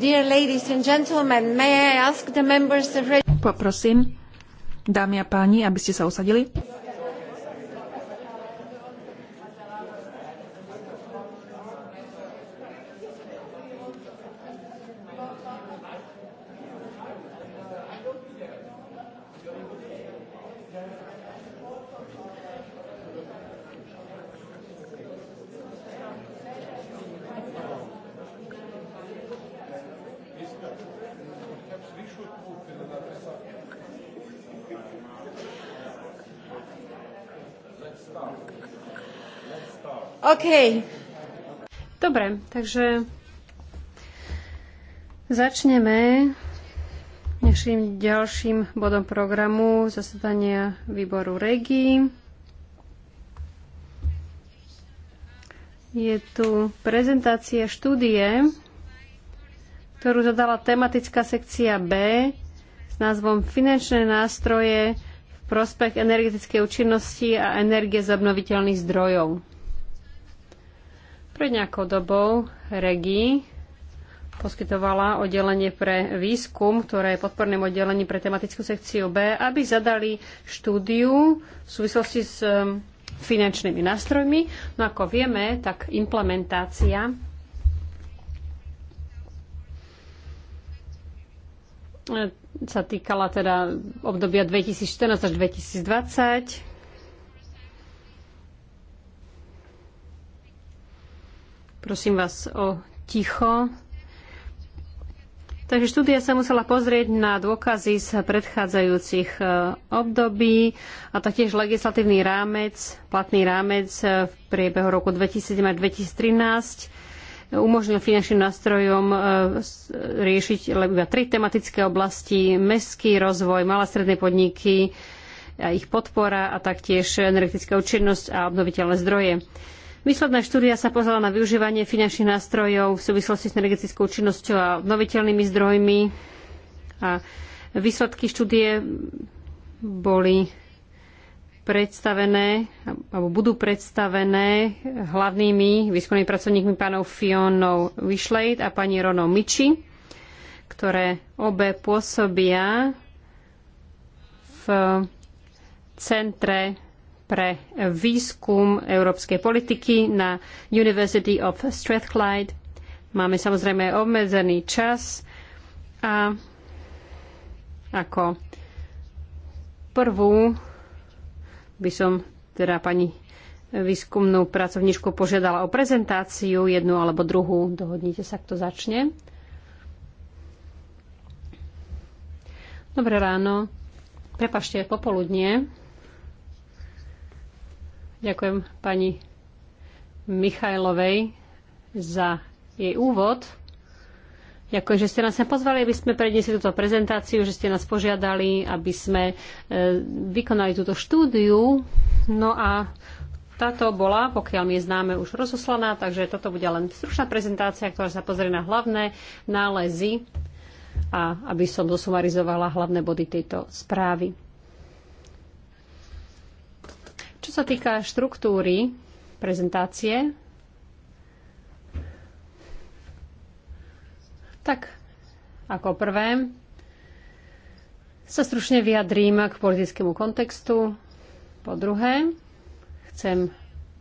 Speaker 2: Dear ladies and gentlemen, may I ask the members of... Poprosím, dámy a páni, aby ste sa usadili.
Speaker 1: OK. Dobre, takže začneme dnešným ďalším bodom programu zasadania výboru REGI. Je tu prezentácia štúdie, ktorú zadala tematická sekcia B s názvom Finančné nástroje v prospech energetickej účinnosti a energie z obnoviteľných zdrojov. Pred nejakou dobou REGI poskytovala oddelenie pre výskum, ktoré je podporným oddelením pre tematickú sekciu B, aby zadali štúdiu v súvislosti s um, finančnými nástrojmi. No ako vieme, tak implementácia sa týkala teda obdobia 2014 až 2020 Prosím vás o ticho. Takže štúdia sa musela pozrieť na dôkazy z predchádzajúcich e, období a taktiež legislatívny rámec, platný rámec e, v priebehu roku 2007 a 2013 umožnil finančným nástrojom e, riešiť iba tri tematické oblasti, mestský rozvoj, malé stredné podniky, a ich podpora a taktiež energetická účinnosť a obnoviteľné zdroje. Výsledná štúdia sa pozerala na využívanie finančných nástrojov v súvislosti s energetickou činnosťou a obnoviteľnými zdrojmi. A výsledky štúdie boli predstavené, alebo budú predstavené hlavnými výskumnými pracovníkmi pánov Fionou Wishlade a pani Ronou Michi, ktoré obe pôsobia v centre pre výskum európskej politiky na University of Strathclyde. Máme samozrejme obmedzený čas a ako prvú by som teda pani výskumnú pracovníčku požiadala o prezentáciu, jednu alebo druhú. Dohodnite sa, kto začne. Dobré ráno. Prepašte, popoludnie. Ďakujem pani Michajlovej za jej úvod. Ďakujem, že ste nás sem pozvali, aby sme predniesli túto prezentáciu, že ste nás požiadali, aby sme e, vykonali túto štúdiu. No a táto bola, pokiaľ mi je známe, už rozoslaná, takže toto bude len stručná prezentácia, ktorá sa pozrie na hlavné nálezy a aby som dosumarizovala hlavné body tejto správy. Čo sa týka štruktúry prezentácie, tak ako prvé sa stručne vyjadrím k politickému kontextu. Po druhé, chcem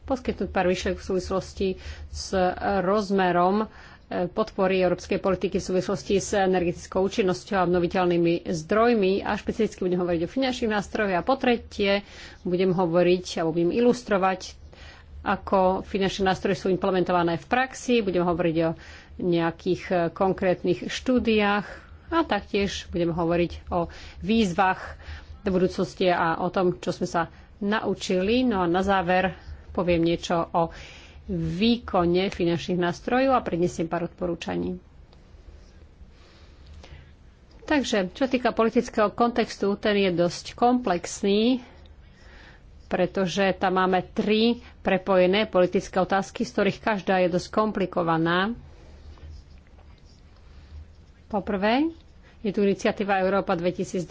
Speaker 1: poskytnúť pár myšlienok v súvislosti s rozmerom podpory európskej politiky v súvislosti s energetickou účinnosťou a obnoviteľnými zdrojmi a špecificky budem hovoriť o finančných nástrojoch a po tretie budem hovoriť alebo budem ilustrovať, ako finančné nástroje sú implementované v praxi, budem hovoriť o nejakých eh, konkrétnych štúdiách a taktiež budem hovoriť o výzvach do budúcnosti a o tom, čo sme sa naučili. No a na záver poviem niečo o výkone finančných nástrojov a prednesiem pár odporúčaní. Takže, čo týka politického kontextu, ten je dosť komplexný, pretože tam máme tri prepojené politické otázky, z ktorých každá je dosť komplikovaná. Poprvé, je tu iniciatíva Európa 2020,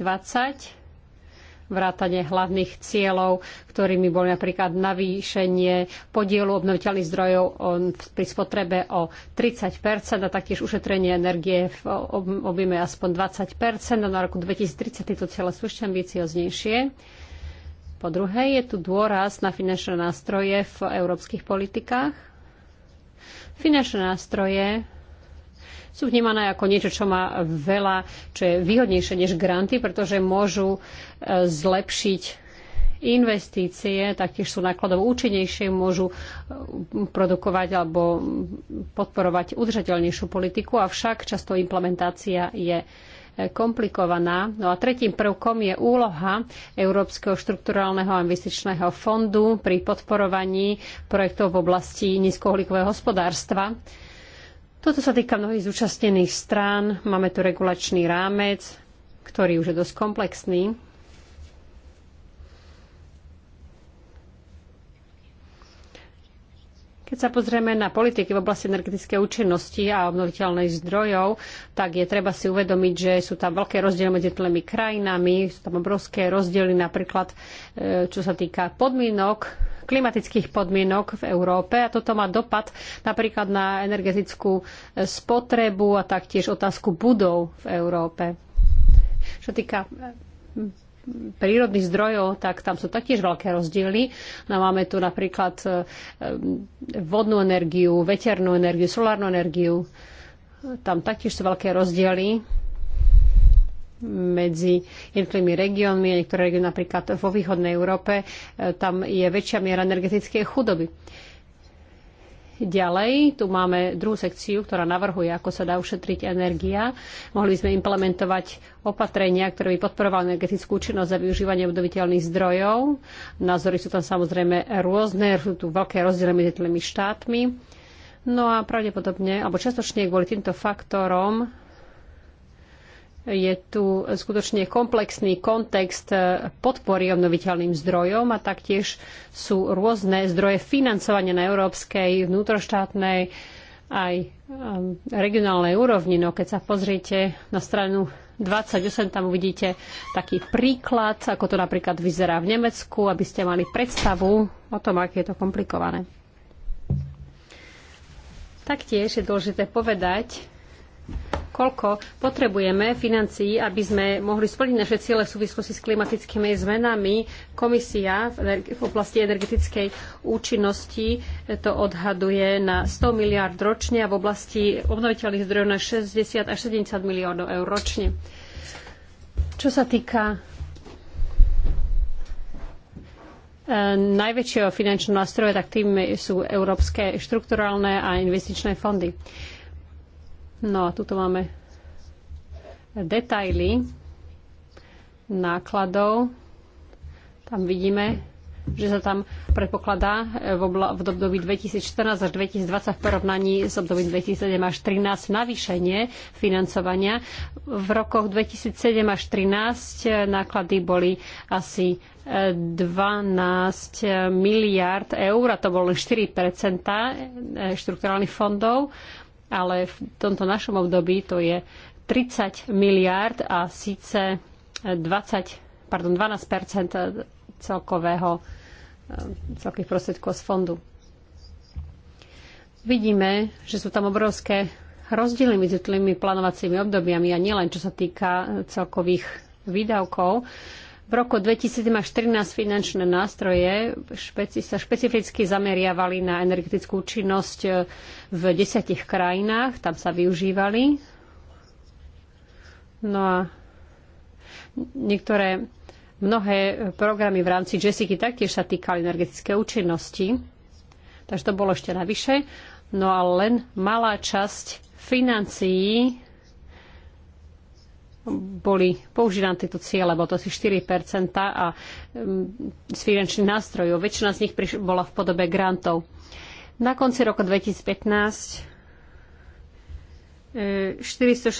Speaker 1: vrátane hlavných cieľov, ktorými boli napríklad navýšenie podielu obnoviteľných zdrojov pri spotrebe o 30 a taktiež ušetrenie energie v objeme aspoň 20 a na roku 2030 tieto cieľe sú ešte ambicioznejšie. Po druhé, je tu dôraz na finančné nástroje v európskych politikách. Finančné nástroje sú vnímané ako niečo, čo má veľa, čo je výhodnejšie než granty, pretože môžu e, zlepšiť investície, taktiež sú nákladov účinnejšie, môžu e, produkovať alebo podporovať udržateľnejšiu politiku, avšak často implementácia je e, komplikovaná. No a tretím prvkom je úloha Európskeho štrukturálneho a investičného fondu pri podporovaní projektov v oblasti nízkoholikového hospodárstva. Toto sa týka mnohých zúčastnených strán. Máme tu regulačný rámec, ktorý už je dosť komplexný. Keď sa pozrieme na politiky v oblasti energetické účinnosti a obnoviteľných zdrojov, tak je treba si uvedomiť, že sú tam veľké rozdiely medzi tými krajinami, sú tam obrovské rozdiely napríklad, e, čo sa týka podmienok, klimatických podmienok v Európe a toto má dopad napríklad na energetickú e, spotrebu a taktiež otázku budov v Európe. Čo týka prírodných zdrojov, tak tam sú taktiež veľké rozdiely. No, máme tu napríklad e, e, vodnú energiu, veternú energiu, solárnu energiu. Tam taktiež sú veľké rozdiely medzi jednotlivými regiónmi. Niektoré regióny napríklad vo východnej Európe, e, tam je väčšia miera energetickej chudoby. Ďalej, tu máme druhú sekciu, ktorá navrhuje, ako sa dá ušetriť energia. Mohli by sme implementovať opatrenia, ktoré by podporovali energetickú účinnosť a využívanie obnoviteľných zdrojov. Názory sú tam samozrejme rôzne, sú tu veľké rozdiely medzi tými štátmi. No a pravdepodobne, alebo častočne kvôli týmto faktorom je tu skutočne komplexný kontext podpory obnoviteľným zdrojom a taktiež sú rôzne zdroje financovania na európskej, vnútroštátnej aj um, regionálnej úrovni. No keď sa pozriete na stranu 28, tam uvidíte taký príklad, ako to napríklad vyzerá v Nemecku, aby ste mali predstavu o tom, aké je to komplikované. Taktiež je dôležité povedať, koľko potrebujeme financií, aby sme mohli splniť naše ciele v súvislosti s klimatickými zmenami. Komisia v oblasti energetickej účinnosti to odhaduje na 100 miliard ročne a v oblasti obnoviteľných zdrojov na 60 až 70 miliónov eur ročne. Čo sa týka e, najväčšieho finančného nástroja, tak tým sú európske štrukturálne a investičné fondy. No a tuto máme detaily nákladov. Tam vidíme, že sa tam predpokladá v, obla- v období 2014 až 2020 v porovnaní s obdobím 2007 až 2013 navýšenie financovania. V rokoch 2007 až 2013 náklady boli asi 12 e, e, miliard eur a to bolo 4 e, štrukturálnych fondov ale v tomto našom období to je 30 miliárd a síce 20, pardon, 12 celkového eh, celkových prostriedkov z fondu. Vidíme, že sú tam obrovské rozdiely medzi tými plánovacími obdobiami a nielen čo sa týka celkových výdavkov, v roku 2007 až 2014 finančné nástroje špeci, sa špecificky zameriavali na energetickú účinnosť e, v desiatich krajinách, tam sa využívali. No a niektoré, mnohé programy v rámci Jessica taktiež sa týkali energetické účinnosti, takže to bolo ešte navyše. No a len malá časť financií boli používané tieto ciele, bolo to asi 4 a z finančných nástrojov. Väčšina z nich bola v podobe grantov. Na konci roku 2015 467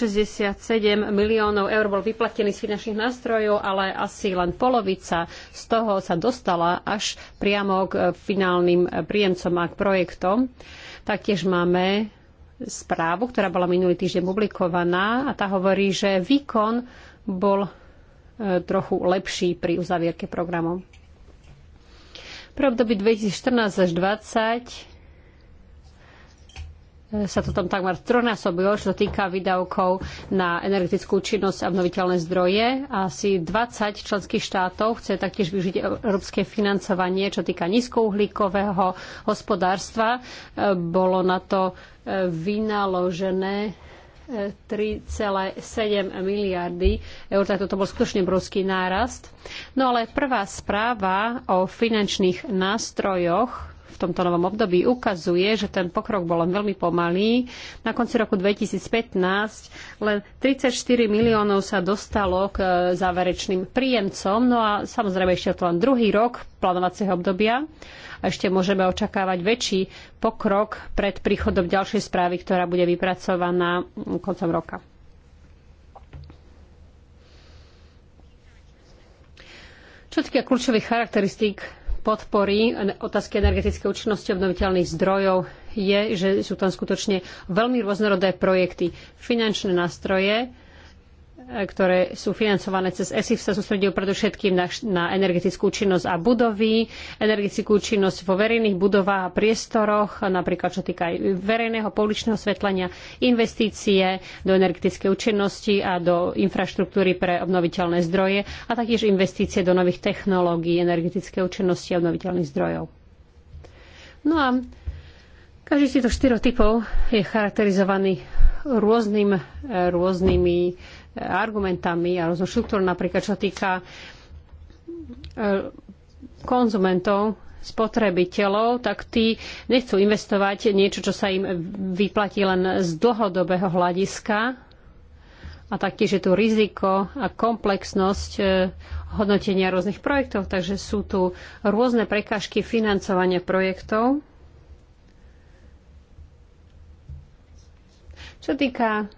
Speaker 1: e, miliónov eur bol vyplatený z finančných nástrojov, ale asi len polovica z toho sa dostala až priamo k e, finálnym e, príjemcom a k projektom. Taktiež máme správu, ktorá bola minulý týždeň publikovaná a tá hovorí, že výkon bol e, trochu lepší pri uzavierke programov. Pre období 2014 až 2020 sa to tam takmer trojnásobilo, čo sa týka výdavkov na energetickú činnosť a obnoviteľné zdroje. Asi 20 členských štátov chce taktiež využiť európske financovanie, čo týka nízkouhlíkového hospodárstva. Bolo na to e, vynaložené 3,7 e, miliardy eur, tak toto bol skutočne obrovský nárast. No ale prvá správa o finančných nástrojoch v tomto novom období ukazuje, že ten pokrok bol len veľmi pomalý. Na konci roku 2015 len 34 miliónov sa dostalo k e, záverečným príjemcom, no a samozrejme ešte to len druhý rok plánovacieho obdobia a ešte môžeme očakávať väčší pokrok pred príchodom ďalšej správy, ktorá bude vypracovaná mm, koncom roka. Čo týka kľúčových charakteristík podpory otázky energetické účinnosti obnoviteľných zdrojov je, že sú tam skutočne veľmi rôznorodé projekty. Finančné nástroje, ktoré sú financované cez ESIF, sa sústredil predovšetkým na, na energetickú činnosť a budovy, energetickú činnosť vo verejných budovách a priestoroch, napríklad čo týka aj verejného pouličného svetlenia, investície do energetickej účinnosti a do infraštruktúry pre obnoviteľné zdroje a taktiež investície do nových technológií energetickej účinnosti a obnoviteľných zdrojov. No a každý z týchto štyroch typov je charakterizovaný rôznym, rôznymi argumentami a so štruktúrou, napríklad čo týka e, konzumentov, spotrebiteľov, tak tí nechcú investovať niečo, čo sa im vyplatí len z dlhodobého hľadiska. A taktiež je tu riziko a komplexnosť e, hodnotenia rôznych projektov, takže sú tu rôzne prekážky financovania projektov. Čo týka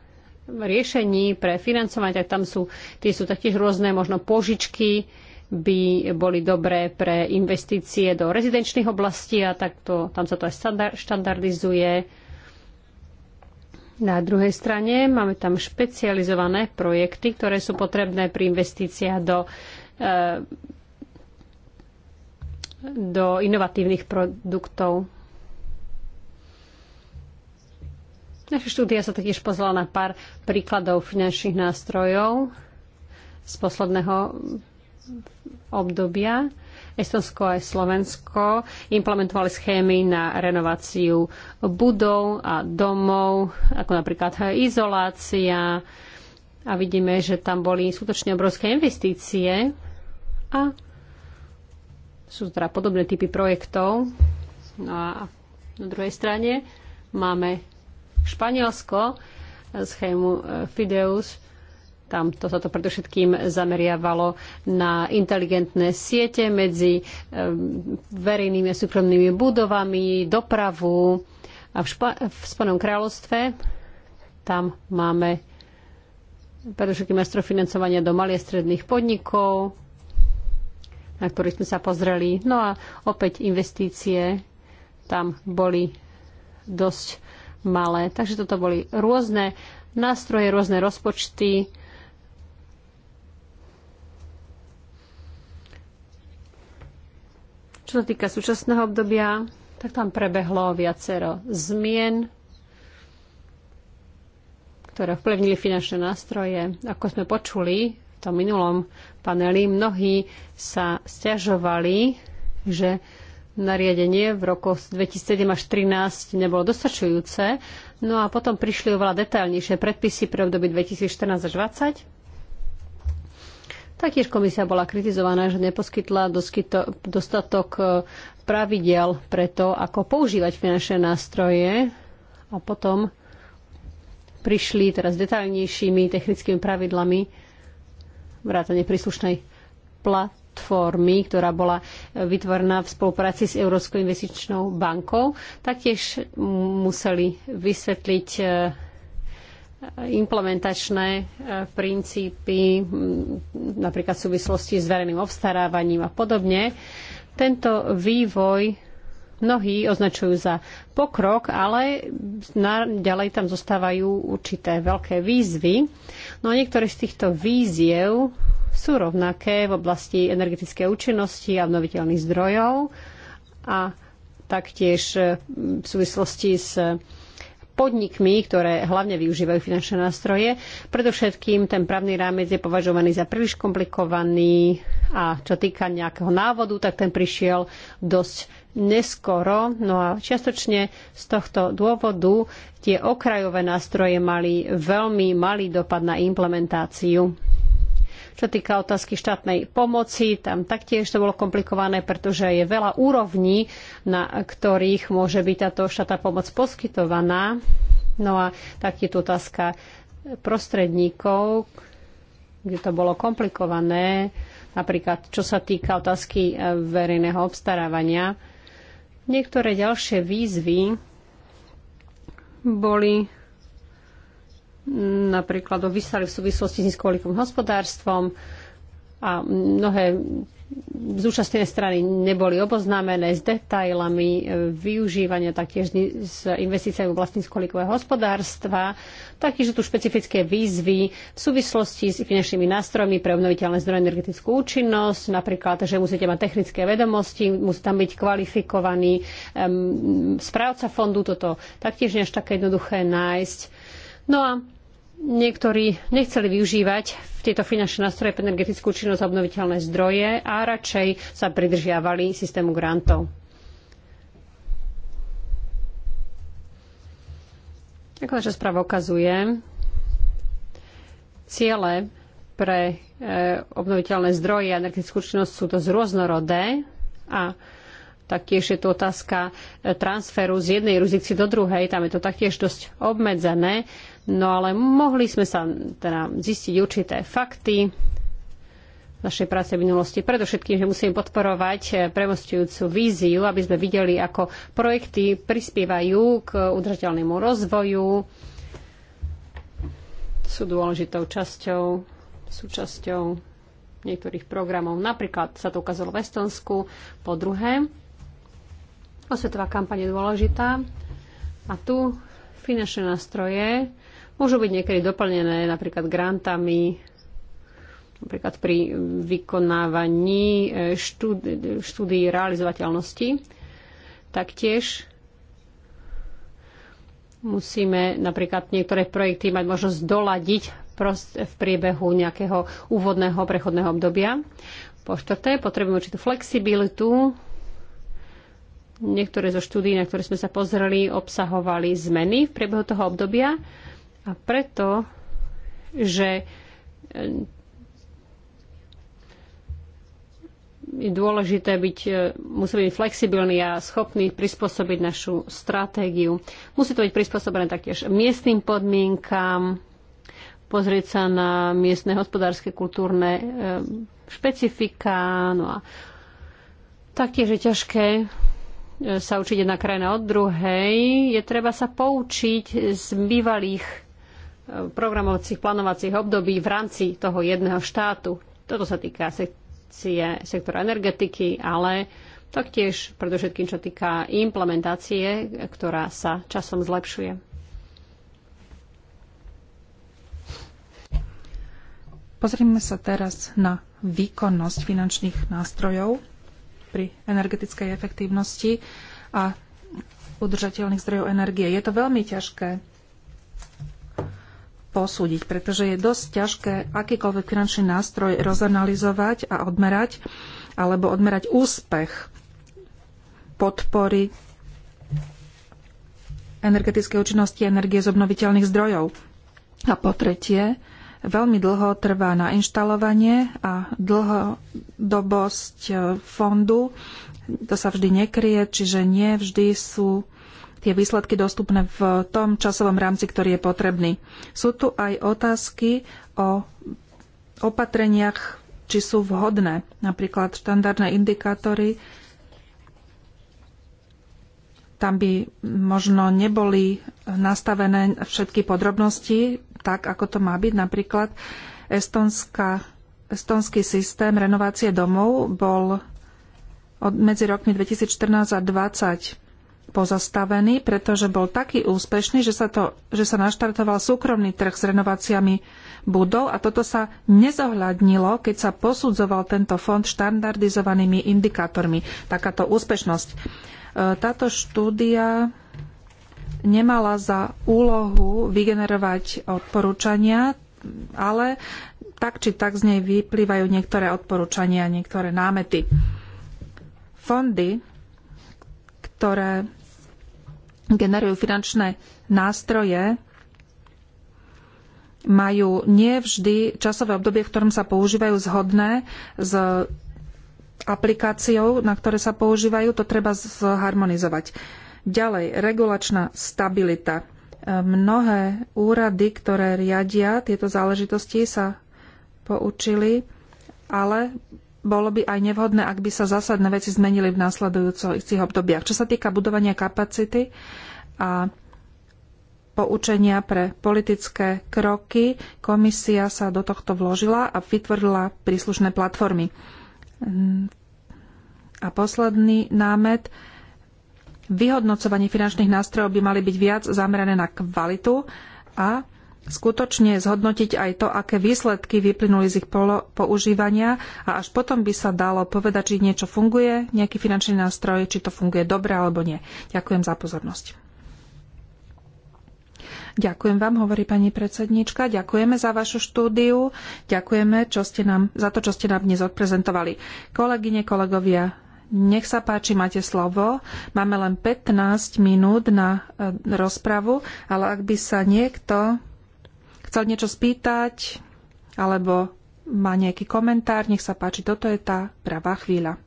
Speaker 1: riešení pre financovanie, tak tam sú, tie sú taktiež rôzne možno požičky, by boli dobré pre investície do rezidenčných oblastí a tak to tam sa to aj štandardizuje. Na druhej strane máme tam špecializované projekty, ktoré sú potrebné pri investíciách do, eh, do inovatívnych produktov. Naša štúdia sa totiž pozvala na pár príkladov finančných nástrojov z posledného obdobia. Estonsko aj Slovensko implementovali schémy na renováciu budov a domov, ako napríklad izolácia. A vidíme, že tam boli skutočne obrovské investície a sú teda podobné typy projektov. No a na druhej strane máme Španielsko, e, schému e, Fideus, tam to sa to predovšetkým zameriavalo na inteligentné siete medzi e, verejnými a súkromnými budovami, dopravu. A v, Špa- v Spanom kráľovstve tam máme predovšetkým astrofinancovania do malých stredných podnikov, na ktorých sme sa pozreli. No a opäť investície tam boli dosť malé. Takže toto boli rôzne nástroje, rôzne rozpočty. Čo sa týka súčasného obdobia, tak tam prebehlo viacero zmien, ktoré vplyvnili finančné nástroje. Ako sme počuli v tom minulom paneli, mnohí sa stiažovali, že nariadenie v rokoch 2007 až 2013 nebolo dostačujúce. No a potom prišli oveľa detailnejšie predpisy pre obdobie 2014 až 2020. Taktiež komisia bola kritizovaná, že neposkytla doskyto, dostatok e, pravidel pre to, ako používať finančné nástroje a potom prišli teraz detailnejšími technickými pravidlami vrátane príslušnej plat, platformy, ktorá bola e, vytvorená v spolupráci s Európskou investičnou bankou. Taktiež museli vysvetliť e, implementačné e, princípy, napríklad v súvislosti s verejným obstarávaním a podobne. Tento vývoj mnohí označujú za pokrok, ale ďalej tam zostávajú určité veľké výzvy. No a niektoré z týchto výziev sú rovnaké v oblasti energetickej účinnosti a obnoviteľných zdrojov a taktiež e, v súvislosti s podnikmi, ktoré hlavne využívajú finančné nástroje. Predovšetkým ten právny rámec je považovaný za príliš komplikovaný a čo týka nejakého návodu, tak ten prišiel dosť neskoro. No a čiastočne z tohto dôvodu tie okrajové nástroje mali veľmi malý dopad na implementáciu čo týka otázky štátnej pomoci, tam taktiež to bolo komplikované, pretože je veľa úrovní, na ktorých môže byť táto štátna pomoc poskytovaná. No a tak je tu otázka prostredníkov, kde to bolo komplikované, napríklad čo sa týka otázky e, verejného obstarávania. Niektoré ďalšie výzvy boli napríklad o výstavy v súvislosti s nízkoholikovým hospodárstvom a mnohé zúčastnené strany neboli oboznámené s detailami e, využívania taktiež s investíciami v oblasti skolikového hospodárstva. Taktiež sú tu špecifické výzvy v súvislosti s finančnými nástrojmi pre obnoviteľné zdroje energetickú účinnosť, napríklad, že musíte mať technické vedomosti, musí tam byť kvalifikovaný um, správca fondu, toto taktiež nie až také jednoduché nájsť. No a niektorí nechceli využívať tieto finančné nástroje pre energetickú činnosť a obnoviteľné zdroje a radšej sa pridržiavali systému grantov. Ako naša správa ukazuje, ciele pre e, obnoviteľné zdroje a energetickú činnosť sú dosť rôznorodé a taktiež je tu otázka e, transferu z jednej jurisdikcie do druhej, tam je to taktiež dosť obmedzené. No ale mohli sme sa teda zistiť určité fakty našej práce v minulosti. Predovšetkým, že musíme podporovať premostujúcu víziu, aby sme videli, ako projekty prispievajú k udržateľnému rozvoju, sú dôležitou časťou, súčasťou niektorých programov. Napríklad sa to ukázalo v Estonsku. Po druhé, osvetová kampaň je dôležitá. A tu finančné nástroje môžu byť niekedy doplnené napríklad grantami, napríklad pri vykonávaní e, štúd- štúdií realizovateľnosti. Taktiež musíme napríklad niektoré projekty mať možnosť doladiť v priebehu nejakého úvodného prechodného obdobia. Po štvrté, potrebujeme určitú flexibilitu. Niektoré zo štúdií, na ktoré sme sa pozreli, obsahovali zmeny v priebehu toho obdobia a preto, že e, je dôležité byť, e, musí byť flexibilný a schopný prispôsobiť našu stratégiu. Musí to byť prispôsobené taktiež miestnym podmienkam, pozrieť sa na miestne hospodárske, kultúrne e, špecifika. No a taktiež je ťažké sa učiť jedna krajina od druhej. Je treba sa poučiť z bývalých programovacích plánovacích období v rámci toho jedného štátu. Toto sa týka sekcie, sektora energetiky, ale taktiež predovšetkým, čo týka implementácie, ktorá sa časom zlepšuje.
Speaker 2: Pozrime sa teraz na výkonnosť finančných nástrojov pri energetickej efektívnosti a udržateľných zdrojov energie. Je to veľmi ťažké posúdiť, pretože je dosť ťažké akýkoľvek finančný nástroj rozanalizovať a odmerať, alebo odmerať úspech podpory energetickej účinnosti energie z obnoviteľných zdrojov. A po tretie, veľmi dlho trvá na inštalovanie a dlhodobosť eh, fondu, to sa vždy nekrie, čiže nie vždy sú tie výsledky dostupné v tom časovom rámci, ktorý je potrebný. Sú tu aj otázky o opatreniach, či sú vhodné, napríklad štandardné indikátory. Tam by možno neboli nastavené všetky podrobnosti, tak ako to má byť. Napríklad Estonska, estonský systém renovácie domov bol od medzi rokmi 2014 a 2020 pozastavený, pretože bol taký úspešný, že sa, to, že sa naštartoval súkromný trh s renováciami budov a toto sa nezohľadnilo, keď sa posudzoval tento fond štandardizovanými indikátormi. Takáto úspešnosť. E, táto štúdia nemala za úlohu vygenerovať odporúčania, ale tak či tak z nej vyplývajú niektoré odporúčania, niektoré námety. Fondy ktoré generujú finančné nástroje, majú nevždy časové obdobie, v ktorom sa používajú zhodné s aplikáciou, na ktoré sa používajú. To treba zharmonizovať. Ďalej, regulačná stabilita. Mnohé úrady, ktoré riadia tieto záležitosti, sa poučili, ale bolo by aj nevhodné, ak by sa zásadné veci zmenili v následujúcich obdobiach. Čo sa týka budovania kapacity a poučenia pre politické kroky, komisia sa do tohto vložila a vytvorila príslušné platformy. A posledný námet. Vyhodnocovanie finančných nástrojov by mali byť viac zamerané na kvalitu a skutočne zhodnotiť aj to, aké výsledky vyplynuli z ich používania a až potom by sa dalo povedať, či niečo funguje, nejaký finančný nástroj, či to funguje dobre alebo nie. Ďakujem za pozornosť. Ďakujem vám, hovorí pani predsednička. Ďakujeme za vašu štúdiu. Ďakujeme čo ste nám, za to, čo ste nám dnes odprezentovali. Kolegyne, kolegovia, nech sa páči, máte slovo. Máme len 15 minút na e, rozpravu, ale ak by sa niekto chcel niečo spýtať alebo má nejaký komentár, nech sa páči, toto je tá pravá chvíľa.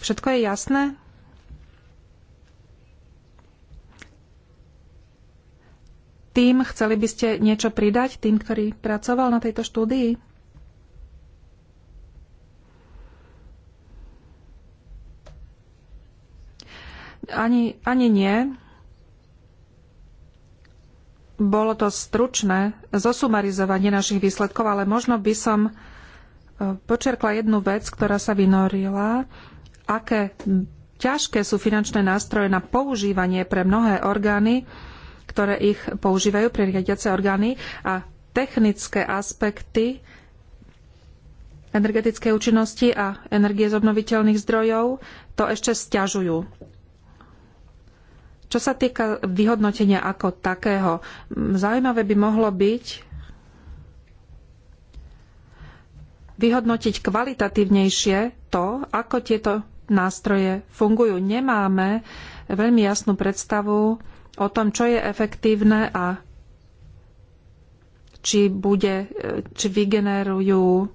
Speaker 2: Všetko je jasné? Tým chceli by ste niečo pridať, tým, ktorý pracoval na tejto štúdii? Ani, ani nie. Bolo to stručné zosumarizovanie našich výsledkov, ale možno by som e, počerkla jednu vec, ktorá sa vynorila. Aké ťažké sú finančné nástroje na používanie pre mnohé orgány, ktoré ich používajú pre riadiace orgány a technické aspekty energetickej účinnosti a energie z obnoviteľných zdrojov to ešte sťažujú. Čo sa týka vyhodnotenia ako takého, zaujímavé by mohlo byť vyhodnotiť kvalitatívnejšie to, ako tieto nástroje fungujú. Nemáme veľmi jasnú predstavu o tom, čo je efektívne a či, bude, e, či vygenerujú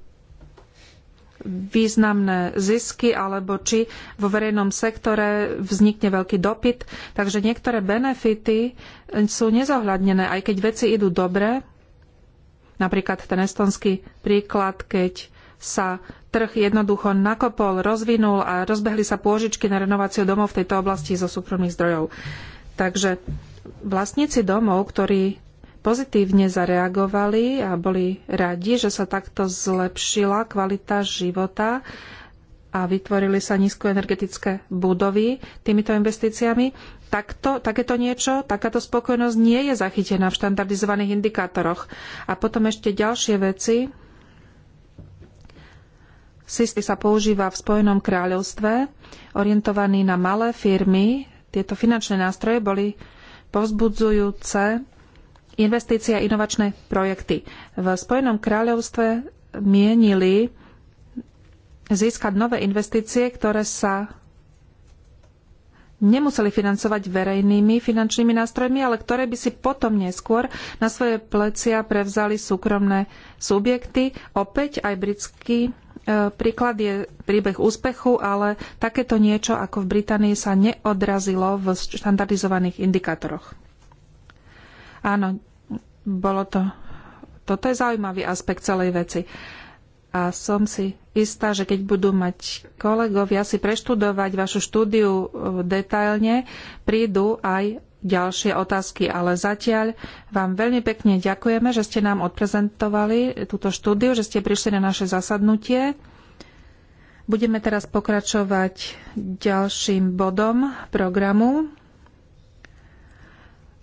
Speaker 2: významné zisky alebo či vo verejnom sektore vznikne veľký dopyt. Takže niektoré benefity sú nezohľadnené, aj keď veci idú dobre. Napríklad ten estonský príklad, keď sa trh jednoducho nakopol, rozvinul a rozbehli sa pôžičky na renováciu domov v tejto oblasti zo súkromných zdrojov. Takže vlastníci domov, ktorí pozitívne zareagovali a boli radi, že sa takto zlepšila kvalita života a vytvorili sa nízkoenergetické budovy týmito investíciami. Takto, takéto niečo, takáto spokojnosť nie je zachytená v štandardizovaných indikátoroch. A potom ešte ďalšie veci. Systy sa používa v Spojenom kráľovstve, orientovaný na malé firmy. Tieto finančné nástroje boli povzbudzujúce investície a inovačné projekty. V Spojenom kráľovstve mienili získať nové investície, ktoré sa nemuseli financovať verejnými finančnými nástrojmi, ale ktoré by si potom neskôr na svoje plecia prevzali súkromné subjekty. Opäť aj britský e, príklad je príbeh úspechu, ale takéto niečo ako v Británii sa neodrazilo v štandardizovaných indikátoroch. Áno, bolo to... Toto je zaujímavý aspekt celej veci. A som si istá, že keď budú mať kolegovia si preštudovať vašu štúdiu e, detailne, prídu aj ďalšie otázky, ale zatiaľ vám veľmi pekne ďakujeme, že ste nám odprezentovali túto štúdiu, že ste prišli na naše zasadnutie. Budeme teraz pokračovať ďalším bodom programu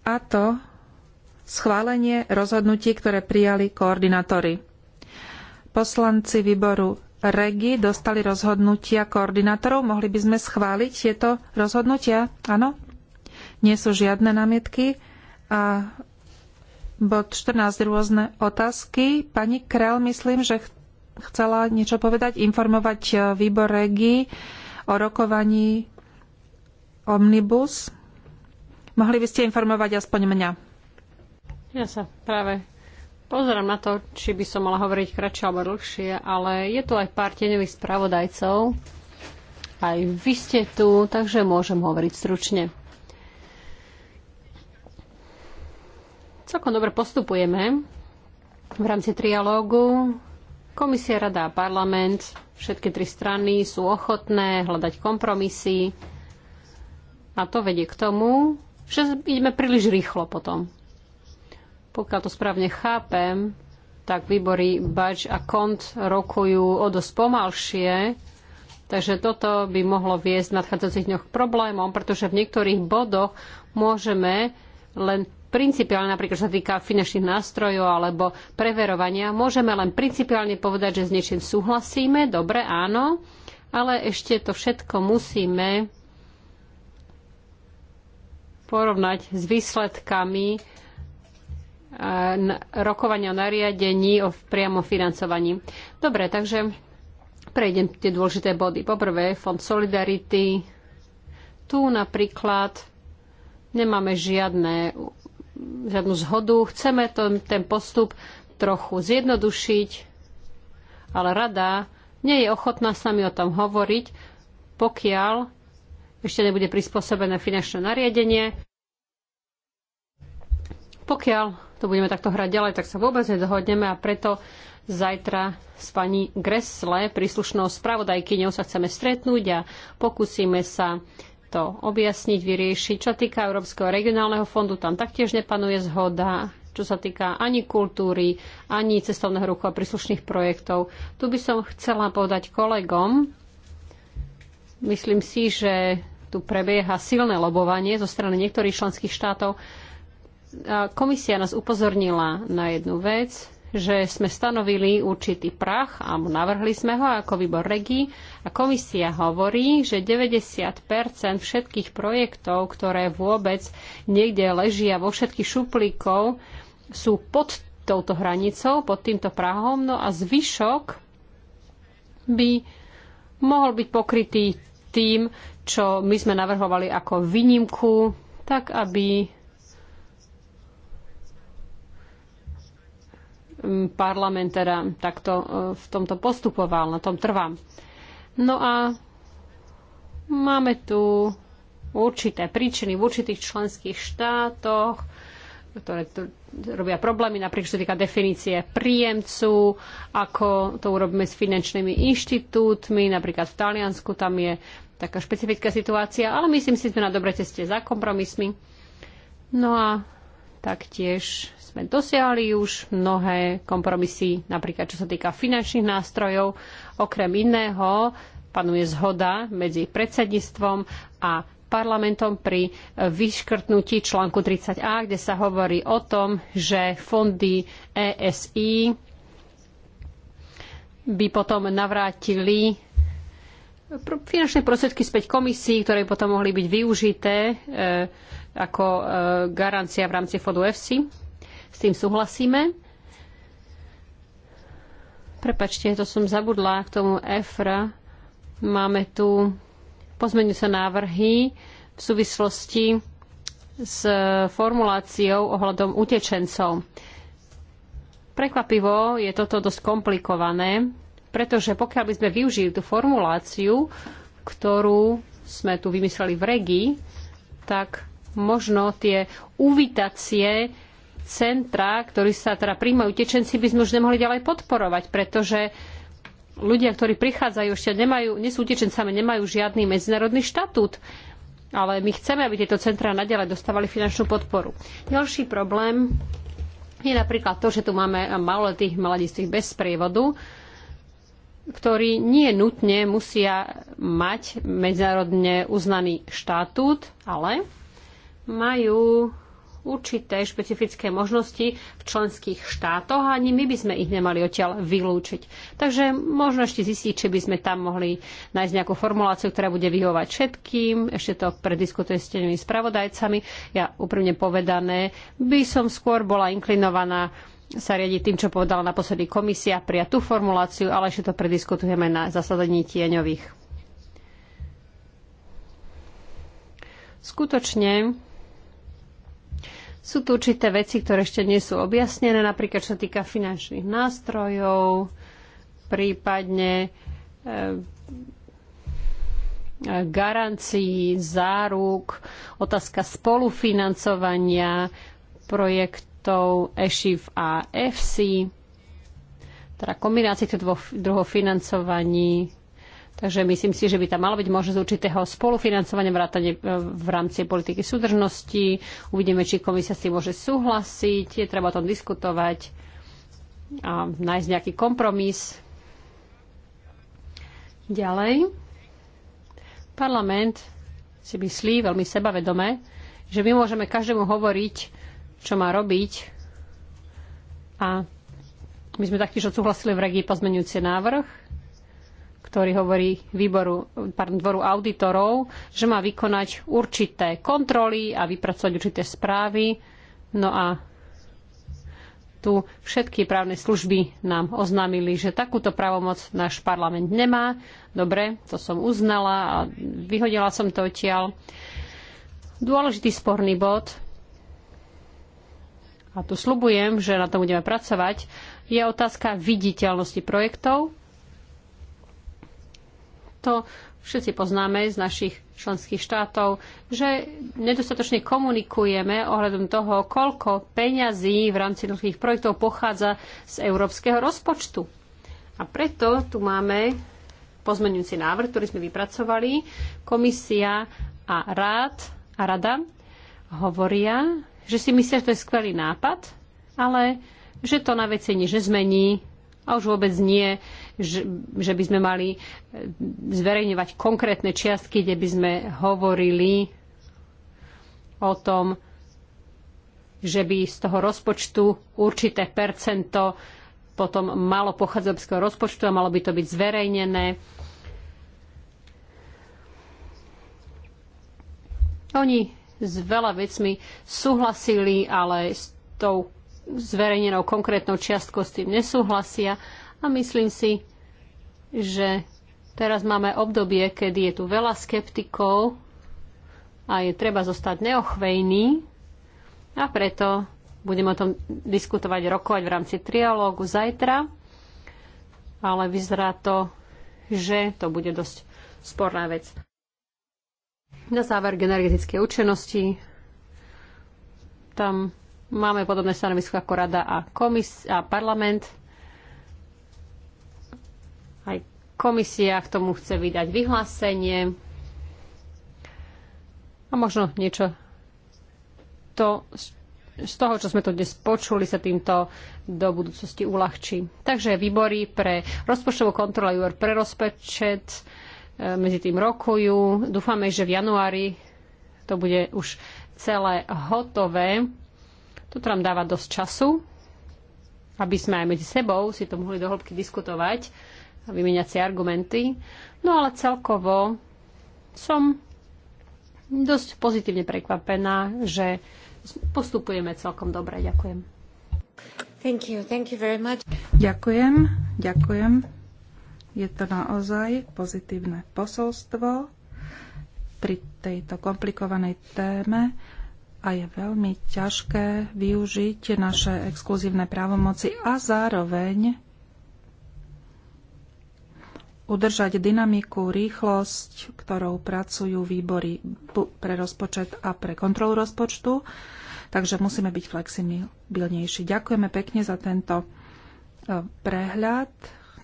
Speaker 2: a to schválenie rozhodnutí, ktoré prijali koordinátori. Poslanci výboru REGI dostali rozhodnutia koordinátorov. Mohli by sme schváliť tieto rozhodnutia? Áno? Nie sú žiadne námietky. A bod 14 rôzne otázky. Pani Krel, myslím, že chcela niečo povedať, informovať e, výbor REGI o rokovaní Omnibus. Mohli by ste informovať aspoň mňa.
Speaker 1: Ja sa práve pozerám na to, či by som mala hovoriť kratšie alebo dlhšie, ale je tu aj pár tenových spravodajcov. Aj vy ste tu, takže môžem hovoriť stručne. Celkom dobre postupujeme v rámci trialógu. Komisia, rada a parlament, všetky tri strany sú ochotné hľadať kompromisy a to vedie k tomu, že ideme príliš rýchlo potom. Pokiaľ to správne chápem, tak výbory Bač a Kont rokujú o dosť pomalšie, takže toto by mohlo viesť v nadchádzajúcich dňoch problémom, pretože v niektorých bodoch môžeme len principiálne, napríklad sa týka finančných nástrojov alebo preverovania, môžeme len principiálne povedať, že s niečím súhlasíme, dobre, áno, ale ešte to všetko musíme porovnať s výsledkami rokovania o nariadení o priamom financovaní. Dobre, takže prejdem tie dôležité body. Poprvé, Fond Solidarity. Tu napríklad nemáme žiadne, žiadnu zhodu. Chceme to, ten postup trochu zjednodušiť, ale rada nie je ochotná s nami o tom hovoriť, pokiaľ ešte nebude prispôsobené finančné nariadenie, pokiaľ to budeme takto hrať ďalej, tak sa vôbec nedohodneme a preto zajtra s pani Gressle, príslušnou spravodajkyňou, sa chceme stretnúť a pokúsime sa to objasniť, vyriešiť. Čo týka Európskeho regionálneho fondu, tam taktiež nepanuje zhoda čo sa týka ani kultúry, ani cestovného ruchu a príslušných projektov. Tu by som chcela povedať kolegom, myslím si, že tu prebieha silné lobovanie zo strany niektorých členských štátov komisia nás upozornila na jednu vec, že sme stanovili určitý prach a navrhli sme ho ako výbor regí a komisia hovorí, že 90% všetkých projektov, ktoré vôbec niekde ležia vo všetkých šuplíkov, sú pod touto hranicou, pod týmto prahom, no a zvyšok by mohol byť pokrytý tým, čo my sme navrhovali ako výnimku, tak aby parlament teda takto e, v tomto postupoval, na tom trvám. No a máme tu určité príčiny v určitých členských štátoch, ktoré tu robia problémy, napríklad čo týka definície príjemcu, ako to urobíme s finančnými inštitútmi, napríklad v Taliansku tam je taká špecifická situácia, ale myslím si, že sme na dobrej ceste za kompromismi. No a taktiež sme dosiahli už mnohé kompromisy, napríklad čo sa týka finančných nástrojov. Okrem iného panuje zhoda medzi predsedníctvom a parlamentom pri vyškrtnutí článku 30a, kde sa hovorí o tom, že fondy ESI by potom navrátili finančné prostriedky späť komisii, ktoré potom mohli byť využité e, ako e, garancia v rámci fondu EFSI. S tým súhlasíme. Prepačte, to som zabudla k tomu EFRA. Máme tu pozmeňujúce návrhy v súvislosti s formuláciou ohľadom utečencov. Prekvapivo je toto dosť komplikované, pretože pokiaľ by sme využili tú formuláciu, ktorú sme tu vymysleli v regii, tak možno tie uvitacie centra, ktorí sa teda príjmajú utečenci, by sme už nemohli ďalej podporovať, pretože ľudia, ktorí prichádzajú, ešte nemajú, nie sú utečencami, nemajú žiadny medzinárodný štatút. Ale my chceme, aby tieto centrá naďalej dostávali finančnú podporu. Ďalší problém je napríklad to, že tu máme maloletých mladistvých bez sprievodu, ktorí nie nutne musia mať medzinárodne uznaný štatút, ale majú určité špecifické možnosti v členských štátoch a ani my by sme ich nemali odtiaľ vylúčiť. Takže možno ešte zistiť, či by sme tam mohli nájsť nejakú formuláciu, ktorá bude vyhovať všetkým. Ešte to prediskutujem s tými spravodajcami. Ja úprimne povedané by som skôr bola inklinovaná sa riadiť tým, čo povedala naposledy komisia, prijať tú formuláciu, ale ešte to prediskutujeme na zasadení tieňových. Skutočne sú tu určité veci, ktoré ešte nie sú objasnené, napríklad čo týka finančných nástrojov, prípadne e, e, garancií, záruk, otázka spolufinancovania projektov ESHIF a EFSI, teda kombinácie tých dvoch druhov financovaní. Takže myslím si, že by tam malo byť možnosť určitého spolufinancovania vrátane e, v rámci politiky súdržnosti. Uvidíme, či komisia si môže súhlasiť. Je treba o tom diskutovať a nájsť nejaký kompromis. Ďalej. Parlament si myslí veľmi sebavedome, že my môžeme každému hovoriť, čo má robiť. A my sme taktiež odsúhlasili v regii pozmenujúci návrh, ktorý hovorí výboru, pardon, dvoru auditorov, že má vykonať určité kontroly a vypracovať určité správy. No a tu všetky právne služby nám oznámili, že takúto právomoc náš parlament nemá. Dobre, to som uznala a vyhodila som to odtiaľ. Dôležitý sporný bod, a tu slubujem, že na tom budeme pracovať, je otázka viditeľnosti projektov to všetci poznáme z našich členských štátov, že nedostatočne komunikujeme ohľadom toho, koľko peňazí v rámci jednotlivých projektov pochádza z európskeho rozpočtu. A preto tu máme pozmenujúci návrh, ktorý sme vypracovali. Komisia a rád a rada hovoria, že si myslia, že to je skvelý nápad, ale že to na veci nič nezmení a už vôbec nie že by sme mali eh, zverejňovať konkrétne čiastky, kde by sme hovorili o tom, že by z toho rozpočtu určité percento potom malo pochádzovského rozpočtu a malo by to byť zverejnené. Oni s veľa vecmi súhlasili, ale s tou zverejnenou konkrétnou čiastkou s tým nesúhlasia a myslím si, že teraz máme obdobie, kedy je tu veľa skeptikov a je treba zostať neochvejný a preto budeme o tom diskutovať, rokovať v rámci trialógu zajtra, ale vyzerá to, že to bude dosť sporná vec. Na záver k energetickej účinnosti. Tam máme podobné stanovisko ako Rada a, komis- a parlament. Aj komisia k tomu chce vydať vyhlásenie a možno niečo to, z toho, čo sme to dnes počuli, sa týmto do budúcnosti uľahčí. Takže výbory pre rozpočtovú kontrolu a pre rozpočet e, medzi tým rokujú. Dúfame, že v januári to bude už celé hotové. To nám dáva dosť času, aby sme aj medzi sebou si to mohli dohlbky diskutovať a si argumenty. No ale celkovo som dosť pozitívne prekvapená, že postupujeme celkom dobre. Ďakujem. Thank you. Thank you very much.
Speaker 2: Ďakujem. Ďakujem. Je to naozaj pozitívne posolstvo pri tejto komplikovanej téme a je veľmi ťažké využiť naše exkluzívne právomoci a zároveň udržať dynamiku, rýchlosť, ktorou pracujú výbory pre rozpočet a pre kontrolu rozpočtu. Takže musíme byť flexibilnejší. Ďakujeme pekne za tento e, prehľad.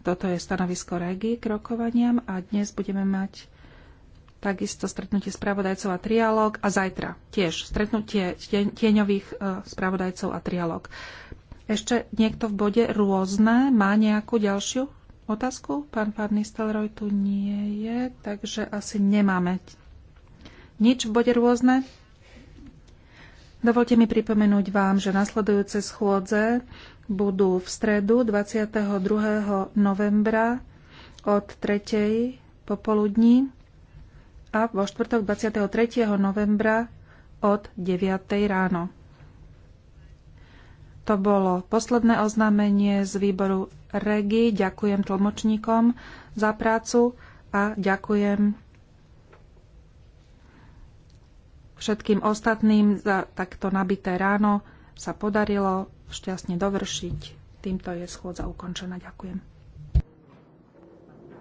Speaker 2: Toto je stanovisko REGI k rokovaniam a dnes budeme mať takisto stretnutie spravodajcov a trialog a zajtra tiež stretnutie tieňových e, spravodajcov a trialog. Ešte niekto v bode rôzne má nejakú ďalšiu otázku? Pán Farný Stelroj tu nie je, takže asi nemáme nič v bode rôzne. Dovolte mi pripomenúť vám, že nasledujúce schôdze budú v stredu 22. novembra od 3. popoludní a vo štvrtok 23. novembra od 9. ráno. To bolo posledné oznámenie z výboru REGI. Ďakujem tlmočníkom za prácu a ďakujem všetkým ostatným za takto nabité ráno. Sa podarilo šťastne dovršiť. Týmto je schôdza ukončená. Ďakujem.